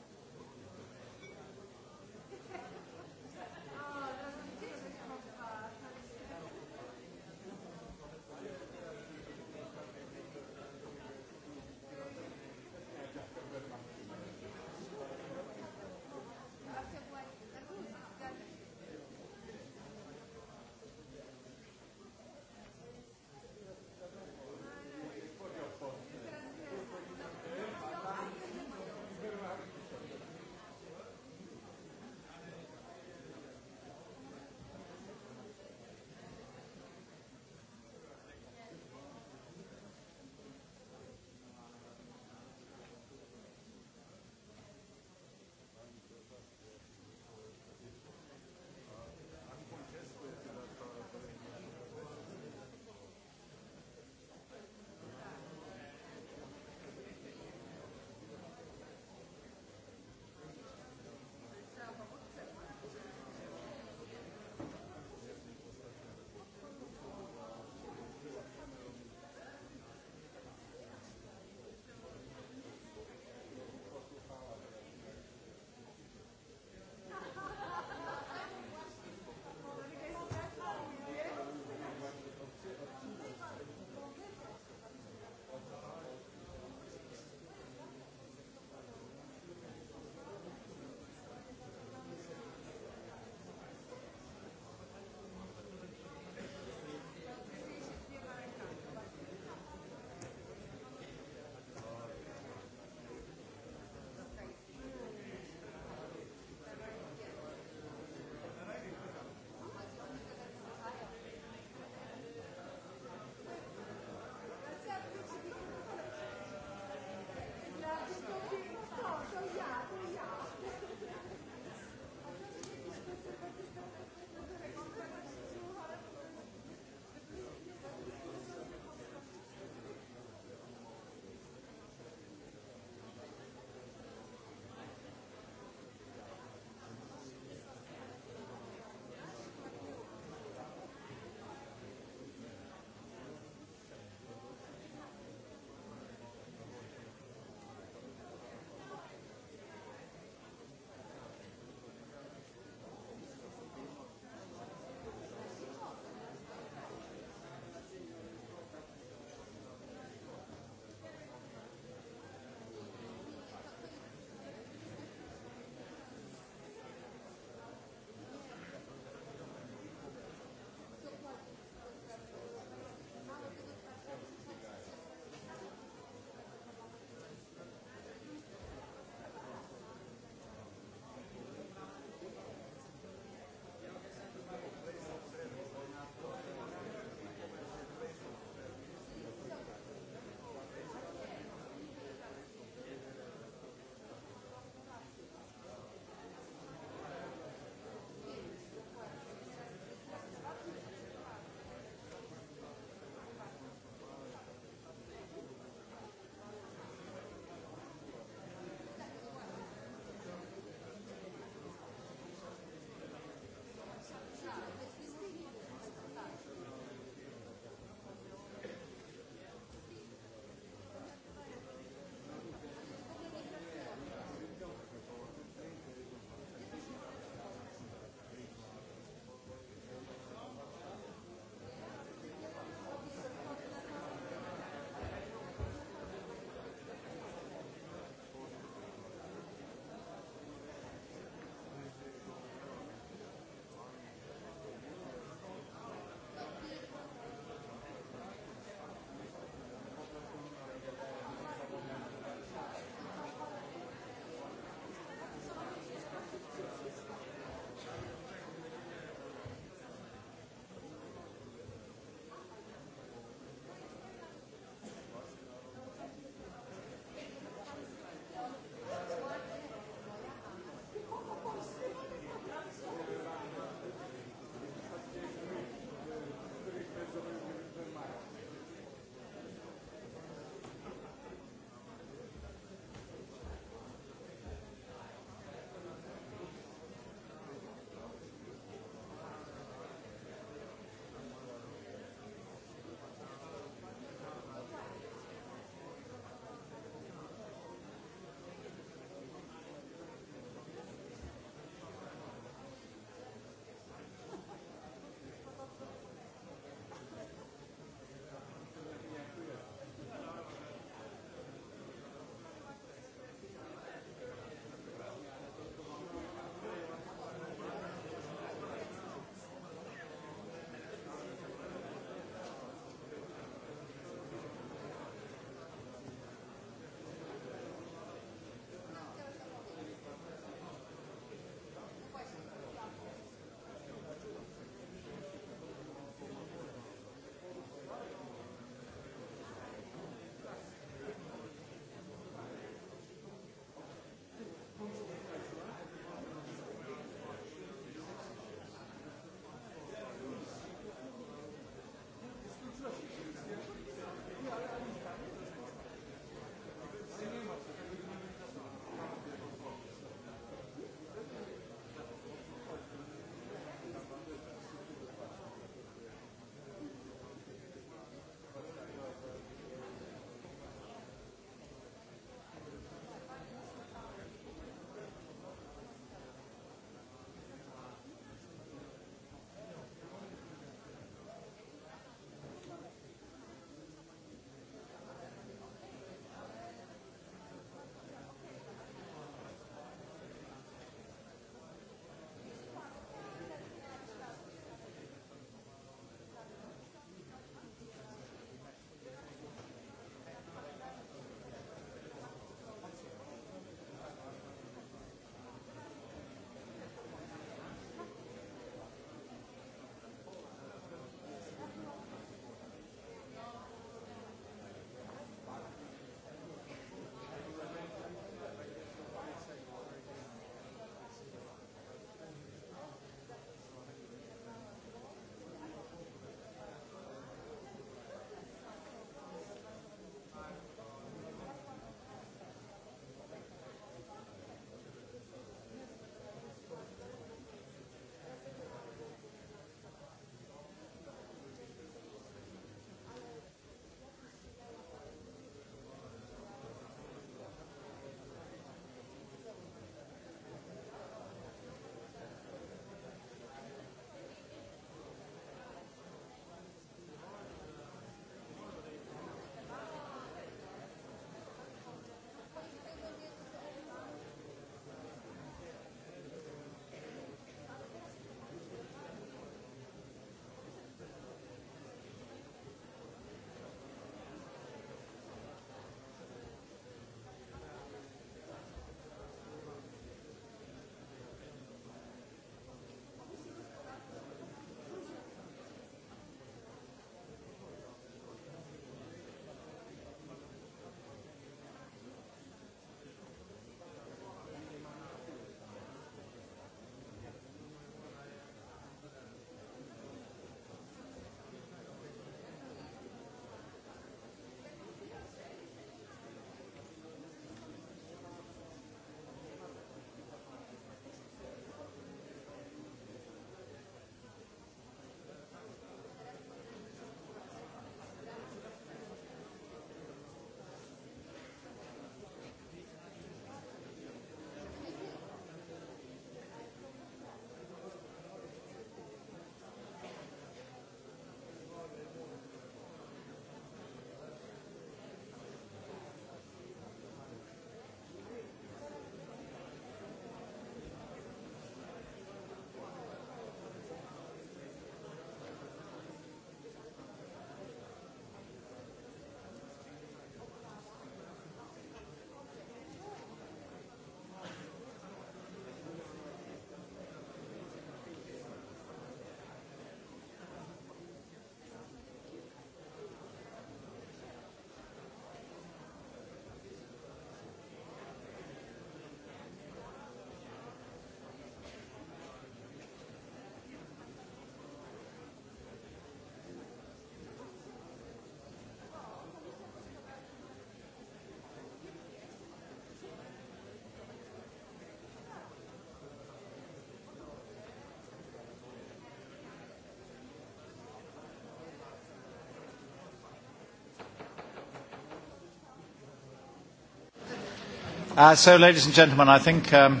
Uh, so, ladies and gentlemen, I think um,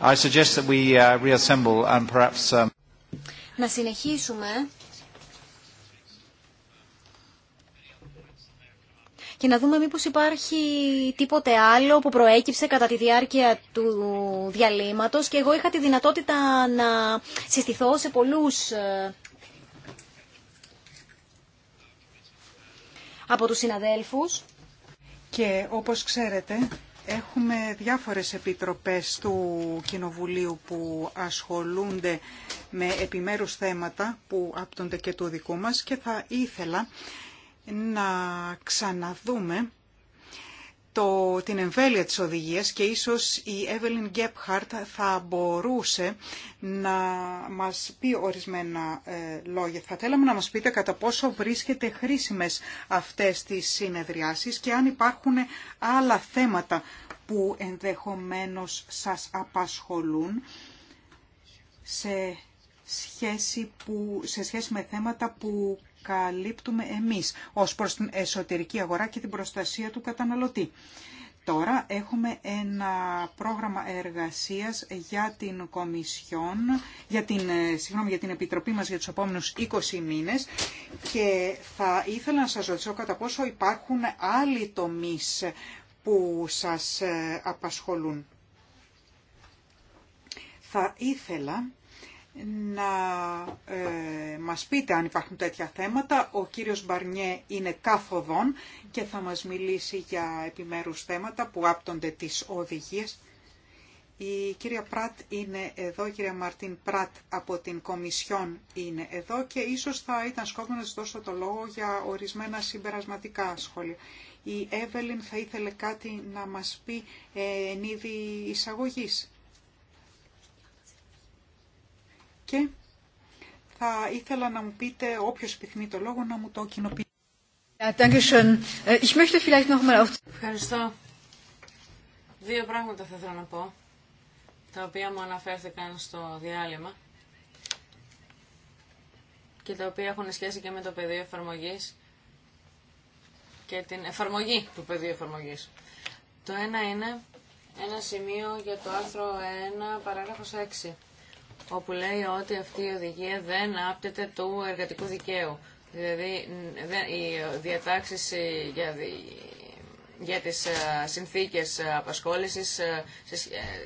I suggest uh, and um,
Να συνεχίσουμε. Και να δούμε μήπως υπάρχει τίποτε άλλο που προέκυψε κατά τη διάρκεια του διαλύματος και εγώ είχα τη δυνατότητα να συστηθώ σε πολλούς ε, από τους συναδέλφους.
Και όπως ξέρετε, έχουμε διάφορες επιτροπές του Κοινοβουλίου που ασχολούνται με επιμέρους θέματα που άπτονται και του δικού μας και θα ήθελα να ξαναδούμε το, την εμβέλεια της οδηγίας και ίσως η Εύελιν Γκέπχαρτ θα μπορούσε να μας πει ορισμένα ε, λόγια. Θα θέλαμε να μας πείτε κατά πόσο βρίσκεται χρήσιμες αυτές τις συνεδριάσεις και αν υπάρχουν άλλα θέματα που ενδεχομένως σας απασχολούν σε σχέση, που, σε σχέση με θέματα που καλύπτουμε εμείς ως προς την εσωτερική αγορά και την προστασία του καταναλωτή. Τώρα έχουμε ένα πρόγραμμα εργασίας για την Κομισιόν, για την, ε, συγγνώμη, για την Επιτροπή μας για τους επόμενους 20 μήνες και θα ήθελα να σας ρωτήσω κατά πόσο υπάρχουν άλλοι τομείς που σας ε, απασχολούν. Θα ήθελα να ε, μας πείτε αν υπάρχουν τέτοια θέματα. Ο κύριος Μπαρνιέ είναι κάθοδον και θα μας μιλήσει για επιμέρους θέματα που άπτονται τις οδηγίες. Η κυρία Πράτ είναι εδώ, η κυρία Μαρτίν Πράτ από την Κομισιόν είναι εδώ και ίσως θα ήταν σκόπιμο να δώσω το λόγο για ορισμένα συμπερασματικά σχόλια. Η Εύελιν θα ήθελε κάτι να μας πει ε, εν είδη εισαγωγής. και θα ήθελα να μου πείτε όποιος επιθυμεί το λόγο να μου το κοινοποιήσει.
Ευχαριστώ. Δύο πράγματα θα ήθελα να πω, τα οποία μου αναφέρθηκαν στο διάλειμμα και τα οποία έχουν σχέση και με το πεδίο εφαρμογής και την εφαρμογή του πεδίου εφαρμογής. Το ένα είναι ένα σημείο για το άρθρο 1, παράγραφος 6 όπου λέει ότι αυτή η οδηγία δεν άπτεται του εργατικού δικαίου. Δηλαδή, οι διατάξεις ε, για, για τις ε, συνθήκες ε, απασχόλησης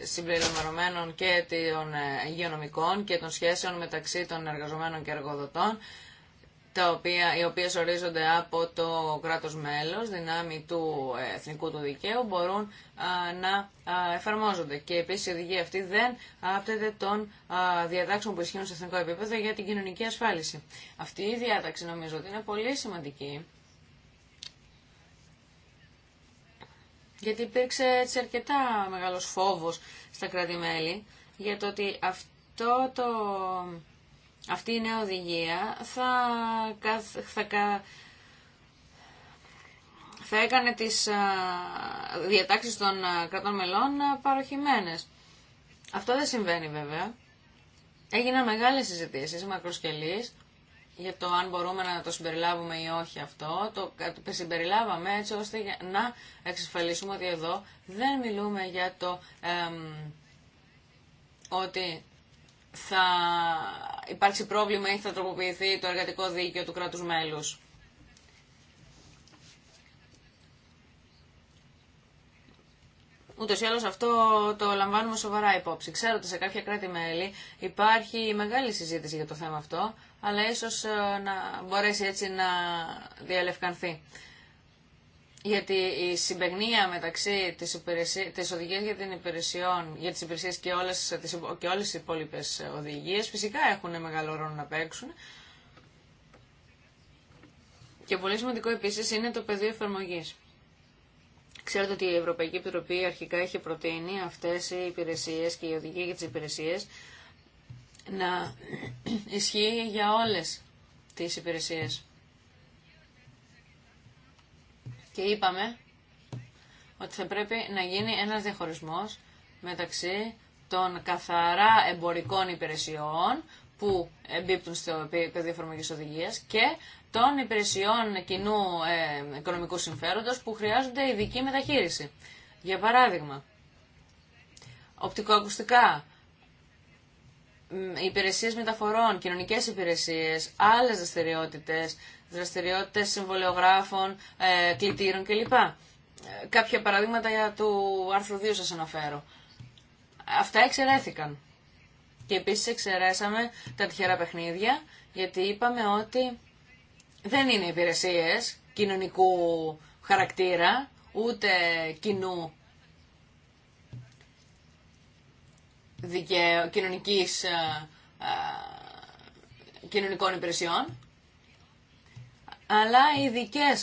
συμπεριλαμβανομένων και των υγειονομικών και των σχέσεων μεταξύ των εργαζομένων και εργοδοτών τα οποία, οι οποίες ορίζονται από το κράτος μέλος, δυνάμει του ε, εθνικού του δικαίου, μπορούν να εφαρμόζονται. Και επίσης η οδηγία αυτή δεν άπτεται των διατάξεων που ισχύουν σε εθνικό επίπεδο για την κοινωνική ασφάλιση. Αυτή η διάταξη νομίζω ότι είναι πολύ σημαντική. Γιατί υπήρξε έτσι αρκετά μεγάλος φόβος στα κράτη-μέλη για το ότι αυτό το αυτή η νέα οδηγία θα, θα, θα έκανε τις διατάξεις των κρατών μελών παροχημένες. Αυτό δεν συμβαίνει βέβαια. Έγιναν μεγάλες συζητήσεις μακροσκελής για το αν μπορούμε να το συμπεριλάβουμε ή όχι αυτό. Το συμπεριλάβαμε έτσι ώστε να εξασφαλίσουμε ότι εδώ δεν μιλούμε για το ότι θα υπάρξει πρόβλημα ή θα τροποποιηθεί το εργατικό δίκαιο του κράτους μέλους. Ούτως ή άλλως αυτό το λαμβάνουμε σοβαρά υπόψη. Ξέρω ότι σε κάποια κράτη-μέλη υπάρχει μεγάλη συζήτηση για το θέμα αυτό, αλλά ίσως ε, να μπορέσει έτσι να διαλευκανθεί γιατί η συμπαιγνία μεταξύ της, υπηρεσίας, της οδηγίας για, την υπηρεσιών, για τις υπηρεσίες και όλες, τις, και όλες οι υπόλοιπε οδηγίες φυσικά έχουν μεγάλο ρόλο να παίξουν. Και πολύ σημαντικό επίσης είναι το πεδίο εφαρμογής. Ξέρετε ότι η Ευρωπαϊκή Επιτροπή αρχικά είχε προτείνει αυτές οι υπηρεσίες και η οδηγία για τις υπηρεσίες να ισχύει για όλες τις υπηρεσίες και είπαμε ότι θα πρέπει να γίνει ένας διαχωρισμός μεταξύ των καθαρά εμπορικών υπηρεσιών που εμπίπτουν στο πεδίο εφαρμογή οδηγία και των υπηρεσιών κοινού ε, οικονομικού συμφέροντος που χρειάζονται ειδική μεταχείριση. Για παράδειγμα, οπτικοακουστικά, υπηρεσίες μεταφορών, κοινωνικές υπηρεσίες, άλλες δραστηριότητε δραστηριότητες συμβολεογράφων, ε, κλητήρων κλπ. Ε, κάποια παραδείγματα για του άρθρου 2 σας αναφέρω. Αυτά εξαιρέθηκαν. Και επίση εξαιρέσαμε τα τυχερά παιχνίδια, γιατί είπαμε ότι δεν είναι υπηρεσίε κοινωνικού χαρακτήρα, ούτε κοινού κοινωνικής, ε, κοινωνικών υπηρεσιών αλλά ειδικέ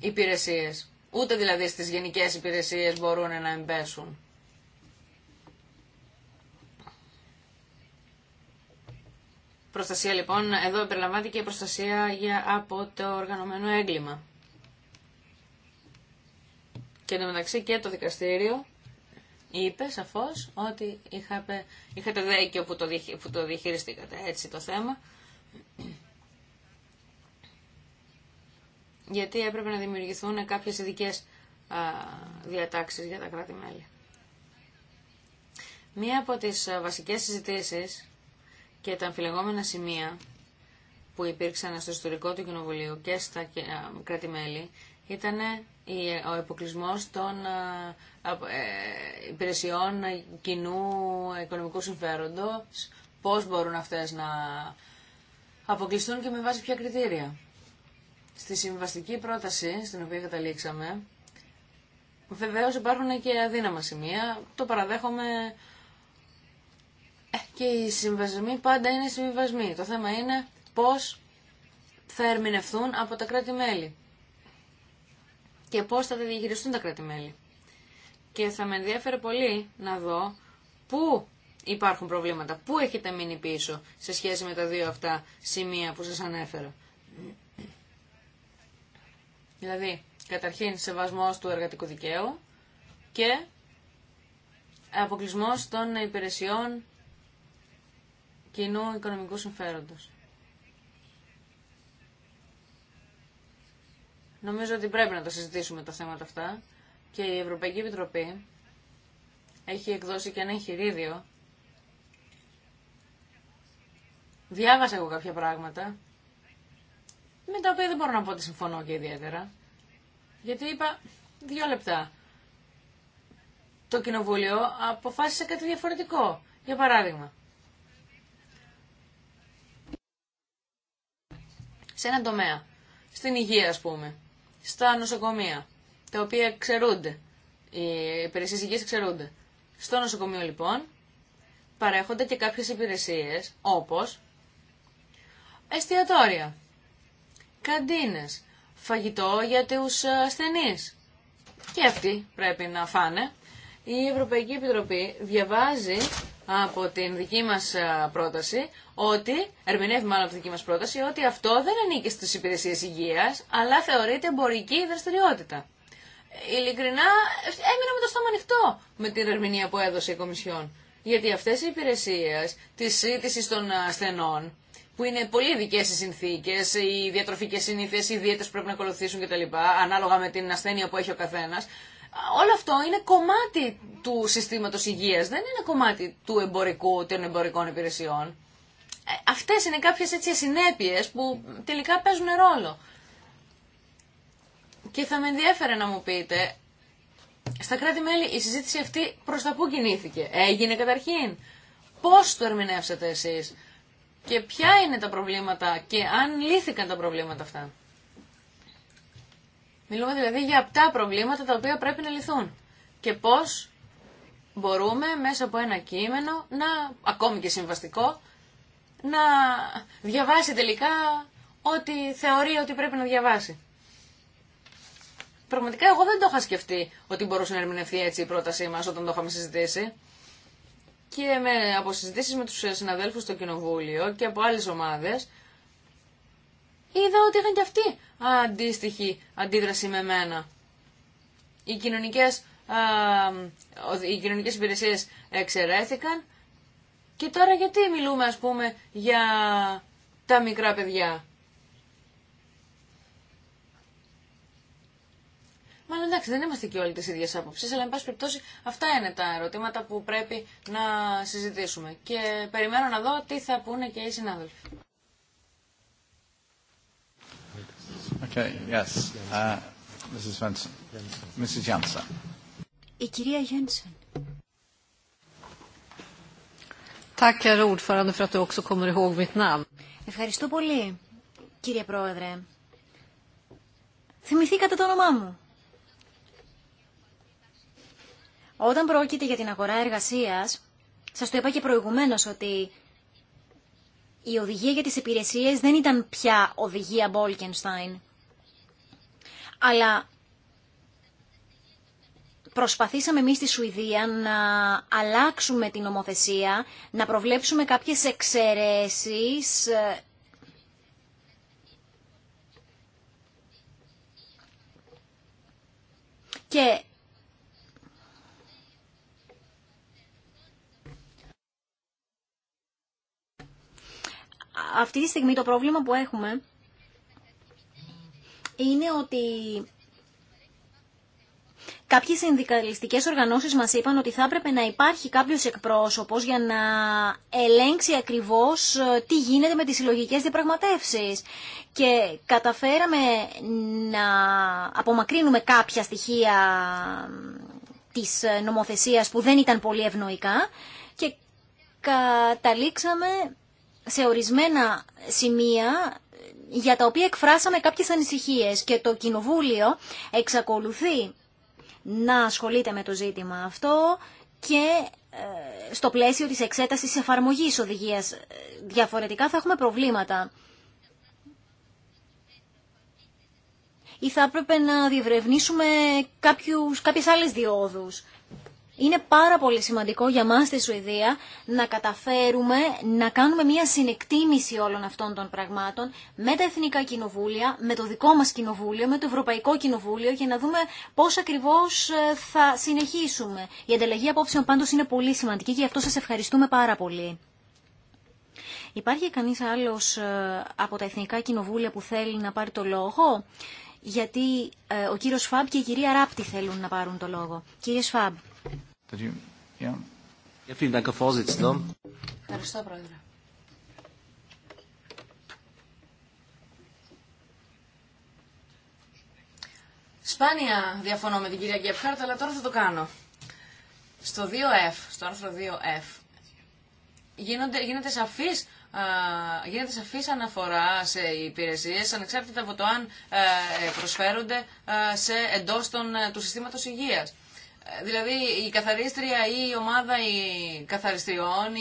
υπηρεσίες. Ούτε δηλαδή στις γενικές υπηρεσίες μπορούν να εμπέσουν. Προστασία λοιπόν, εδώ περιλαμβάνεται και η προστασία για, από το οργανωμένο έγκλημα. Και εν μεταξύ και το δικαστήριο είπε σαφώς ότι είχατε, είχατε που το, που το διαχειριστήκατε έτσι το θέμα γιατί έπρεπε να δημιουργηθούν κάποιες ειδικέ διατάξεις για τα κράτη-μέλη. Μία από τις βασικές συζητήσεις και τα αμφιλεγόμενα σημεία που υπήρξαν στο ιστορικό του Κοινοβουλίου και στα κράτη-μέλη ήταν ο υποκλεισμό των ε, υπηρεσιών κοινού οικονομικού συμφέροντος, πώς μπορούν αυτές να αποκλειστούν και με βάση ποια κριτήρια. Στη συμβαστική πρόταση, στην οποία καταλήξαμε, βεβαίως υπάρχουν και αδύναμα σημεία, το παραδέχομαι ε, και οι συμβασμοί πάντα είναι συμβασμοί. Το θέμα είναι πώς θα ερμηνευθούν από τα κράτη-μέλη και πώς θα τα διαχειριστούν τα κράτη-μέλη. Και θα με ενδιαφέρει πολύ να δω πού υπάρχουν προβλήματα. Πού έχετε μείνει πίσω σε σχέση με τα δύο αυτά σημεία που σας ανέφερα. Δηλαδή, καταρχήν σεβασμός του εργατικού δικαίου και αποκλεισμός των υπηρεσιών κοινού οικονομικού συμφέροντος. Νομίζω ότι πρέπει να τα συζητήσουμε τα θέματα αυτά και η Ευρωπαϊκή Επιτροπή έχει εκδώσει και ένα εγχειρίδιο Διάβασα εγώ κάποια πράγματα με τα οποία δεν μπορώ να πω ότι συμφωνώ και ιδιαίτερα. Γιατί είπα δύο λεπτά. Το κοινοβούλιο αποφάσισε κάτι διαφορετικό. Για παράδειγμα, σε έναν τομέα, στην υγεία ας πούμε, στα νοσοκομεία, τα οποία ξερούνται, οι υπηρεσίες υγείας ξερούνται. Στο νοσοκομείο λοιπόν παρέχονται και κάποιες υπηρεσίες όπως εστιατόρια, καντίνες, φαγητό για τους ε, ασθενείς. Και αυτοί πρέπει να φάνε. Η Ευρωπαϊκή Επιτροπή διαβάζει από την δική μας ε, πρόταση ότι, ερμηνεύει μάλλον από τη δική μας πρόταση, ότι αυτό δεν ανήκει στις υπηρεσίες υγείας, αλλά θεωρείται εμπορική δραστηριότητα. Ειλικρινά έμεινα με το στόμα ανοιχτό με την ερμηνεία που έδωσε η Κομισιόν. Γιατί αυτές οι υπηρεσίες της σύντησης των ε, ασθενών που είναι πολύ ειδικέ οι συνθήκε, οι διατροφικέ συνήθειε, οι δίαιτε που πρέπει να ακολουθήσουν κτλ. Ανάλογα με την ασθένεια που έχει ο καθένα. Όλο αυτό είναι κομμάτι του συστήματο υγεία. Δεν είναι κομμάτι του εμπορικού, των εμπορικών υπηρεσιών. Ε, Αυτέ είναι κάποιε έτσι συνέπειε που τελικά παίζουν ρόλο. Και θα με ενδιαφέρε να μου πείτε, στα κράτη-μέλη η συζήτηση αυτή προ τα πού κινήθηκε. Έγινε καταρχήν. Πώς το ερμηνεύσατε εσείς και ποια είναι τα προβλήματα και αν λύθηκαν τα προβλήματα αυτά. Μιλούμε δηλαδή για αυτά προβλήματα τα οποία πρέπει να λυθούν και πώς μπορούμε μέσα από ένα κείμενο, να, ακόμη και συμβαστικό, να διαβάσει τελικά ό,τι θεωρεί ότι πρέπει να διαβάσει. Πραγματικά εγώ δεν το είχα σκεφτεί ότι μπορούσε να ερμηνευτεί έτσι η πρότασή μας όταν το είχαμε συζητήσει και με, από συζητήσεις με τους συναδέλφους στο κοινοβούλιο και από άλλες ομάδες, είδα ότι είχαν και αυτοί αντίστοιχη αντίδραση με μένα. Οι κοινωνικές, α, οι κοινωνικές υπηρεσίες εξαιρέθηκαν και τώρα γιατί μιλούμε ας πούμε για τα μικρά παιδιά. Μάλλον εντάξει, δεν είμαστε και όλοι τη ίδια αποψή, αλλά εν πάση περιπτώσει αυτά είναι τα ερωτήματα που πρέπει να συζητήσουμε. Και περιμένω να δω τι θα πούνε και οι συνάδελφοι.
Okay, yes. Uh, Mrs. Mrs.
Η κυρία Ευχαριστώ πολύ, κύριε Πρόεδρε. Θυμηθήκατε το όνομά μου. Όταν πρόκειται για την αγορά εργασίας, σας το είπα και προηγουμένως ότι η οδηγία για τις υπηρεσίες δεν ήταν πια οδηγία Μπόλκενστάιν. Αλλά προσπαθήσαμε εμείς στη Σουηδία να αλλάξουμε την νομοθεσία, να προβλέψουμε κάποιες εξαιρέσεις ε, και αυτή τη στιγμή το πρόβλημα που έχουμε είναι ότι Κάποιες συνδικαλιστικές οργανώσεις μας είπαν ότι θα έπρεπε να υπάρχει κάποιος εκπρόσωπος για να ελέγξει ακριβώς ε, τι γίνεται με τις συλλογικέ διαπραγματεύσεις. Και καταφέραμε να απομακρύνουμε κάποια στοιχεία της ε, νομοθεσίας που δεν ήταν πολύ ευνοϊκά και καταλήξαμε σε ορισμένα σημεία για τα οποία εκφράσαμε κάποιες ανησυχίες και το Κοινοβούλιο εξακολουθεί να ασχολείται με το ζήτημα αυτό και ε, στο πλαίσιο της εξέτασης εφαρμογής οδηγίας. Ε, διαφορετικά θα έχουμε προβλήματα. Ή θα έπρεπε να διευρευνήσουμε κάποιους, κάποιες άλλες διόδους. Είναι πάρα πολύ σημαντικό για μας στη Σουηδία να καταφέρουμε να κάνουμε μια συνεκτίμηση όλων αυτών των πραγμάτων με τα Εθνικά Κοινοβούλια, με το δικό μας Κοινοβούλιο, με το Ευρωπαϊκό Κοινοβούλιο για να δούμε πώς ακριβώς ε, θα συνεχίσουμε. Η ανταλλαγή απόψεων πάντως είναι πολύ σημαντική και γι' αυτό σας ευχαριστούμε πάρα πολύ. Υπάρχει κανείς άλλος ε, από τα Εθνικά Κοινοβούλια που θέλει να πάρει το λόγο, γιατί ε, ο κύριος Φαμπ και η κυρία Ράπτη θέλουν να πάρουν το λόγο. Κύριε Φαμπ.
Ευχαριστώ,
Σπάνια διαφωνώ με την κυρία Γκέπχαρτ, αλλά τώρα θα το κάνω. Στο 2F, στο άρθρο 2F, γίνεται σαφής αναφορά σε υπηρεσίες ανεξάρτητα από το αν ε, ε, προσφέρονται α, σε, εντός των, ε, του συστήματος υγείας. Δηλαδή η καθαρίστρια ή η ομάδα η καθαριστριών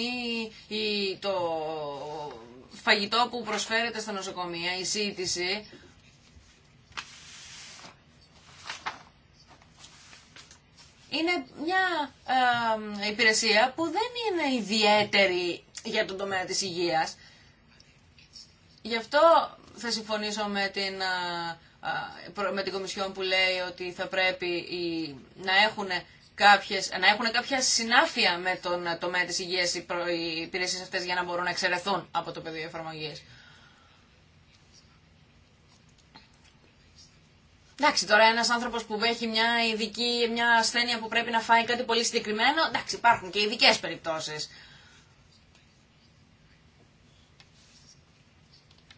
ή το φαγητό που προσφέρεται στα νοσοκομεία, η σύντηση. Είναι μια υπηρεσία που δεν είναι ιδιαίτερη για τον τομέα της υγείας. Γι' αυτό θα συμφωνήσω με την... Ε, με την Κομισιόν που λέει ότι θα πρέπει να έχουν κάποιες, να έχουν κάποια συνάφεια με τον τομέα τη υγεία οι, προ, οι υπηρεσίες αυτές για να μπορούν να εξαιρεθούν από το πεδίο εφαρμογής. Εντάξει, τώρα ένα άνθρωπο που έχει μια ειδική, μια ασθένεια που πρέπει να φάει κάτι πολύ συγκεκριμένο, εντάξει, υπάρχουν και ειδικέ περιπτώσει.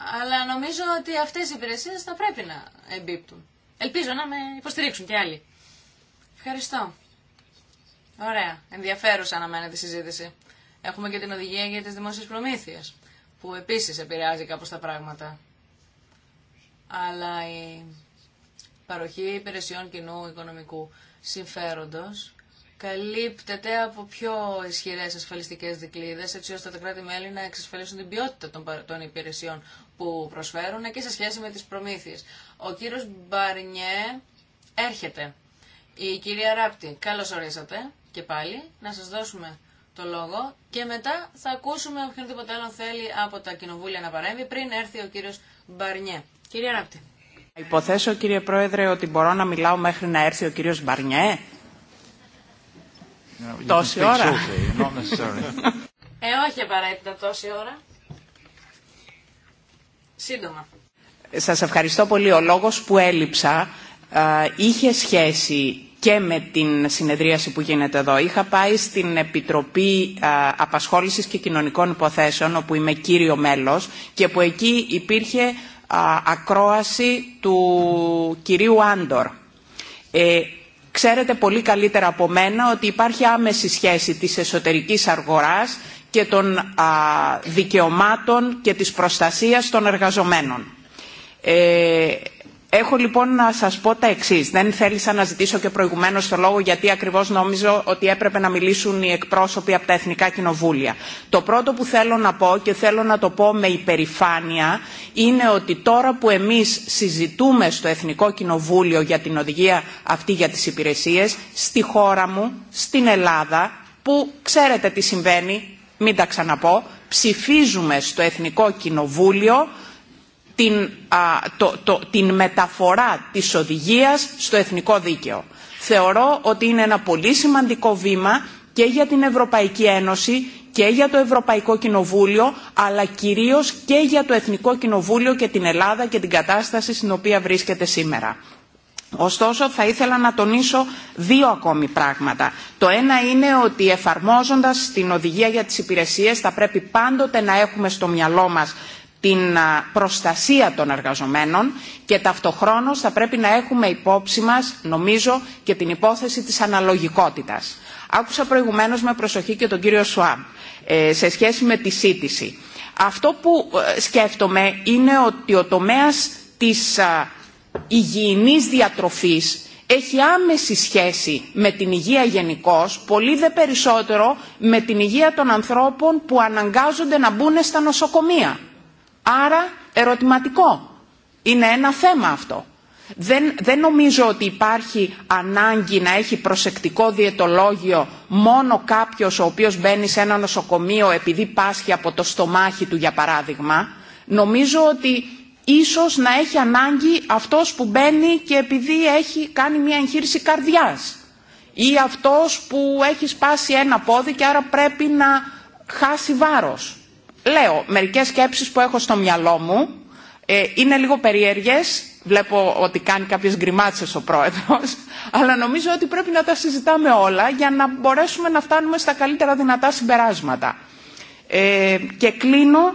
Αλλά νομίζω ότι αυτές οι υπηρεσίες θα πρέπει να εμπίπτουν. Ελπίζω να με υποστηρίξουν και άλλοι. Ευχαριστώ. Ωραία. Ενδιαφέρουσα μένετε τη συζήτηση. Έχουμε και την οδηγία για τις δημόσιες προμήθειες, που επίσης επηρεάζει κάπως τα πράγματα. Αλλά η παροχή υπηρεσιών κοινού οικονομικού συμφέροντος καλύπτεται από πιο ισχυρέ ασφαλιστικέ δικλείδε, έτσι ώστε τα κράτη-μέλη να εξασφαλίσουν την ποιότητα των υπηρεσιών που προσφέρουν και σε σχέση με τις προμήθειες. Ο κύριος Μπαρνιέ έρχεται. Η κυρία Ράπτη, καλώς ορίσατε και πάλι να σας δώσουμε το λόγο και μετά θα ακούσουμε οποιονδήποτε άλλο θέλει από τα κοινοβούλια να παρέμβει πριν έρθει ο κύριος Μπαρνιέ. Κυρία Ράπτη.
Υποθέσω κύριε Πρόεδρε ότι μπορώ να μιλάω μέχρι να έρθει ο κύριος Μπαρνιέ. Τόση ώρα.
ε, όχι απαραίτητα τόση ώρα σύντομα.
Σας ευχαριστώ πολύ. Ο λόγος που έλειψα είχε σχέση και με την συνεδρίαση που γίνεται εδώ. Είχα πάει στην Επιτροπή Απασχόλησης και Κοινωνικών Υποθέσεων, όπου είμαι κύριο μέλος, και που εκεί υπήρχε ακρόαση του κυρίου Άντορ. Ε, ξέρετε πολύ καλύτερα από μένα ότι υπάρχει άμεση σχέση της εσωτερικής αργοράς και των α, δικαιωμάτων και της προστασίας των εργαζομένων. Ε, έχω λοιπόν να σας πω τα εξής. Δεν θέλησα να ζητήσω και προηγουμένως το λόγο γιατί ακριβώς νόμιζω ότι έπρεπε να μιλήσουν οι εκπρόσωποι από τα Εθνικά Κοινοβούλια. Το πρώτο που θέλω να πω και θέλω να το πω με υπερηφάνεια είναι ότι τώρα που εμείς συζητούμε στο Εθνικό Κοινοβούλιο για την οδηγία αυτή για τις υπηρεσίες, στη χώρα μου, στην Ελλάδα, που ξέρετε τι συμβαίνει μην τα ξαναπώ, ψηφίζουμε στο Εθνικό Κοινοβούλιο την, μεταφορά της οδηγίας στο εθνικό δίκαιο. Θεωρώ ότι είναι ένα πολύ σημαντικό βήμα και για την Ευρωπαϊκή Ένωση και για το Ευρωπαϊκό Κοινοβούλιο αλλά κυρίως και για το Εθνικό Κοινοβούλιο και την Ελλάδα και την κατάσταση στην οποία βρίσκεται σήμερα. Ωστόσο θα ήθελα να τονίσω δύο ακόμη πράγματα. Το ένα είναι ότι εφαρμόζοντας την οδηγία για τις υπηρεσίες θα πρέπει πάντοτε να έχουμε στο μυαλό μας την προστασία των εργαζομένων και ταυτοχρόνως θα πρέπει να έχουμε υπόψη μας, νομίζω, και την υπόθεση της αναλογικότητας. Άκουσα προηγουμένως με προσοχή και τον κύριο Σουάμ ε, σε σχέση με τη σύντηση. Αυτό που ε, σκέφτομαι είναι ότι ο τομέας της υγιεινής διατροφής έχει άμεση σχέση με την υγεία γενικώ, πολύ δε περισσότερο με την υγεία των ανθρώπων που αναγκάζονται να μπουν στα νοσοκομεία. Άρα, ερωτηματικό. Είναι ένα θέμα αυτό. Δεν, δεν νομίζω ότι υπάρχει ανάγκη να έχει προσεκτικό διαιτολόγιο μόνο κάποιος ο οποίος μπαίνει σε ένα νοσοκομείο επειδή πάσχει από το στομάχι του, για παράδειγμα. Νομίζω ότι ίσως να έχει ανάγκη αυτός που μπαίνει και επειδή έχει κάνει μια εγχείρηση καρδιάς ή αυτός που έχει σπάσει ένα πόδι και άρα πρέπει να χάσει βάρος. Λέω, μερικές σκέψεις που έχω στο μυαλό μου ε, είναι λίγο περίεργες, βλέπω ότι κάνει κάποιες γκριμάτσες ο πρόεδρος, αλλά νομίζω ότι πρέπει να τα συζητάμε όλα για να μπορέσουμε να φτάνουμε στα καλύτερα δυνατά συμπεράσματα. Ε, και κλείνω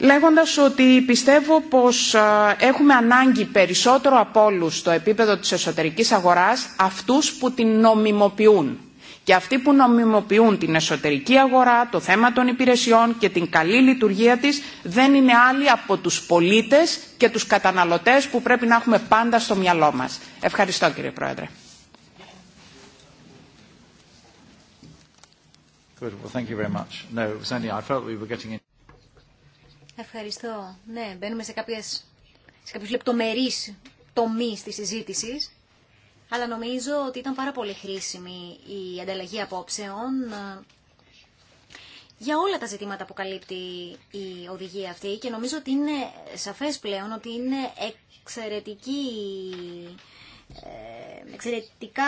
λέγοντας ότι πιστεύω πως έχουμε ανάγκη περισσότερο από όλους στο επίπεδο της εσωτερικής αγοράς αυτούς που την νομιμοποιούν. Και αυτοί που νομιμοποιούν την εσωτερική αγορά, το θέμα των υπηρεσιών και την καλή λειτουργία της δεν είναι άλλοι από τους πολίτες και τους καταναλωτές που πρέπει να έχουμε πάντα στο μυαλό μας. Ευχαριστώ κύριε Πρόεδρε.
Ευχαριστώ. Ναι, μπαίνουμε σε, κάποιες, σε κάποιους λεπτομερείς τομείς της συζήτησης. Αλλά νομίζω ότι ήταν πάρα πολύ χρήσιμη η ανταλλαγή απόψεων ε, για όλα τα ζητήματα που καλύπτει η οδηγία αυτή και νομίζω ότι είναι σαφές πλέον ότι είναι εξαιρετική ε, εξαιρετικά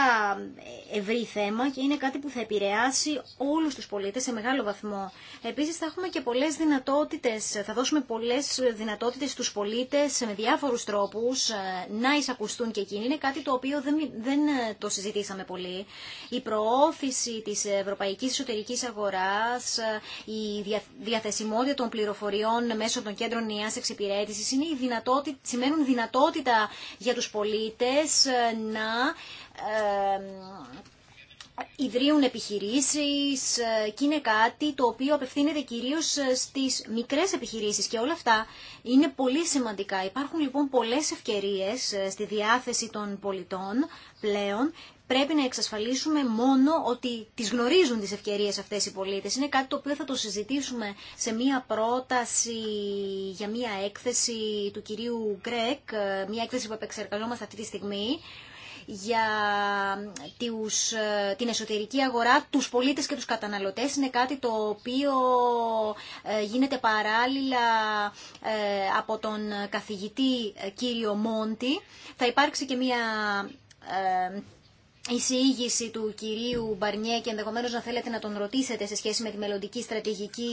ευρύ θέμα και είναι κάτι που θα επηρεάσει όλους τους πολίτες σε μεγάλο βαθμό. Επίσης θα έχουμε και πολλές δυνατότητες, θα δώσουμε πολλές δυνατότητες στους πολίτες με διάφορους τρόπους ε, να εισακουστούν και εκείνοι. Είναι κάτι το οποίο δεν, δεν ε, το συζητήσαμε πολύ. Η προώθηση της ευρωπαϊκής εσωτερικής αγοράς, ε, η διαθεσιμότητα των πληροφοριών μέσω των κέντρων νέας εξυπηρέτησης είναι δυνατότητα, σημαίνουν δυνατότητα για τους πολίτες να ε, ιδρύουν επιχειρήσεις ε, και είναι κάτι το οποίο απευθύνεται κυρίως ε, στις μικρές επιχειρήσεις και όλα αυτά είναι πολύ σημαντικά. Υπάρχουν λοιπόν πολλές ευκαιρίες στη διάθεση των πολιτών πλέον. Πρέπει να εξασφαλίσουμε μόνο ότι τις γνωρίζουν τις ευκαιρίες αυτές οι πολίτες. Είναι κάτι το οποίο θα το συζητήσουμε σε μία πρόταση για μία έκθεση του κυρίου Γκρέκ, μία έκθεση που επεξεργαζόμαστε αυτή τη στιγμή, για ε, την εσωτερική αγορά, τους πολίτες και τους καταναλωτές είναι κάτι το οποίο ε, γίνεται παράλληλα ε, από τον καθηγητή κύριο Μόντι. Θα υπάρξει και μια η εισήγηση του κυρίου Μπαρνιέ και ενδεχομένω να θέλετε να τον ρωτήσετε σε σχέση με τη μελλοντική στρατηγική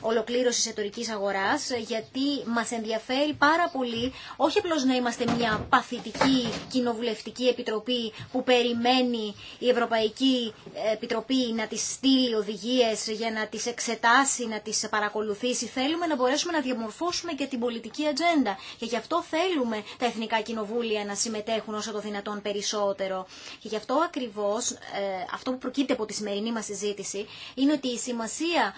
ολοκλήρωση ετορική αγορά, γιατί μα ενδιαφέρει πάρα πολύ όχι απλώ να είμαστε μια παθητική κοινοβουλευτική επιτροπή που περιμένει η Ευρωπαϊκή Επιτροπή να τη στείλει οδηγίε για να τι εξετάσει, να τι παρακολουθήσει. Θέλουμε να μπορέσουμε να διαμορφώσουμε και την πολιτική ατζέντα. Και γι' αυτό θέλουμε τα εθνικά κοινοβούλια να συμμετέχουν όσο το δυνατόν περισσότερο. Και γι' αυτό ακριβώς ε, αυτό που προκύπτει από τη σημερινή μα συζήτηση είναι ότι η σημασία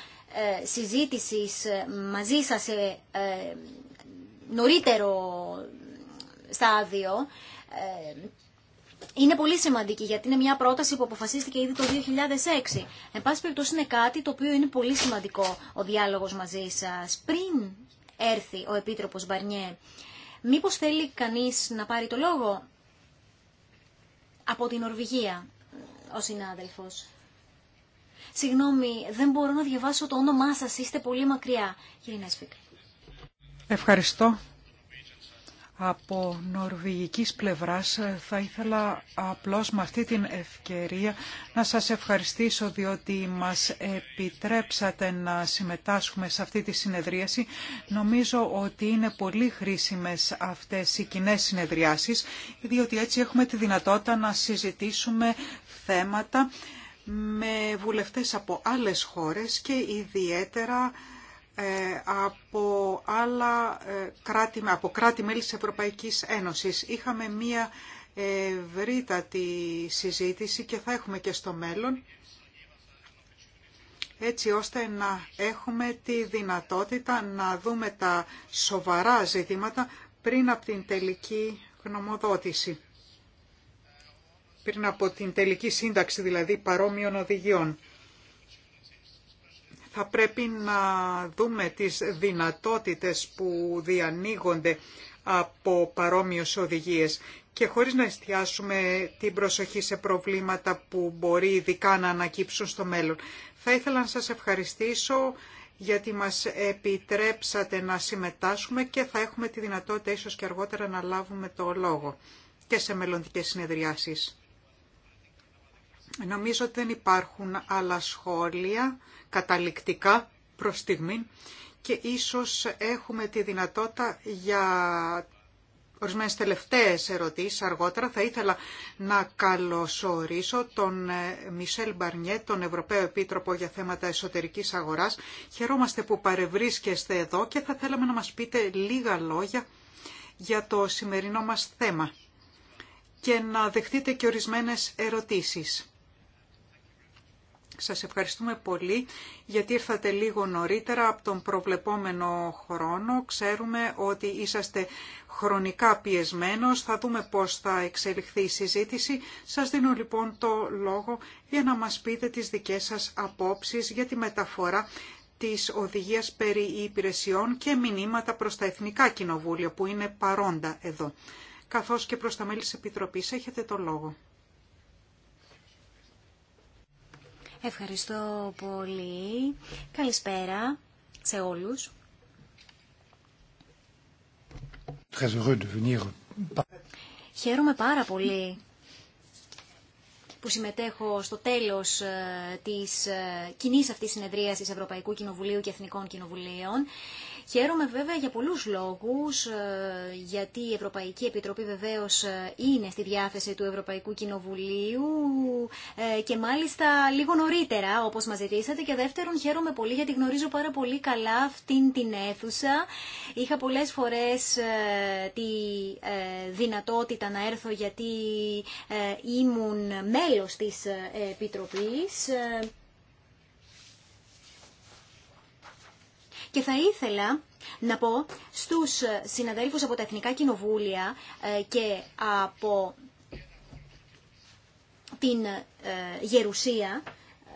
ε, συζήτησης ε, μαζί σας σε νωρίτερο στάδιο είναι πολύ σημαντική γιατί είναι μια πρόταση που αποφασίστηκε ήδη το 2006. Εν πάση περιπτώσει είναι κάτι το οποίο είναι πολύ σημαντικό ο διάλογος μαζί σας. Πριν έρθει ο Επίτροπος Μπαρνιέ, μήπως θέλει κανείς να πάρει το λόγο από την Ορβηγία, ο συνάδελφος. Συγγνώμη, δεν μπορώ να διαβάσω το όνομά σας, είστε πολύ μακριά. Κύριε Νέσφικ.
Ευχαριστώ από νορβηγικής πλευράς ε, θα ήθελα απλώς με αυτή την ευκαιρία να σας ευχαριστήσω διότι μας επιτρέψατε να συμμετάσχουμε σε αυτή τη συνεδρίαση. Νομίζω ότι είναι πολύ χρήσιμες αυτές οι κοινέ συνεδριάσεις διότι έτσι έχουμε τη δυνατότητα να συζητήσουμε θέματα με βουλευτές από άλλες χώρες και ιδιαίτερα ε, από άλλα ε, κράτη, από κράτη-μέλη της Ευρωπαϊκής Ένωσης. Είχαμε μία ευρύτατη συζήτηση και θα έχουμε και στο μέλλον έτσι ώστε να έχουμε τη δυνατότητα να δούμε τα σοβαρά ζητήματα πριν από την τελική γνωμοδότηση. Πριν από την τελική σύνταξη δηλαδή παρόμοιων οδηγιών. Θα πρέπει να δούμε τις δυνατότητες που διανοίγονται από παρόμοιες οδηγίες και χωρίς να εστιάσουμε την προσοχή σε προβλήματα που μπορεί ειδικά να ανακύψουν στο μέλλον. Θα ήθελα να σας ευχαριστήσω γιατί μας επιτρέψατε να συμμετάσχουμε και θα έχουμε τη δυνατότητα ίσως και αργότερα να λάβουμε το λόγο και σε μελλοντικές συνεδριάσεις. Νομίζω ότι δεν υπάρχουν άλλα σχόλια καταληκτικά προς στιγμή και ίσως έχουμε τη δυνατότητα για ορισμένες τελευταίες ερωτήσεις αργότερα. Θα ήθελα να καλωσορίσω τον ε, Μισελ Μπαρνιέ, τον Ευρωπαίο Επίτροπο για θέματα εσωτερικής αγοράς. Χαιρόμαστε που παρευρίσκεστε εδώ και θα θέλαμε να μας πείτε λίγα λόγια για το σημερινό μας θέμα και να δεχτείτε και ορισμένες ερωτήσεις. Σας ευχαριστούμε πολύ γιατί ήρθατε λίγο νωρίτερα από τον προβλεπόμενο χρόνο. Ξέρουμε ότι είσαστε χρονικά πιεσμένος. Θα δούμε πώς θα εξελιχθεί η συζήτηση. Σας δίνω λοιπόν το λόγο για να μας πείτε τις δικές σας απόψεις για τη μεταφορά της οδηγίας περί υπηρεσιών και μηνύματα προς τα Εθνικά Κοινοβούλια που είναι παρόντα εδώ, καθώς και προς τα μέλη της Επιτροπής. Έχετε το λόγο.
Ευχαριστώ πολύ. Καλησπέρα σε όλους. Χαίρομαι πάρα πολύ που συμμετέχω στο τέλος ε, της ε, κοινής αυτής συνεδρίασης Ευρωπαϊκού Κοινοβουλίου και Εθνικών Κοινοβουλίων. Χαίρομαι βέβαια για πολλούς λόγους, ε, γιατί η Ευρωπαϊκή Επιτροπή βεβαίως ε, είναι στη διάθεση του Ευρωπαϊκού Κοινοβουλίου ε, και μάλιστα λίγο νωρίτερα όπως μας ζητήσατε και δεύτερον χαίρομαι πολύ γιατί γνωρίζω πάρα πολύ καλά αυτήν την αίθουσα. Είχα πολλές φορές τη δυνατότητα να έρθω γιατί ήμουν μέλος της Επιτροπής Και θα ήθελα να πω στους συναδέλφους από τα Εθνικά Κοινοβούλια ε, και από την ε, Γερουσία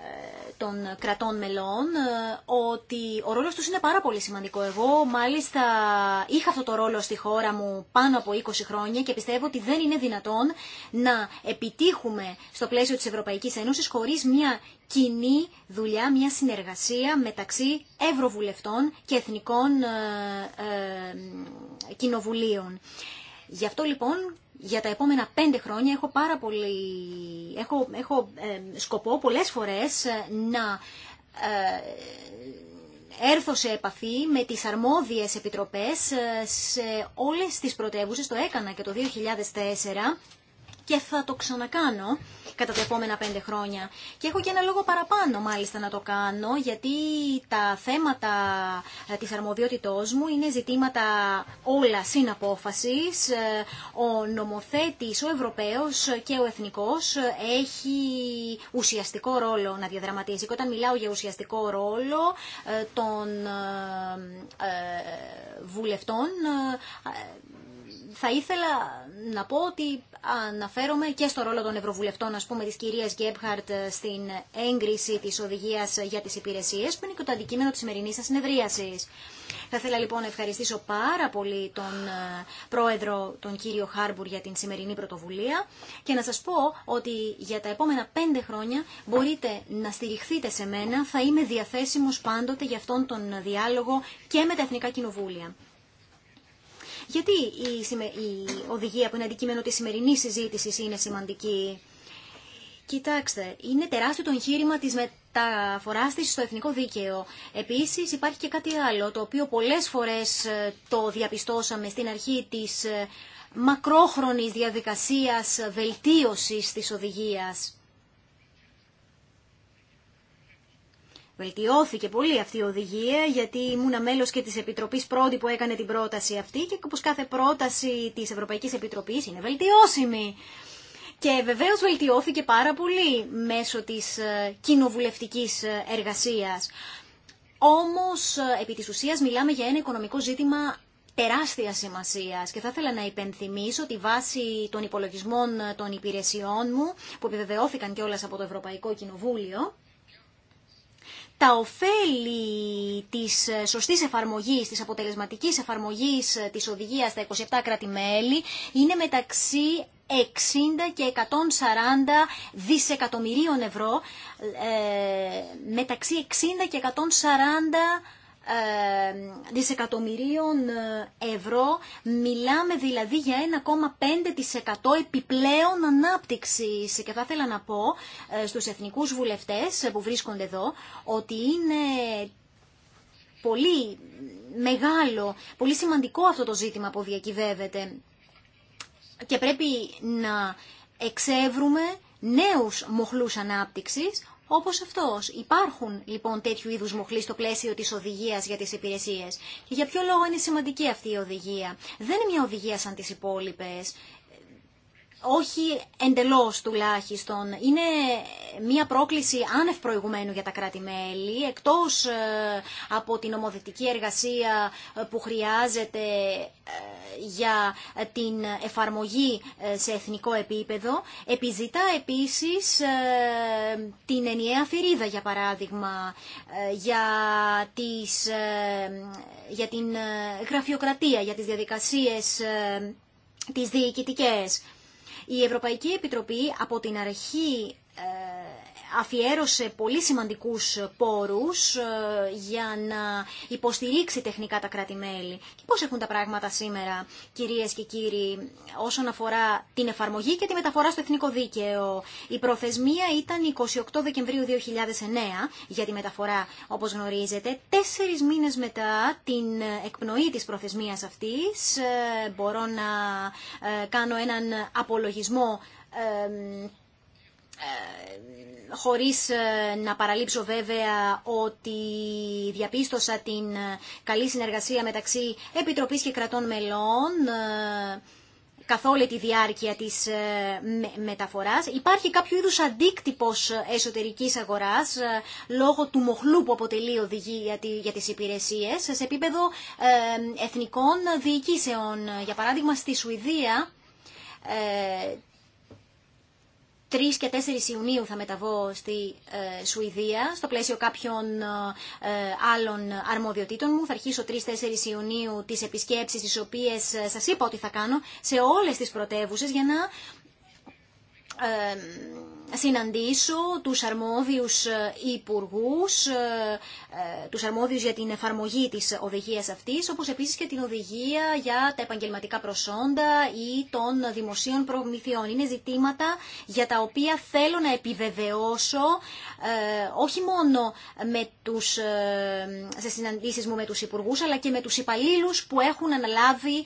ε, των κρατών μελών ε, ότι ο ρόλος τους είναι πάρα πολύ σημαντικό. Εγώ μάλιστα είχα αυτό το ρόλο στη χώρα μου πάνω από 20 χρόνια και πιστεύω ότι δεν είναι δυνατόν να επιτύχουμε στο πλαίσιο της Ευρωπαϊκής Ένωσης χωρίς μια κοινή δουλειά, μια συνεργασία μεταξύ ευρωβουλευτών και εθνικών ε, ε, κοινοβουλίων. Γι' αυτό λοιπόν για τα επόμενα πέντε χρόνια έχω πάρα πολύ, έχω, έχω ε, σκοπό πολλές φορές ε, να ε, έρθω σε επαφή με τις αρμόδιες επιτροπές σε όλες τις πρωτεύουσες, το έκανα και το 2004 και θα το ξανακάνω κατά τα επόμενα πέντε χρόνια. Και έχω και ένα λόγο παραπάνω μάλιστα να το κάνω, γιατί τα θέματα ε, της αρμοδιότητός μου είναι ζητήματα όλα συναπόφασης. Ε, ο νομοθέτης, ο Ευρωπαίος και ο Εθνικός ε, έχει ουσιαστικό ρόλο να διαδραματίζει. Και όταν μιλάω για ουσιαστικό ρόλο των βουλευτών, θα ήθελα να πω ότι αναφέρομαι και στο ρόλο των Ευρωβουλευτών, ας πούμε, της κυρίας Γκέμπχαρτ στην έγκριση της οδηγίας για τις υπηρεσίες, που είναι και το αντικείμενο της σημερινής σας συνεδρίασης. Θα ήθελα λοιπόν να ευχαριστήσω πάρα πολύ τον ε, πρόεδρο, τον κύριο Χάρμπουρ, για την σημερινή πρωτοβουλία και να σας πω ότι για τα επόμενα πέντε χρόνια μπορείτε να στηριχθείτε σε μένα, θα είμαι διαθέσιμος πάντοτε για αυτόν τον διάλογο και με τα Εθνικά Κοινοβούλια. Γιατί η οδηγία που είναι αντικείμενο της σημερινή συζήτηση είναι σημαντική. Κοιτάξτε, είναι τεράστιο το εγχείρημα της μεταφοράς της στο εθνικό δίκαιο. Επίσης υπάρχει και κάτι άλλο, το οποίο πολλές φορές ε, το διαπιστώσαμε στην αρχή της ε, μακρόχρονης διαδικασίας βελτίωσης της οδηγίας. Βελτιώθηκε πολύ αυτή η οδηγία γιατί ήμουν μέλο και τη επιτροπή πρώτη που έκανε την πρόταση αυτή και όπως κάθε πρόταση τη Ευρωπαϊκή Επιτροπής είναι βελτιώσιμη. Και βεβαίω βελτιώθηκε πάρα πολύ μέσω τη ε, κοινοβουλευτική ε, εργασία. Όμω, ε, επί τη ουσία, μιλάμε για ένα οικονομικό ζήτημα τεράστια σημασία και θα ήθελα να υπενθυμίσω ότι βάσει των υπολογισμών των υπηρεσιών μου, που επιβεβαιώθηκαν κιόλα από το Ευρωπαϊκό Κοινοβούλιο, τα ωφέλη της σωστής εφαρμογής, της αποτελεσματικής εφαρμογής της οδηγίας στα 27 κράτη-μέλη είναι μεταξύ 60 και 140 δισεκατομμυρίων ευρώ, ε, μεταξύ 60 και 140 ε, δισεκατομμυρίων ε, ευρώ. Μιλάμε δηλαδή για 1,5% επιπλέον ανάπτυξης. Και θα ήθελα να πω ε, στους εθνικούς βουλευτές που βρίσκονται εδώ ότι είναι πολύ μεγάλο, πολύ σημαντικό αυτό το ζήτημα που διακυβεύεται και πρέπει να εξεύρουμε νέους μοχλούς ανάπτυξης Όπω αυτό, Υπάρχουν λοιπόν τέτοιου είδου μοχλή στο πλαίσιο τη οδηγία για τις υπηρεσίε, Και για ποιο λόγο είναι σημαντική αυτή η οδηγία. Δεν είναι μια οδηγία σαν τι υπόλοιπε όχι εντελώς τουλάχιστον. Είναι μια πρόκληση άνευ προηγουμένου για τα κράτη-μέλη, εκτός ε, από την ομοθετική εργασία ε, που χρειάζεται ε, για την εφαρμογή σε εθνικό επίπεδο. Επιζητά επίσης την ενιαία θηρίδα, για παράδειγμα, για, τις, για την γραφειοκρατία, για τις διαδικασίες τις διοικητικές. Η Ευρωπαϊκή Επιτροπή από την αρχή ε, αφιέρωσε πολύ σημαντικούς πόρους ε, για να υποστηρίξει τεχνικά τα κράτη-μέλη. Και πώς έχουν τα πράγματα σήμερα, κυρίες και κύριοι, όσον αφορά την εφαρμογή και τη μεταφορά στο εθνικό δίκαιο. Η προθεσμία ήταν 28 Δεκεμβρίου 2009 για τη μεταφορά, όπως γνωρίζετε. Τέσσερις μήνες μετά την εκπνοή της προθεσμίας αυτής, ε, μπορώ να ε, κάνω έναν απολογισμό ε, χωρίς ε, να παραλείψω βέβαια ότι διαπίστωσα την ε, καλή συνεργασία μεταξύ Επιτροπής και Κρατών Μελών καθ' όλη τη διάρκεια της μεταφοράς. Υπάρχει κάποιο είδους αντίκτυπος εσωτερικής αγοράς λόγω του μοχλού που αποτελεί οδηγία για τις υπηρεσίες σε επίπεδο εθνικών διοικήσεων. Για παράδειγμα στη Σουηδία 3 και 4 Ιουνίου θα μεταβώ στη ε, Σουηδία στο πλαίσιο κάποιων ε, άλλων αρμοδιοτήτων μου. Θα αρχίσω 3-4 Ιουνίου τις επισκέψεις τις οποίες ε, σας είπα ότι θα κάνω σε όλες τις πρωτεύουσες για να συναντήσω τους αρμόδιους ε, υπουργούς, ε, ε, τους αρμόδιους για την εφαρμογή της οδηγίας αυτής, όπως επίσης και την οδηγία για τα επαγγελματικά προσόντα ή των δημοσίων προμηθειών. Είναι ζητήματα για τα οποία θέλω να επιβεβαιώσω, όχι μόνο με τους, σε συναντήσεις μου με τους υπουργούς, αλλά και με τους υπαλλήλους που έχουν αναλάβει,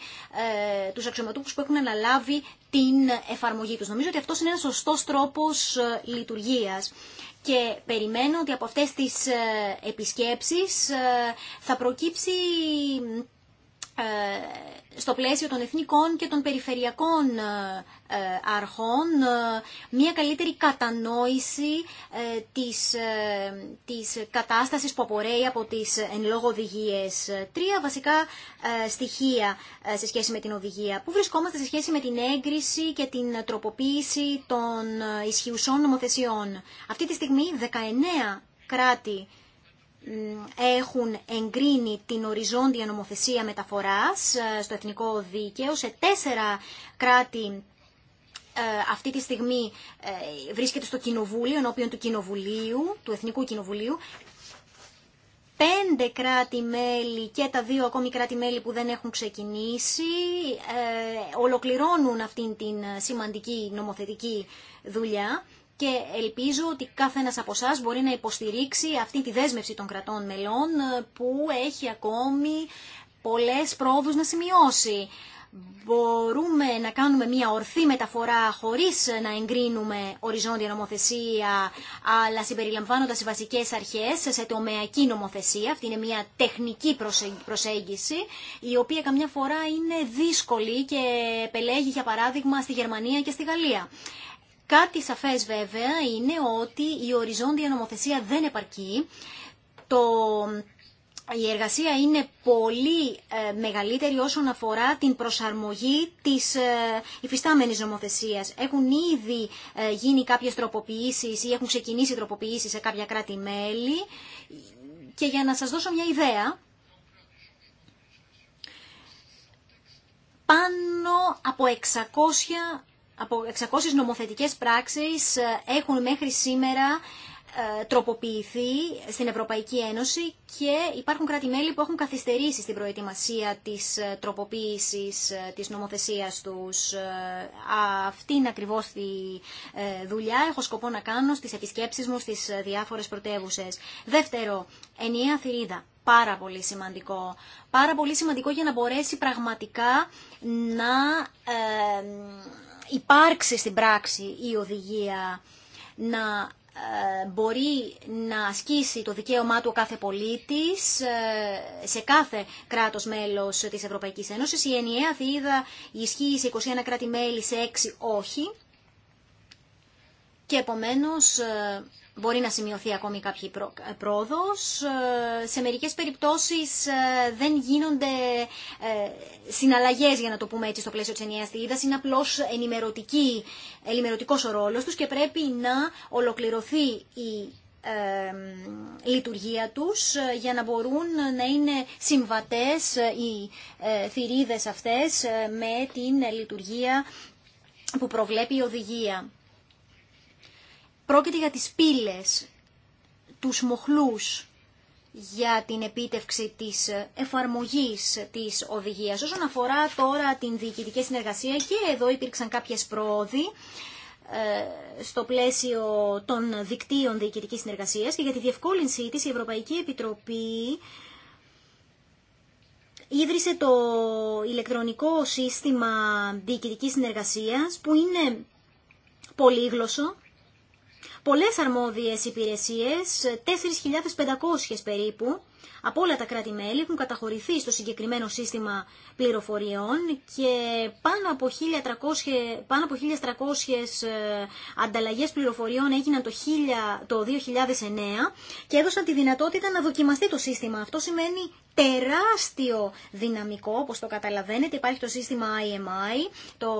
τους αξιωματούχους που έχουν αναλάβει την εφαρμογή τους. Νομίζω ότι αυτός είναι ένας σωστός τρόπος ε, λειτουργίας και περιμένω ότι από αυτές τις ε, επισκέψεις ε, θα προκύψει ε, στο πλαίσιο των εθνικών και των περιφερειακών ε, ε, αρχών μια καλύτερη κατανόηση της, της κατάστασης που απορρέει από τις εν λόγω οδηγίες. Τρία βασικά στοιχεία σε σχέση με την οδηγία. Πού βρισκόμαστε σε σχέση με την έγκριση και την τροποποίηση των ισχυουσών νομοθεσιών. Αυτή τη στιγμή 19 κράτη έχουν εγκρίνει την οριζόντια νομοθεσία μεταφοράς ε, στο εθνικό δίκαιο σε τέσσερα κράτη ε, αυτή τη στιγμή ε, βρίσκεται στο Κοινοβούλιο, ενώπιον του Κοινοβουλίου, του Εθνικού Κοινοβουλίου. Πέντε κράτη-μέλη και τα δύο ακόμη κράτη-μέλη που δεν έχουν ξεκινήσει ολοκληρώνουν αυτήν την σημαντική νομοθετική δουλειά και ελπίζω ότι κάθε ένας από εσά μπορεί να υποστηρίξει αυτή τη δέσμευση των κρατών μελών ε, που έχει ακόμη πολλές πρόοδους να σημειώσει. Μπορούμε να κάνουμε μια ορθή μεταφορά χωρίς να εγκρίνουμε οριζόντια νομοθεσία, αλλά συμπεριλαμβάνοντας οι βασικές αρχές σε τομεακή νομοθεσία. Αυτή είναι μια τεχνική προσέγγιση, η οποία καμιά φορά είναι δύσκολη και πελέγει, για παράδειγμα, στη Γερμανία και στη Γαλλία. Κάτι σαφές βέβαια είναι ότι η οριζόντια νομοθεσία δεν επαρκεί. Το η εργασία είναι πολύ ε, μεγαλύτερη όσον αφορά την προσαρμογή της ε, υφιστάμενης νομοθεσίας. Έχουν ήδη ε, γίνει κάποιες τροποποιήσεις ή έχουν ξεκινήσει τροποποιήσεις σε κάποια κράτη-μέλη. Και για να σας δώσω μια ιδέα, πάνω από 600 από 600 νομοθετικές πράξεις ε, έχουν μέχρι σήμερα ε, τροποποιηθεί στην Ευρωπαϊκή Ένωση και υπάρχουν κράτη-μέλη που έχουν καθυστερήσει στην προετοιμασία της ε, τροποποίησης της νομοθεσίας τους. Αυτή είναι ακριβώς τη δουλειά έχω σκοπό να κάνω στις επισκέψεις μου στις διάφορες πρωτεύουσε. Δεύτερο, ενιαία θηρίδα. Πάρα πολύ σημαντικό. Πάρα πολύ σημαντικό για να μπορέσει πραγματικά να υπάρξει στην πράξη η οδηγία να ε, μπορεί να ασκήσει το δικαίωμά του ο κάθε πολίτης ε, σε κάθε κράτος μέλος της Ευρωπαϊκής Ένωσης. Η ενιαία θηίδα ισχύει σε 21 κράτη-μέλη, σε 6 όχι. Και επομένως ε, μπορεί να σημειωθεί ακόμη κάποια πρόοδος. Ε, σε μερικές περιπτώσεις ε, δεν γίνονται ε, συναλλαγές, για να το πούμε έτσι, στο πλαίσιο της ενιαίας διείδας. Είναι απλώς ενημερωτική, ενημερωτικός ο ρόλος τους και πρέπει να ολοκληρωθεί η λειτουργία τους για να μπορούν να είναι συμβατές οι θηρίδες αυτές με την λειτουργία που προβλέπει η οδηγία. Πρόκειται για τις πύλες, τους μοχλούς για την επίτευξη της εφαρμογής της οδηγίας. Όσον αφορά τώρα την διοικητική συνεργασία και εδώ υπήρξαν κάποιες πρόοδοι ε, στο πλαίσιο των δικτύων διοικητικής συνεργασίας και για τη διευκόλυνσή της η Ευρωπαϊκή Επιτροπή ίδρυσε το ηλεκτρονικό σύστημα διοικητικής συνεργασίας που είναι πολύγλωσσο πολλές αρμόδιες υπηρεσίες, 4.500 περίπου, από όλα τα κράτη-μέλη έχουν καταχωρηθεί στο συγκεκριμένο σύστημα πληροφοριών και πάνω από 1.300, πάνω από 1.300 ε, ανταλλαγές πληροφοριών έγιναν το, 1000, το 2009 και έδωσαν τη δυνατότητα να δοκιμαστεί το σύστημα. Αυτό σημαίνει τεράστιο δυναμικό, όπως το καταλαβαίνετε. Υπάρχει το σύστημα IMI, το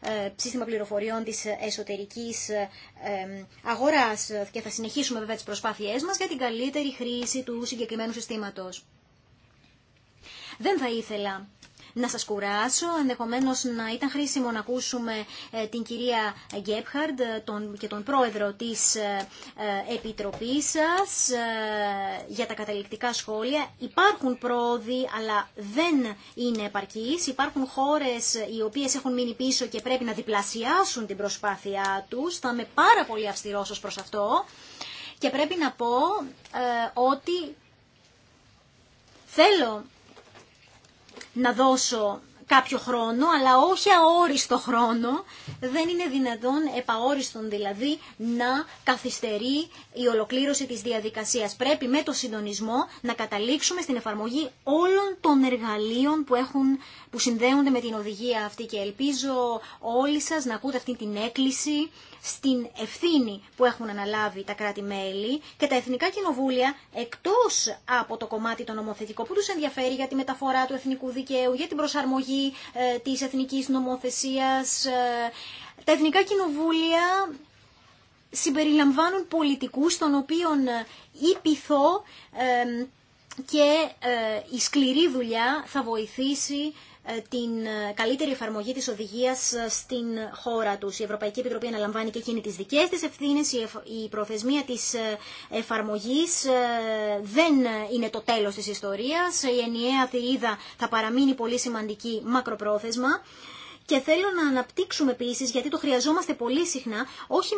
ε, σύστημα πληροφοριών της εσωτερικής ε, αγοράς και θα συνεχίσουμε βέβαια τις προσπάθειές μας για την καλύτερη χρήση του συγκεκριμένου συστήματος. Δεν θα ήθελα να σας κουράσω. Ενδεχομένως να ήταν χρήσιμο να ακούσουμε ε, την κυρία Γκέπχαρντ ε, και τον πρόεδρο της ε, Επιτροπής σας για τα καταληκτικά σχόλια. Υπάρχουν πρόοδοι, αλλά δεν είναι επαρκείς. Υπάρχουν χώρες οι οποίες έχουν μείνει πίσω και πρέπει να διπλασιάσουν την προσπάθειά τους. Θα είμαι πάρα πολύ αυστηρός ως προς αυτό. Και πρέπει να πω ότι θέλω να δώσω κάποιο χρόνο, αλλά όχι αόριστο χρόνο. Δεν είναι δυνατόν, επαόριστον δηλαδή, να καθυστερεί η ολοκλήρωση της διαδικασίας. Πρέπει με το συντονισμό να καταλήξουμε στην εφαρμογή όλων των εργαλείων που, έχουν, που συνδέονται με την οδηγία αυτή και ελπίζω όλοι σας να ακούτε αυτή την έκκληση στην ευθύνη που έχουν αναλάβει τα κράτη-μέλη και τα εθνικά κοινοβούλια, εκτός από το κομμάτι το νομοθετικό που τους ενδιαφέρει για τη μεταφορά του εθνικού δικαίου, για την προσαρμογή ε, της εθνικής νομοθεσίας, ε, τα εθνικά κοινοβούλια συμπεριλαμβάνουν πολιτικούς των οποίων η ε, πειθό και η σκληρή δουλειά θα βοηθήσει ε, την ε, καλύτερη εφαρμογή της οδηγίας ε, στην χώρα τους. Η Ευρωπαϊκή Επιτροπή αναλαμβάνει και εκείνη τις δικές της ευθύνες. Η προθεσμία της εφαρμογής δεν είναι το τέλος της ιστορίας. Η ενιαία θηρίδα θα παραμείνει πολύ σημαντική μακροπρόθεσμα. Και θέλω να αναπτύξουμε επίση, γιατί το χρειαζόμαστε πολύ συχνά, όχι,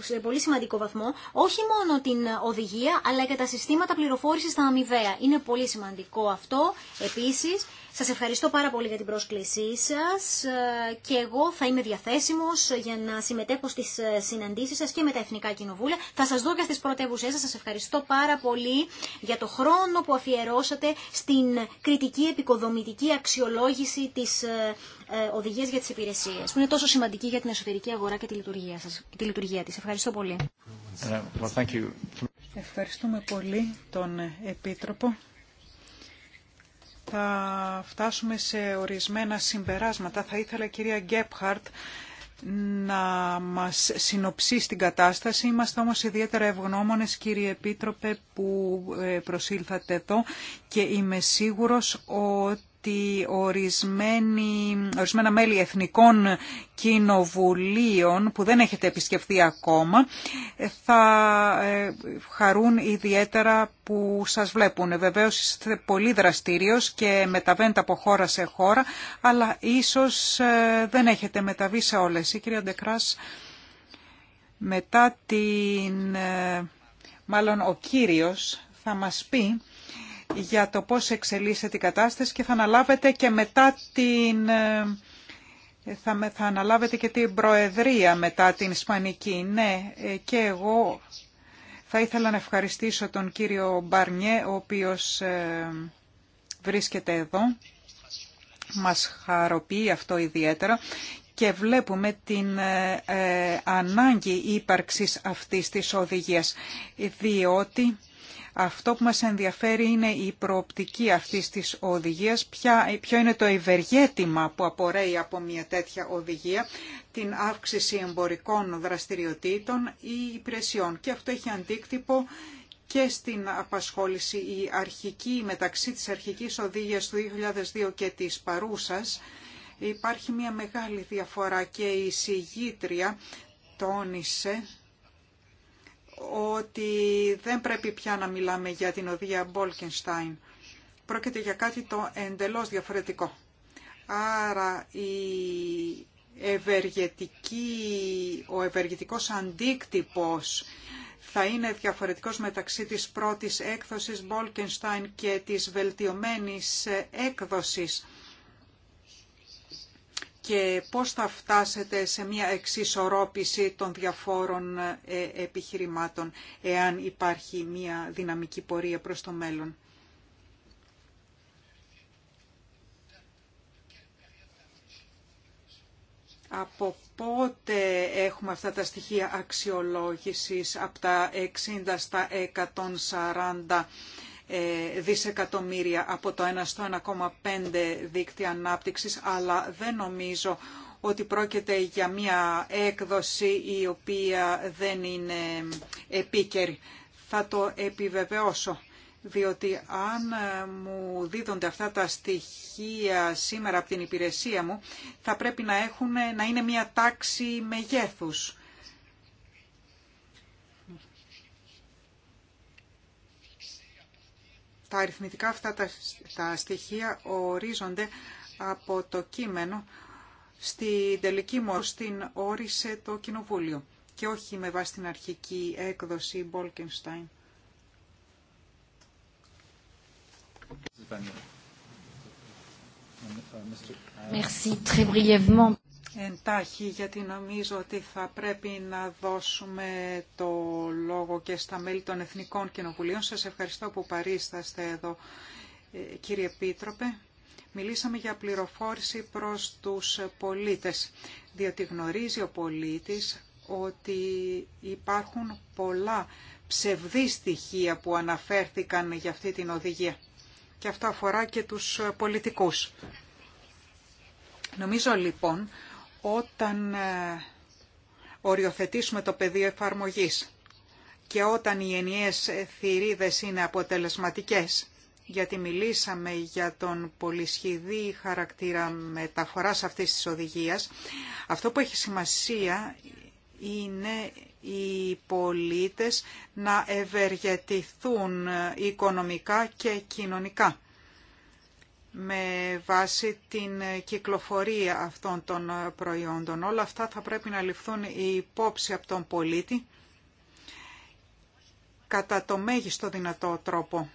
σε πολύ σημαντικό βαθμό, όχι μόνο την οδηγία, αλλά και τα συστήματα πληροφόρηση στα αμοιβαία. Είναι πολύ σημαντικό αυτό επίση σας ευχαριστώ πάρα πολύ για την πρόσκλησή σας και εγώ θα είμαι διαθέσιμος για να συμμετέχω στις συναντήσεις σας και με τα Εθνικά Κοινοβούλια. Θα σας δω και στις πρωτεύουσές σας. Σας ευχαριστώ πάρα πολύ για το χρόνο που αφιερώσατε στην κριτική επικοδομητική αξιολόγηση της ε, ε, οδηγία για τις υπηρεσίες, που είναι τόσο σημαντική για την εσωτερική αγορά και τη λειτουργία, σας, τη λειτουργία της. Ευχαριστώ πολύ. Ε, Ευχαριστούμε πολύ τον Επίτροπο θα
φτάσουμε σε ορισμένα συμπεράσματα. Θα ήθελα κυρία Γκέπχαρτ να μας συνοψίσει την κατάσταση. Είμαστε όμως ιδιαίτερα ευγνώμονες κύριε Επίτροπε που ε, προσήλθατε εδώ και είμαι σίγουρος ότι ότι ορισμένα μέλη εθνικών κοινοβουλίων που δεν έχετε επισκεφθεί ακόμα ε, θα ε, χαρούν ιδιαίτερα που σας βλέπουν. Βεβαίως είστε πολύ δραστήριος και μεταβαίνετε από χώρα σε χώρα, αλλά ίσως ε, δεν έχετε μεταβεί σε όλες. Η κυρία Ντεκράς μετά την... Μάλλον ο κύριος θα μας πει για το πώς εξελίσσεται η κατάσταση και θα αναλάβετε και μετά την... Ε, θα, θα αναλάβετε και την Προεδρία μετά την Ισπανική. Ναι, ε, και εγώ θα ήθελα να ευχαριστήσω τον κύριο Μπαρνιέ, ο οποίος ε, βρίσκεται εδώ. Μας χαροποιεί αυτό ιδιαίτερα και βλέπουμε την ανάγκη ύπαρξης αυτής της οδηγίας, διότι αυτό που μας ενδιαφέρει είναι η προοπτική αυτής της οδηγίας, ποια, ποιο είναι το ευεργέτημα που απορρέει από μια τέτοια οδηγία, την αύξηση εμπορικών δραστηριοτήτων ή υπηρεσιών. Και αυτό έχει αντίκτυπο και στην απασχόληση η αρχική, μεταξύ της αρχικής οδηγίας του 2002 και της παρούσας, υπάρχει μια μεγάλη διαφορά και η συγγήτρια τόνισε ότι δεν πρέπει πια να μιλάμε για την οδία Μπόλκενστάιν. Πρόκειται για κάτι το εντελώς διαφορετικό. Άρα η ο ευεργετικός αντίκτυπος θα είναι διαφορετικός μεταξύ της πρώτης έκδοσης Μπόλκενστάιν και της βελτιωμένης έκδοσης και πώς θα φτάσετε σε μια εξισορρόπηση των διαφόρων ε, επιχειρημάτων εάν υπάρχει μια δυναμική πορεία προς το μέλλον. Από πότε έχουμε αυτά τα στοιχεία αξιολόγησης από τα 60 στα 140 ε, δισεκατομμύρια από το 1 στο 1,5 δίκτυα ανάπτυξης, αλλά δεν νομίζω ότι πρόκειται για μια έκδοση η οποία δεν είναι επίκαιρη. Θα το επιβεβαιώσω, διότι αν ε, μου δίδονται αυτά τα στοιχεία σήμερα από την υπηρεσία μου, θα πρέπει να, έχουν, να είναι μια τάξη μεγέθους τα αριθμητικά αυτά τα, τα στοιχεία ορίζονται από το κείμενο στην τελική μορφή την όρισε το Κοινοβούλιο και όχι με βάση την αρχική έκδοση Μπόλκενστάιν. Merci, très εντάχει γιατί νομίζω ότι θα πρέπει να δώσουμε το λόγο και στα μέλη των Εθνικών Κοινοβουλίων. Σας ευχαριστώ που παρίσταστε εδώ ε, κύριε Πίτροπε. Μιλήσαμε για πληροφόρηση προς τους πολίτες, διότι γνωρίζει ο πολίτης ότι υπάρχουν πολλά ψευδή στοιχεία που αναφέρθηκαν για αυτή την οδηγία. Και αυτό αφορά και τους πολιτικούς. Νομίζω λοιπόν όταν ε, οριοθετήσουμε το πεδίο εφαρμογής και όταν οι ενιαίες ε, θηρίδες είναι αποτελεσματικές, γιατί μιλήσαμε για τον πολυσχηδή χαρακτήρα μεταφοράς αυτής της οδηγίας, αυτό που έχει σημασία είναι οι πολίτες να ευεργετηθούν ε, οικονομικά και κοινωνικά με βάση την κυκλοφορία αυτών των προϊόντων. Όλα αυτά θα πρέπει να ληφθούν η υπόψη από τον πολίτη κατά το μέγιστο δυνατό τρόπο.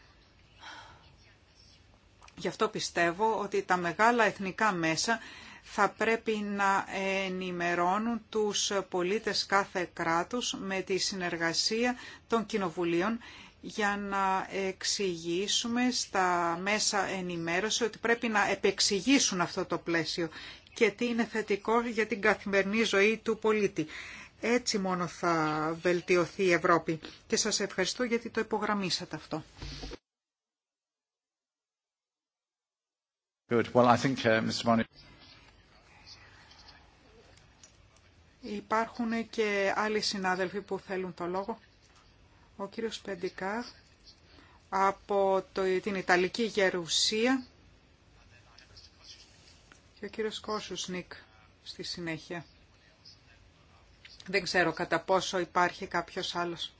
Γι' αυτό πιστεύω ότι τα μεγάλα εθνικά μέσα θα πρέπει να ενημερώνουν τους πολίτες κάθε κράτους με τη συνεργασία των κοινοβουλίων για να εξηγήσουμε στα μέσα ενημέρωση ότι πρέπει να επεξηγήσουν αυτό το πλαίσιο και τι είναι θετικό για την καθημερινή ζωή του πολίτη. Έτσι μόνο θα βελτιωθεί η Ευρώπη. Και σας ευχαριστώ γιατί το υπογραμμίσατε αυτό.
Good. Uh,
Υπάρχουν και άλλοι συνάδελφοι που θέλουν το λόγο. Ο κύριος Πεντικά από το, την Ιταλική Γερουσία και ο κύριος Κόσουσνικ στη συνέχεια. Δεν ξέρω κατά πόσο υπάρχει κάποιος άλλος.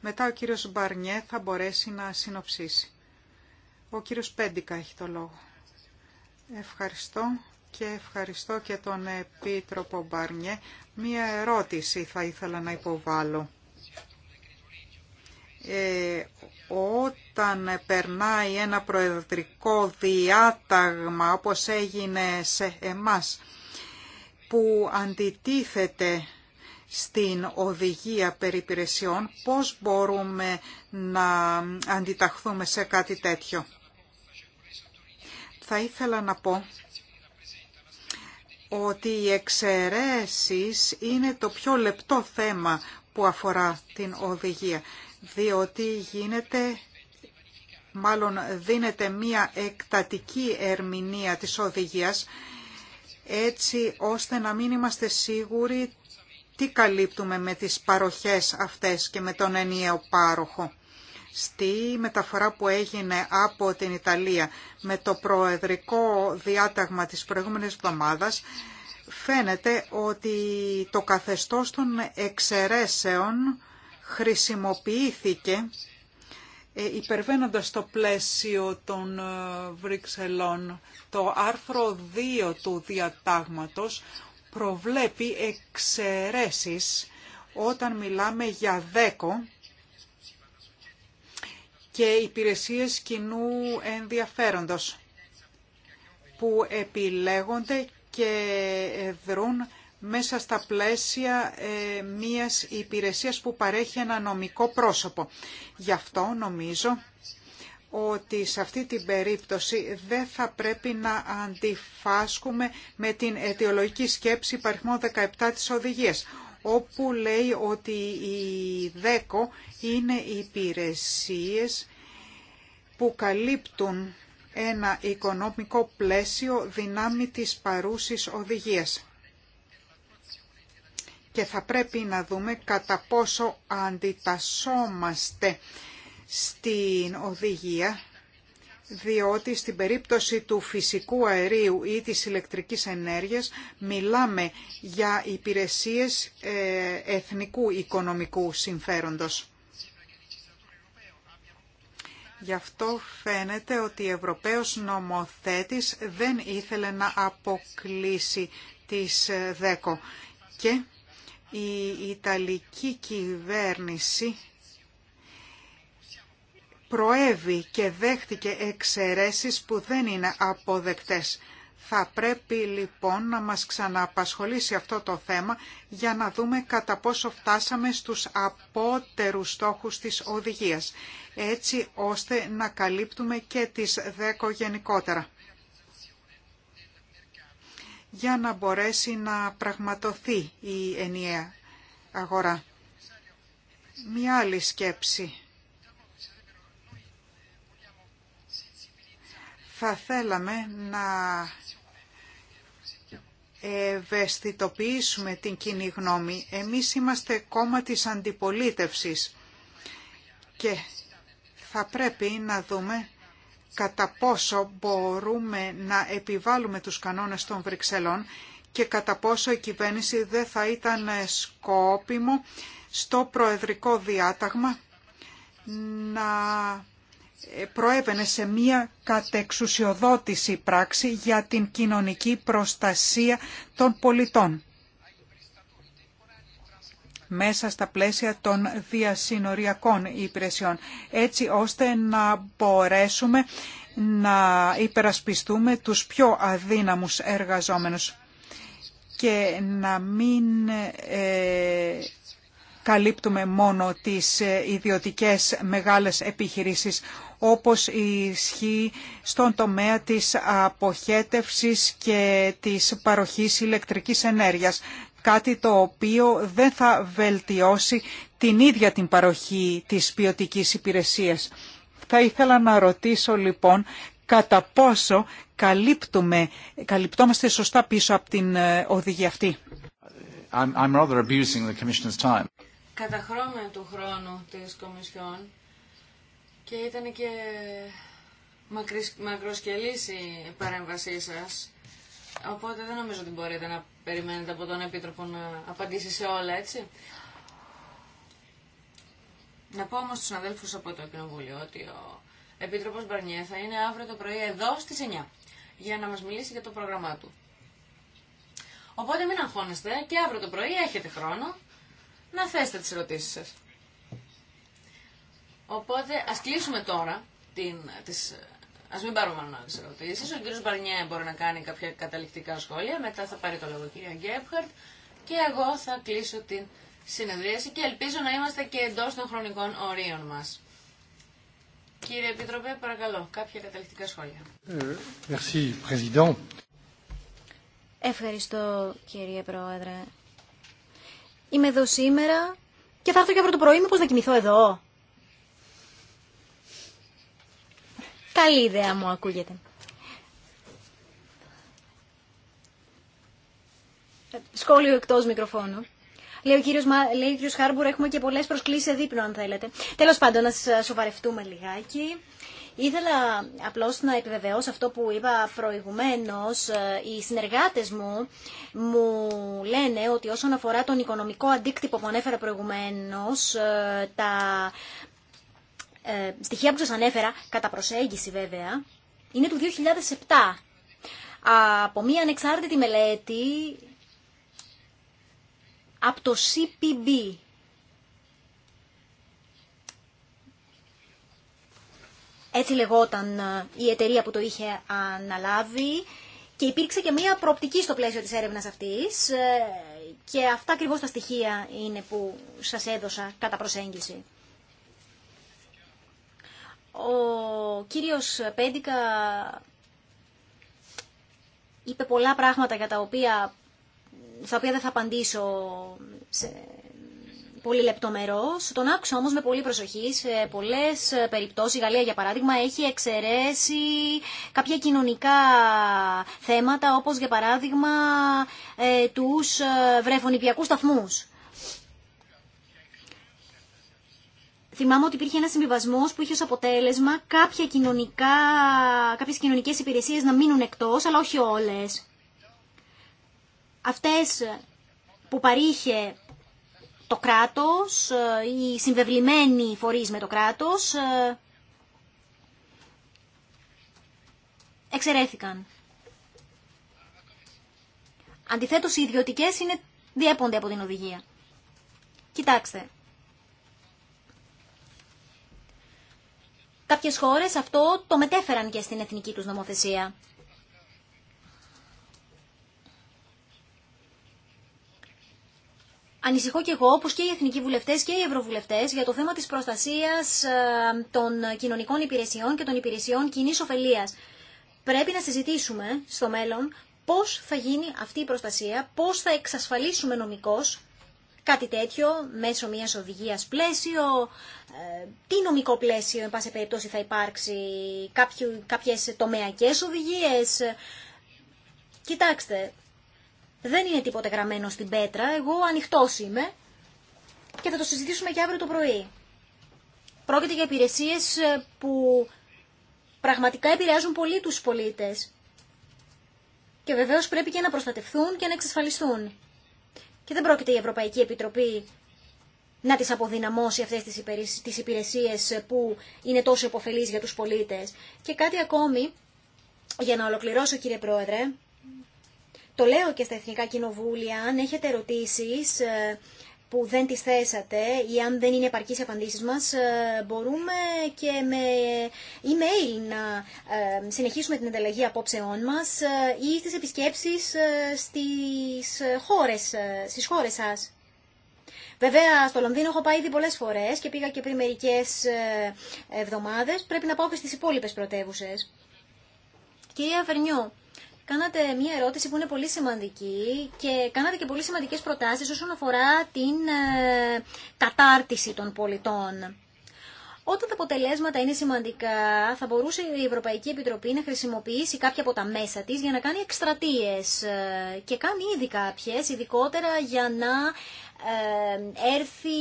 Μετά ο κύριος Μπαρνιέ θα μπορέσει να συνοψίσει. Ο κύριος Πέντικα έχει το λόγο. Ευχαριστώ και ευχαριστώ και τον Επίτροπο Μπαρνιέ. Μία ερώτηση θα ήθελα να υποβάλω. Ε, όταν περνάει ένα προεδρικό διάταγμα όπως έγινε σε εμάς που αντιτίθεται στην οδηγία περιπηρεσιών, πώς μπορούμε να αντιταχθούμε σε κάτι τέτοιο. Θα ήθελα να πω ότι οι εξαιρέσεις είναι το πιο λεπτό θέμα που αφορά την οδηγία διότι γίνεται μάλλον δίνεται μία εκτατική ερμηνεία της οδηγίας έτσι ώστε να μην είμαστε σίγουροι τι καλύπτουμε με τις παροχές αυτές και με τον ενιαίο πάροχο. Στη μεταφορά που έγινε από την Ιταλία με το προεδρικό διάταγμα της προηγούμενης εβδομάδας φαίνεται ότι το καθεστώς των εξαιρέσεων χρησιμοποιήθηκε ε, υπερβαίνοντας το πλαίσιο των ε, Βρυξελών. Το άρθρο 2 του διατάγματος προβλέπει εξαιρέσεις όταν μιλάμε για δέκο και υπηρεσίες κοινού ενδιαφέροντος που επιλέγονται και δρούν μέσα στα πλαίσια ε, μιας υπηρεσίας που παρέχει ένα νομικό πρόσωπο. Γι' αυτό νομίζω ότι σε αυτή την περίπτωση δεν θα πρέπει να αντιφάσκουμε με την αιτιολογική σκέψη παριθμό 17 της οδηγίας, όπου λέει ότι η ΔΕΚΟ είναι υπηρεσίες που καλύπτουν ένα οικονομικό πλαίσιο δυνάμει της παρούσης οδηγίας και θα πρέπει να δούμε κατά πόσο αντιτασσόμαστε στην οδηγία διότι στην περίπτωση του φυσικού αερίου ή της ηλεκτρικής ενέργειας μιλάμε για υπηρεσίες ε, εθνικού οικονομικού συμφέροντος. Γι' αυτό φαίνεται ότι η Ευρωπαίος συμφεροντος γι αυτο φαινεται οτι ο ευρωπαιος νομοθετης δεν ήθελε να αποκλείσει τις ΔΕΚΟ και η Ιταλική κυβέρνηση προέβη και δέχτηκε εξαιρέσεις που δεν είναι αποδεκτές. Θα πρέπει λοιπόν να μας ξαναπασχολήσει αυτό το θέμα για να δούμε κατά πόσο φτάσαμε στους απότερους στόχους της οδηγίας, έτσι ώστε να καλύπτουμε και τις δέκο γενικότερα για να μπορέσει να πραγματοθεί η ενιαία αγορά. Μια άλλη σκέψη. Θα θέλαμε να ευαισθητοποιήσουμε την κοινή γνώμη. Εμείς είμαστε κόμμα της αντιπολίτευσης και θα πρέπει να δούμε κατά πόσο μπορούμε να επιβάλλουμε τους κανόνες των Βρυξελών και κατά πόσο η κυβέρνηση δεν θα ήταν σκόπιμο στο προεδρικό διάταγμα να προέβαινε σε μία κατεξουσιοδότηση πράξη για την κοινωνική προστασία των πολιτών μέσα στα πλαίσια των διασυνοριακών υπηρεσιών, έτσι ώστε να μπορέσουμε να υπερασπιστούμε τους πιο αδύναμους εργαζόμενους και να μην ε, καλύπτουμε μόνο τις ε, ιδιωτικές μεγάλες επιχειρήσεις όπως ισχύει στον τομέα της αποχέτευσης και της παροχής ηλεκτρικής ενέργειας κάτι το οποίο δεν θα βελτιώσει την ίδια την παροχή της ποιοτική υπηρεσίας. Θα ήθελα να ρωτήσω λοιπόν κατά πόσο καλύπτουμε, καλυπτόμαστε σωστά πίσω από την ε, οδηγία αυτή.
I'm,
του χρόνου της Κομισιόν και ήταν και μακροσκελής η παρέμβασή σας, οπότε δεν νομίζω ότι μπορείτε να περιμένετε από τον Επίτροπο να απαντήσει σε όλα, έτσι. Να πω όμως στους αδέλφους από το Κοινοβούλιο ότι ο Επίτροπος Μπαρνιέ θα είναι αύριο το πρωί εδώ στις 9 για να μας μιλήσει για το πρόγραμμά του. Οπότε μην αγχώνεστε και αύριο το πρωί έχετε χρόνο να θέσετε τις ερωτήσεις σας. Οπότε ας κλείσουμε τώρα την, τις Α μην πάρουμε μάλλον άλλε ερωτήσει. Ο κύριο Μπαρνιέ μπορεί να κάνει κάποια καταληκτικά σχόλια. Μετά θα πάρει το λόγο η κυρία Και εγώ θα κλείσω την συνεδρίαση και ελπίζω να είμαστε και εντό των χρονικών ορίων μα. Κύριε Επιτροπέ, παρακαλώ, κάποια καταληκτικά σχόλια.
Ε,
Ευχαριστώ, κύριε Πρόεδρε. Είμαι εδώ σήμερα και θα έρθω και αύριο το πρωί, μήπως να κοιμηθώ εδώ. Καλή ιδέα μου ακούγεται. Σχόλιο εκτό μικροφώνου. Λέει ο κύριος, Χάρμπουρ, έχουμε και πολλές προσκλήσεις σε δείπνο αν θέλετε. Τέλος πάντων, να σας ε, σοβαρευτούμε λιγάκι. Ήθελα απλώς να επιβεβαιώσω αυτό που είπα προηγουμένως. Ε, οι συνεργάτες μου μου λένε ότι όσον αφορά τον οικονομικό αντίκτυπο που ανέφερα προηγουμένως, ε, τα ε, στοιχεία που σας ανέφερα, κατά προσέγγιση βέβαια, είναι του 2007. Από μία ανεξάρτητη μελέτη από το CPB. Έτσι λεγόταν ε, η εταιρεία που το είχε αναλάβει και υπήρξε και μία προοπτική στο πλαίσιο της έρευνας αυτής ε, και αυτά ακριβώς τα στοιχεία είναι που σας έδωσα κατά προσέγγιση. Ο κύριος Πέντικα είπε πολλά πράγματα για τα οποία, στα οποία δεν θα απαντήσω σε πολύ λεπτομερώς. Τον άκουσα όμως με πολύ προσοχή σε πολλές περιπτώσεις. Η Γαλλία για παράδειγμα έχει εξαιρέσει κάποια κοινωνικά θέματα όπως για παράδειγμα ε, τους ε, βρεφονιπιακούς σταθμούς. Θυμάμαι ότι υπήρχε ένα συμβιβασμό που είχε ω αποτέλεσμα κάποια κοινωνικά, κάποιες κοινωνικές υπηρεσίες να μείνουν εκτός, αλλά όχι όλες. Αυτές που παρήχε το κράτος, ε, οι συμβεβλημένοι φορείς με το κράτος, ε, εξαιρέθηκαν. Αντιθέτως, οι ιδιωτικές είναι, διέπονται από την οδηγία. Κοιτάξτε, Κάποιες χώρες αυτό το μετέφεραν και στην εθνική τους νομοθεσία. Ανησυχώ και εγώ, όπως και οι εθνικοί βουλευτές και οι ευρωβουλευτές, για το θέμα της προστασίας ε, των κοινωνικών υπηρεσιών και των υπηρεσιών κοινή ωφελία. Πρέπει να συζητήσουμε στο μέλλον πώς θα γίνει αυτή η προστασία, πώς θα εξασφαλίσουμε νομικώς κάτι τέτοιο μέσω μια οδηγίας πλαίσιο, ε, τι νομικό πλαίσιο, εν πάση περιπτώσει, θα υπάρξει, κάποιε κάποιες οδηγίε. οδηγίες. Κοιτάξτε, δεν είναι τίποτε γραμμένο στην πέτρα, εγώ ανοιχτό είμαι και θα το συζητήσουμε και αύριο το πρωί. Πρόκειται για υπηρεσίε ε, που πραγματικά επηρεάζουν πολύ τους πολίτες. Και βεβαίως πρέπει και να προστατευθούν και να εξασφαλιστούν και δεν πρόκειται η Ευρωπαϊκή Επιτροπή να τις αποδυναμώσει αυτές τις υπηρεσίες που είναι τόσο υποφελείς για τους πολίτες. Και κάτι ακόμη, για να ολοκληρώσω κύριε Πρόεδρε, το λέω και στα Εθνικά Κοινοβούλια, αν έχετε ερωτήσεις ε, που δεν τις θέσατε ή αν δεν είναι επαρκής οι απαντήσεις μας, ε, μπορούμε και με email να ε, συνεχίσουμε την ανταλλαγή απόψεών μας ε, ή στις επισκέψεις στις χώρες, στις χώρες σας. Βέβαια, στο Λονδίνο έχω πάει ήδη πολλέ φορέ και πήγα και πριν μερικέ εβδομάδε. Πρέπει να πάω και στι υπόλοιπε πρωτεύουσε. Κυρία Βερνιό, κάνατε μια ερώτηση που είναι πολύ σημαντική και κάνατε και πολύ σημαντικές προτάσεις όσον αφορά την ε, κατάρτιση των πολιτών. Όταν τα αποτελέσματα είναι σημαντικά, θα μπορούσε η Ευρωπαϊκή Επιτροπή να χρησιμοποιήσει κάποια από τα μέσα της για να κάνει εκστρατείε ε, και κάνει ήδη κάποιες, ειδικότερα για να έρθει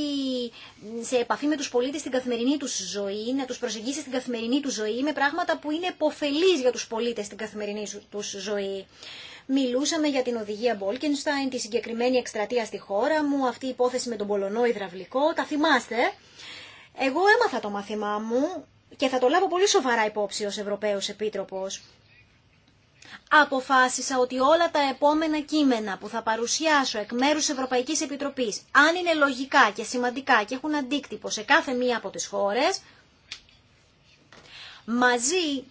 σε επαφή με τους πολίτες στην καθημερινή τους ζωή, να τους προσεγγίσει στην καθημερινή τους ζωή με πράγματα που είναι εποφελείς για τους πολίτες στην καθημερινή τους ζωή. Μιλούσαμε για την οδηγία Μπόλκενστάιν, τη συγκεκριμένη εκστρατεία στη χώρα μου, αυτή η υπόθεση με τον Πολωνό Ιδραυλικό. τα θυμάστε. Εγώ έμαθα το μάθημά μου και θα το λάβω πολύ σοβαρά υπόψη ως Ευρωπαίος Επίτροπος αποφάσισα ότι όλα τα επόμενα κείμενα που θα παρουσιάσω εκ μέρους Ευρωπαϊκής Επιτροπής, αν είναι λογικά και σημαντικά και έχουν αντίκτυπο σε κάθε μία από τις χώρες, μαζί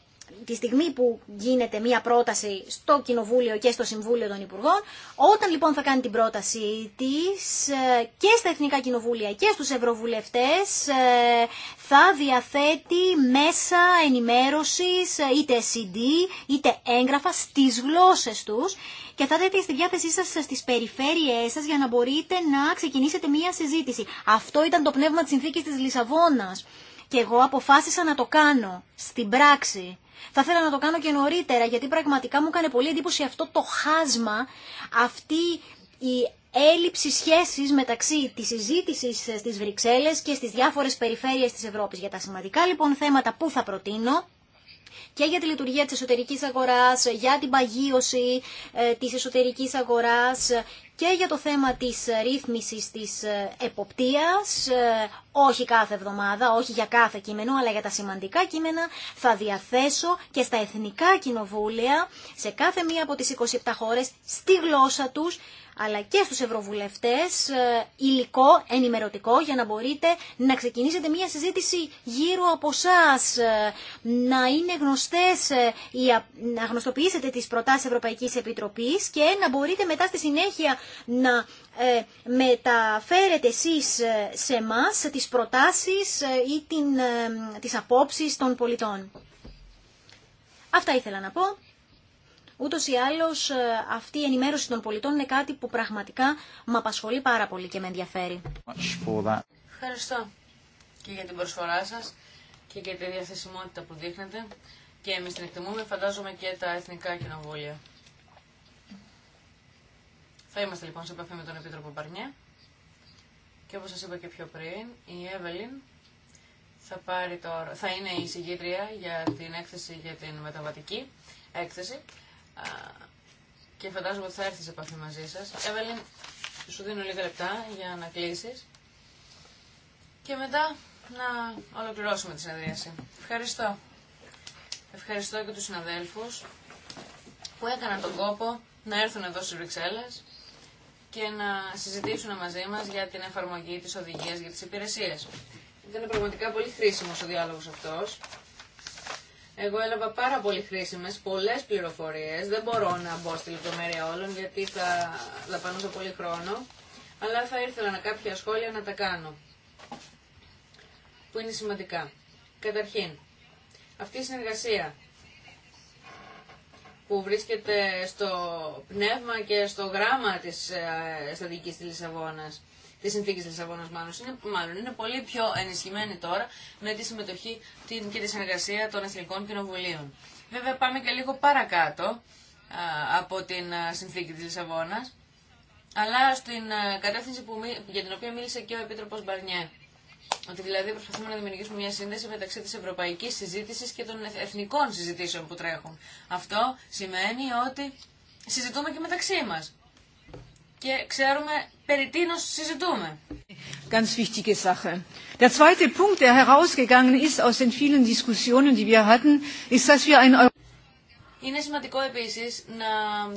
τη στιγμή που γίνεται μία πρόταση στο Κοινοβούλιο και στο Συμβούλιο των Υπουργών, όταν λοιπόν θα κάνει την πρόταση της ε, και στα Εθνικά Κοινοβούλια και στους Ευρωβουλευτές ε, θα διαθέτει μέσα ενημέρωσης ε, είτε CD είτε έγγραφα στις γλώσσες τους και θα δείτε στη διάθεσή σας στις περιφέρειές σας για να μπορείτε να ξεκινήσετε μία συζήτηση. Αυτό ήταν το πνεύμα της συνθήκης της Λισαβόνας και εγώ αποφάσισα να το κάνω στην πράξη. Θα ήθελα να το κάνω και νωρίτερα, γιατί πραγματικά μου έκανε πολύ εντύπωση αυτό το χάσμα, αυτή η έλλειψη σχέση μεταξύ της συζήτηση στις Βρυξέλλες και στις διάφορες περιφέρειες της Ευρώπης. Για τα σημαντικά λοιπόν θέματα που θα προτείνω, και για τη λειτουργία της εσωτερικής αγοράς, για την παγίωση ε, της εσωτερικής αγοράς και για το θέμα της ε, ρύθμισης της ε, εποπτείας, ε, όχι κάθε εβδομάδα, όχι για κάθε κείμενο, αλλά για τα σημαντικά κείμενα θα διαθέσω και στα εθνικά κοινοβούλια, σε κάθε μία από τις 27 χώρες, στη γλώσσα τους, αλλά και στους ευρωβουλευτές υλικό, ενημερωτικό για να μπορείτε να ξεκινήσετε μια συζήτηση γύρω από εσά, να είναι γνωστές, να γνωστοποιήσετε τις προτάσεις Ευρωπαϊκής Επιτροπής και να μπορείτε μετά στη συνέχεια να ε, μεταφέρετε εσείς ε, σε εμά τις προτάσεις ε, ή την, τις απόψεις των πολιτών. Αυτά ήθελα να πω. Ούτως ή άλλως αυτή η αλλως αυτη η ενημερωση των πολιτών είναι κάτι που πραγματικά με απασχολεί πάρα πολύ και με ενδιαφέρει.
Ευχαριστώ και για την προσφορά σας και για τη διαθεσιμότητα που δείχνετε και εμείς την εκτιμούμε, φαντάζομαι και τα εθνικά κοινοβούλια. Θα είμαστε λοιπόν σε επαφή με τον Επίτροπο Μπαρνιέ. Και όπως σας είπα και πιο πριν, η Εύελιν θα, πάρει τώρα, θα είναι η συγκήτρια για την έκθεση για την μεταβατική έκθεση και φαντάζομαι ότι θα έρθει σε επαφή μαζί σας. Εύελιν, σου δίνω λίγα λεπτά για να κλείσεις και μετά να ολοκληρώσουμε τη συνεδρίαση. Ευχαριστώ. Ευχαριστώ και τους συναδέλφους που έκαναν τον κόπο να έρθουν εδώ στις Βρυξέλλες και να συζητήσουν μαζί μας για την εφαρμογή της οδηγίας για τις υπηρεσίες. Ήταν πραγματικά πολύ χρήσιμος ο διάλογος αυτός. Εγώ έλαβα πάρα πολύ χρήσιμες, πολλές πληροφορίες. Δεν μπορώ να μπω στη λεπτομέρεια όλων γιατί θα λαπανούσα πολύ χρόνο. Αλλά θα ήθελα να κάποια σχόλια να τα κάνω. Που είναι σημαντικά. Καταρχήν, αυτή η συνεργασία που βρίσκεται στο πνεύμα και στο γράμμα της ε, στρατηγικής της Λισαβόνας, της συνθήκης της Λισαβόνας μάλλον. Είναι, μάλλον, είναι πολύ πιο ενισχυμένη τώρα με τη συμμετοχή και τη συνεργασία των Εθνικών Κοινοβουλίων. Βέβαια πάμε και λίγο παρακάτω από την συνθήκη της Λισαβόνας, αλλά στην κατεύθυνση που, για την οποία μίλησε και ο Επίτροπος Μπαρνιέ. Ότι δηλαδή προσπαθούμε να δημιουργήσουμε μια σύνδεση μεταξύ τη Ευρωπαϊκή συζήτησης και των εθνικών συζητήσεων που τρέχουν. Αυτό σημαίνει ότι συζητούμε και μεταξύ μα. Και ξέρουμε περί τίνο συζητούμε.
Ganz wichtige Sache. Der zweite Punkt, der herausgegangen ist aus den vielen Diskussionen, die wir hatten, ist, dass wir ein
είναι σημαντικό επίση να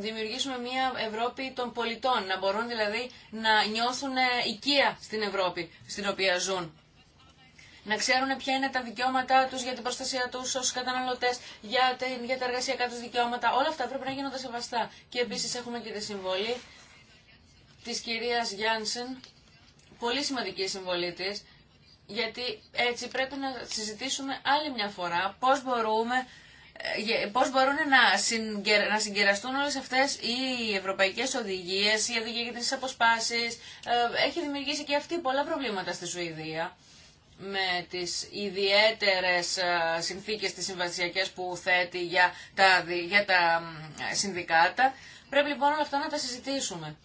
δημιουργήσουμε μια Ευρώπη των πολιτών, να μπορούν δηλαδή να νιώθουν ε, οικία στην Ευρώπη στην οποία ζουν να ξέρουν ποια είναι τα δικαιώματά του για την προστασία του ω καταναλωτέ, για, για τα εργασιακά του δικαιώματα. Όλα αυτά πρέπει να γίνονται σεβαστά. Και επίση έχουμε και τη συμβολή τη κυρία Γιάνσεν, πολύ σημαντική συμβολή τη, γιατί έτσι πρέπει να συζητήσουμε άλλη μια φορά πώς μπορούμε ε, πώς μπορούν να, συγκεραστούν όλες αυτές οι ευρωπαϊκές οδηγίες, οι οδηγίες για τις αποσπάσεις. Ε, έχει δημιουργήσει και αυτή πολλά προβλήματα στη Σουηδία με τις ιδιαίτερες συνθήκες τις συμβασιακές που θέτει για τα, για τα συνδικάτα. Πρέπει λοιπόν όλα αυτά να τα συζητήσουμε.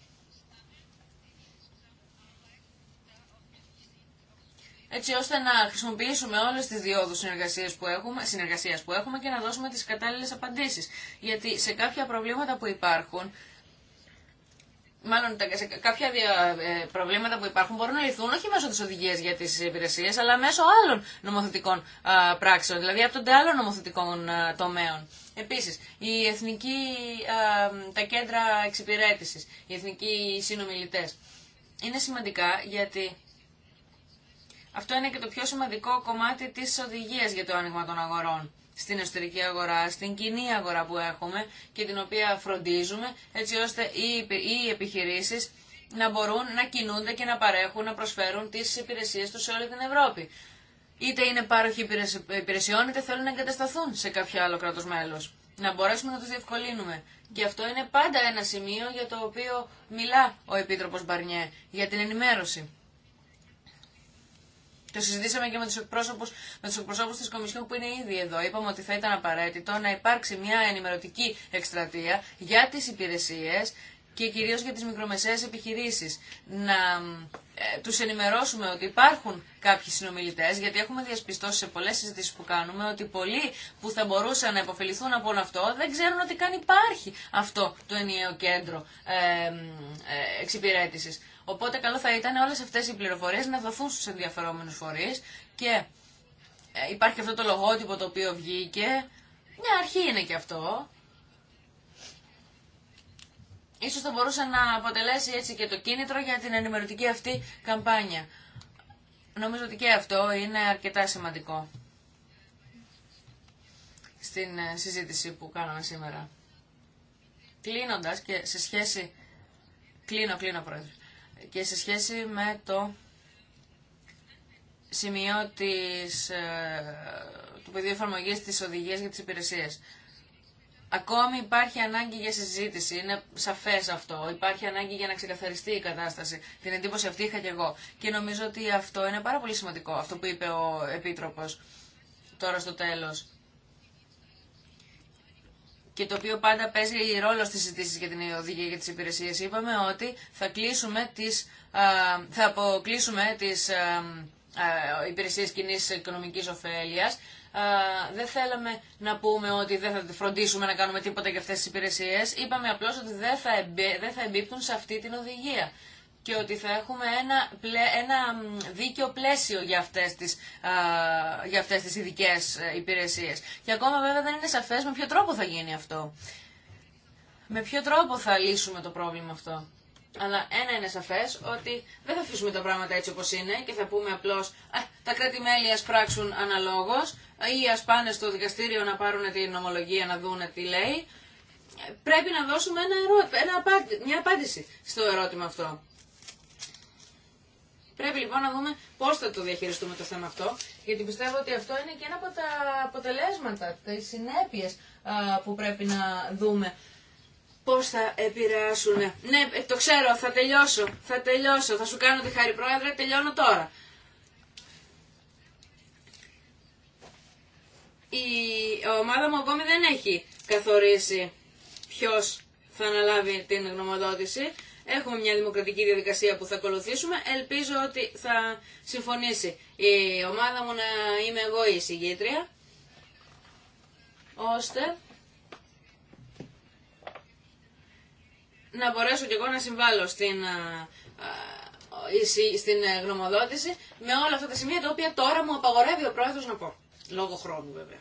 έτσι ώστε να χρησιμοποιήσουμε όλες τις διόδους συνεργασίες που έχουμε, συνεργασίας που έχουμε και να δώσουμε τις κατάλληλες απαντήσεις. Γιατί σε κάποια προβλήματα που υπάρχουν μάλλον τα, κάποια ε, προβλήματα που υπάρχουν μπορούν να λυθούν όχι μέσω τη οδηγία για τις υπηρεσίε, αλλά μέσω άλλων νομοθετικών πράξεων, δηλαδή από των άλλων νομοθετικών τομέων. Επίσης, η εθνική, τα κέντρα εξυπηρέτηση, οι εθνικοί συνομιλητέ, είναι σημαντικά γιατί αυτό είναι και το πιο σημαντικό κομμάτι της οδηγίας για το άνοιγμα των αγορών στην εσωτερική αγορά, στην κοινή αγορά που έχουμε και την οποία φροντίζουμε έτσι ώστε οι επιχειρήσεις να μπορούν να κινούνται και να παρέχουν, να προσφέρουν τις υπηρεσίες τους σε όλη την Ευρώπη. Είτε είναι πάροχοι υπηρεσιών, είτε θέλουν να εγκατασταθούν σε κάποιο άλλο κράτος μέλος. Να μπορέσουμε να τους διευκολύνουμε. Και αυτό είναι πάντα ένα σημείο για το οποίο μιλά ο Επίτροπος Μπαρνιέ, για την ενημέρωση. Το συζητήσαμε και με του εκπρόσωπου τη τους της Κομισιόν που είναι ήδη εδώ. Είπαμε ότι θα ήταν απαραίτητο να υπάρξει μια ενημερωτική εκστρατεία για τι υπηρεσίε και κυρίω για τι μικρομεσαίε επιχειρήσει. Να ε, τους ενημερώσουμε ότι υπάρχουν κάποιοι συνομιλητέ, γιατί έχουμε διασπιστώσει σε πολλέ συζητήσει που κάνουμε ότι πολλοί που θα μπορούσαν να υποφεληθούν από όλο αυτό δεν ξέρουν ότι καν υπάρχει αυτό το ενιαίο κέντρο ε, ε, Οπότε καλό θα ήταν όλες αυτές οι πληροφορίες να δοθούν στους ενδιαφερόμενους φορείς και ε, υπάρχει αυτό το λογότυπο το οποίο βγήκε. Μια αρχή είναι και αυτό. Ίσως θα μπορούσε να αποτελέσει έτσι και το κίνητρο για την ενημερωτική αυτή καμπάνια. Νομίζω ότι και αυτό είναι αρκετά σημαντικό στην ε, συζήτηση που κάναμε σήμερα. Κλείνοντας και σε σχέση... Κλείνω, κλείνω πρόεδρε και σε σχέση με το σημείο της, ε, του πεδίου εφαρμογή τη Οδηγία για τις υπηρεσίες. Ακόμη υπάρχει ανάγκη για συζήτηση, είναι σαφές αυτό, υπάρχει ανάγκη για να ξεκαθαριστεί η κατάσταση. Την εντύπωση αυτή είχα και εγώ. Και νομίζω ότι αυτό είναι πάρα πολύ σημαντικό, αυτό που είπε ο Επίτροπος τώρα στο τέλος και το οποίο πάντα παίζει ρόλο στις συζητήσει για την οδηγία για τις υπηρεσίες. Είπαμε ότι θα, κλείσουμε τις, θα αποκλείσουμε τις υπηρεσίες κοινή οικονομικής ωφέλειας. Δεν θέλαμε να πούμε ότι δεν θα φροντίσουμε να κάνουμε τίποτα για αυτές τις υπηρεσίες. Είπαμε απλώς ότι δεν θα, εμπίπτουν σε αυτή την οδηγία και ότι θα έχουμε ένα, ένα δίκαιο πλαίσιο για αυτές, τις, α, για αυτές τις ειδικές ε, υπηρεσίες. Και ακόμα βέβαια δεν είναι σαφές με ποιο τρόπο θα γίνει αυτό. Με ποιο τρόπο θα λύσουμε το πρόβλημα αυτό. Αλλά ένα είναι σαφέ ότι δεν θα αφήσουμε τα πράγματα έτσι όπω είναι και θα πούμε απλώ τα κράτη-μέλη α πράξουν αναλόγω ή α πάνε στο δικαστήριο να πάρουν την ομολογία να δούνε τι λέει. Ε, πρέπει να δώσουμε ένα ερώ... ένα μια απάντηση στο ερώτημα αυτό. Πρέπει λοιπόν να δούμε πώ θα το διαχειριστούμε το θέμα αυτό, γιατί πιστεύω ότι αυτό είναι και ένα από τα αποτελέσματα, τι συνέπειε που πρέπει να δούμε πώ θα επηρεάσουν. Ναι, ε, το ξέρω, θα τελειώσω, θα τελειώσω, θα σου κάνω τη χάρη πρόεδρε, τελειώνω τώρα. Η ομάδα μου ακόμη δεν έχει καθορίσει ποιος θα αναλάβει την γνωμοδότηση. Έχουμε μια δημοκρατική διαδικασία που θα ακολουθήσουμε. Ελπίζω ότι θα συμφωνήσει η ομάδα μου να είμαι εγώ η συγκήτρια ώστε να μπορέσω κι εγώ να συμβάλλω στην, στην γνωμοδότηση με όλα αυτά τα σημεία τα οποία τώρα μου απαγορεύει ο πρόεδρος να πω. Λόγω χρόνου
βέβαια.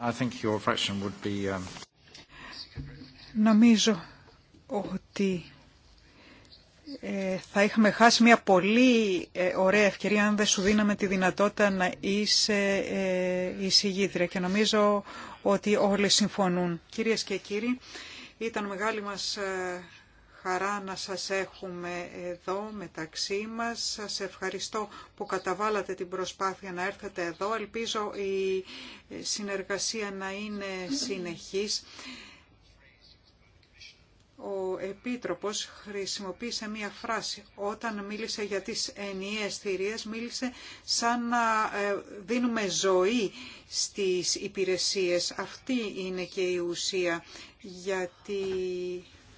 I think your would be, um,
Νομίζω ότι ε, θα είχαμε χάσει μια πολύ ε, ωραία ευκαιρία αν δεν σου δίναμε τη δυνατότητα να είσαι εισηγήτρια και νομίζω ότι όλοι συμφωνούν. Κυρίες και κύριοι, ήταν μεγάλη μας ε, χαρά να σας έχουμε εδώ μεταξύ μας. Σας ευχαριστώ που καταβάλατε την προσπάθεια να έρθετε εδώ. Ελπίζω η συνεργασία να είναι συνεχής ο Επίτροπος χρησιμοποίησε μία φράση. Όταν μίλησε για τις ενιαίες θηρίες, μίλησε σαν να ε, δίνουμε ζωή στις υπηρεσίες. Αυτή είναι και η ουσία, γιατί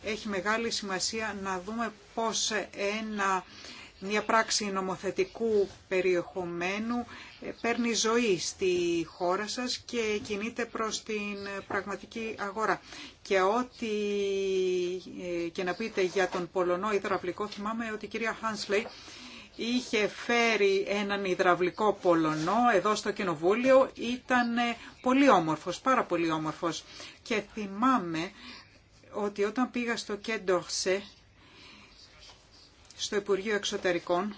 έχει μεγάλη σημασία να δούμε πώς ένα μια πράξη νομοθετικού περιεχομένου ε, παίρνει ζωή στη χώρα σας και κινείται προς την πραγματική αγορά. Και ό,τι ε, και να πείτε για τον Πολωνό υδραυλικό, θυμάμαι ότι η κυρία Χάνσλεϊ είχε φέρει έναν υδραυλικό Πολωνό εδώ στο Κοινοβούλιο, ήταν πολύ όμορφος, πάρα πολύ όμορφος. Και θυμάμαι ότι όταν πήγα στο Κέντορσε στο Υπουργείο Εξωτερικών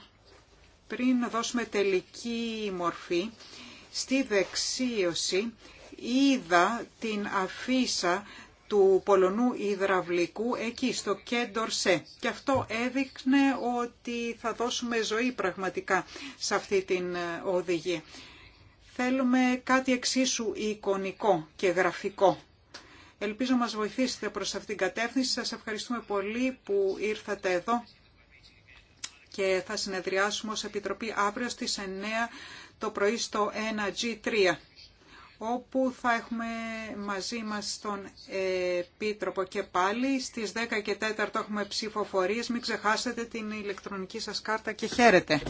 πριν δώσουμε τελική μορφή στη δεξίωση είδα την αφίσα του Πολωνού Ιδραυλικού εκεί στο Σε. Και αυτό έδειχνε ότι θα δώσουμε ζωή πραγματικά σε αυτή την ε, οδηγία. Θέλουμε κάτι εξίσου εικονικό και γραφικό. Ελπίζω μας βοηθήσετε προς αυτήν την κατεύθυνση. Σας ευχαριστούμε πολύ που ήρθατε εδώ και θα συνεδριάσουμε ως Επιτροπή αύριο στις 9 το πρωί στο 1G3 όπου θα έχουμε μαζί μας τον Επίτροπο και πάλι. Στις 10 και 4 έχουμε ψηφοφορίες. Μην ξεχάσετε την ηλεκτρονική σας κάρτα και χαίρετε.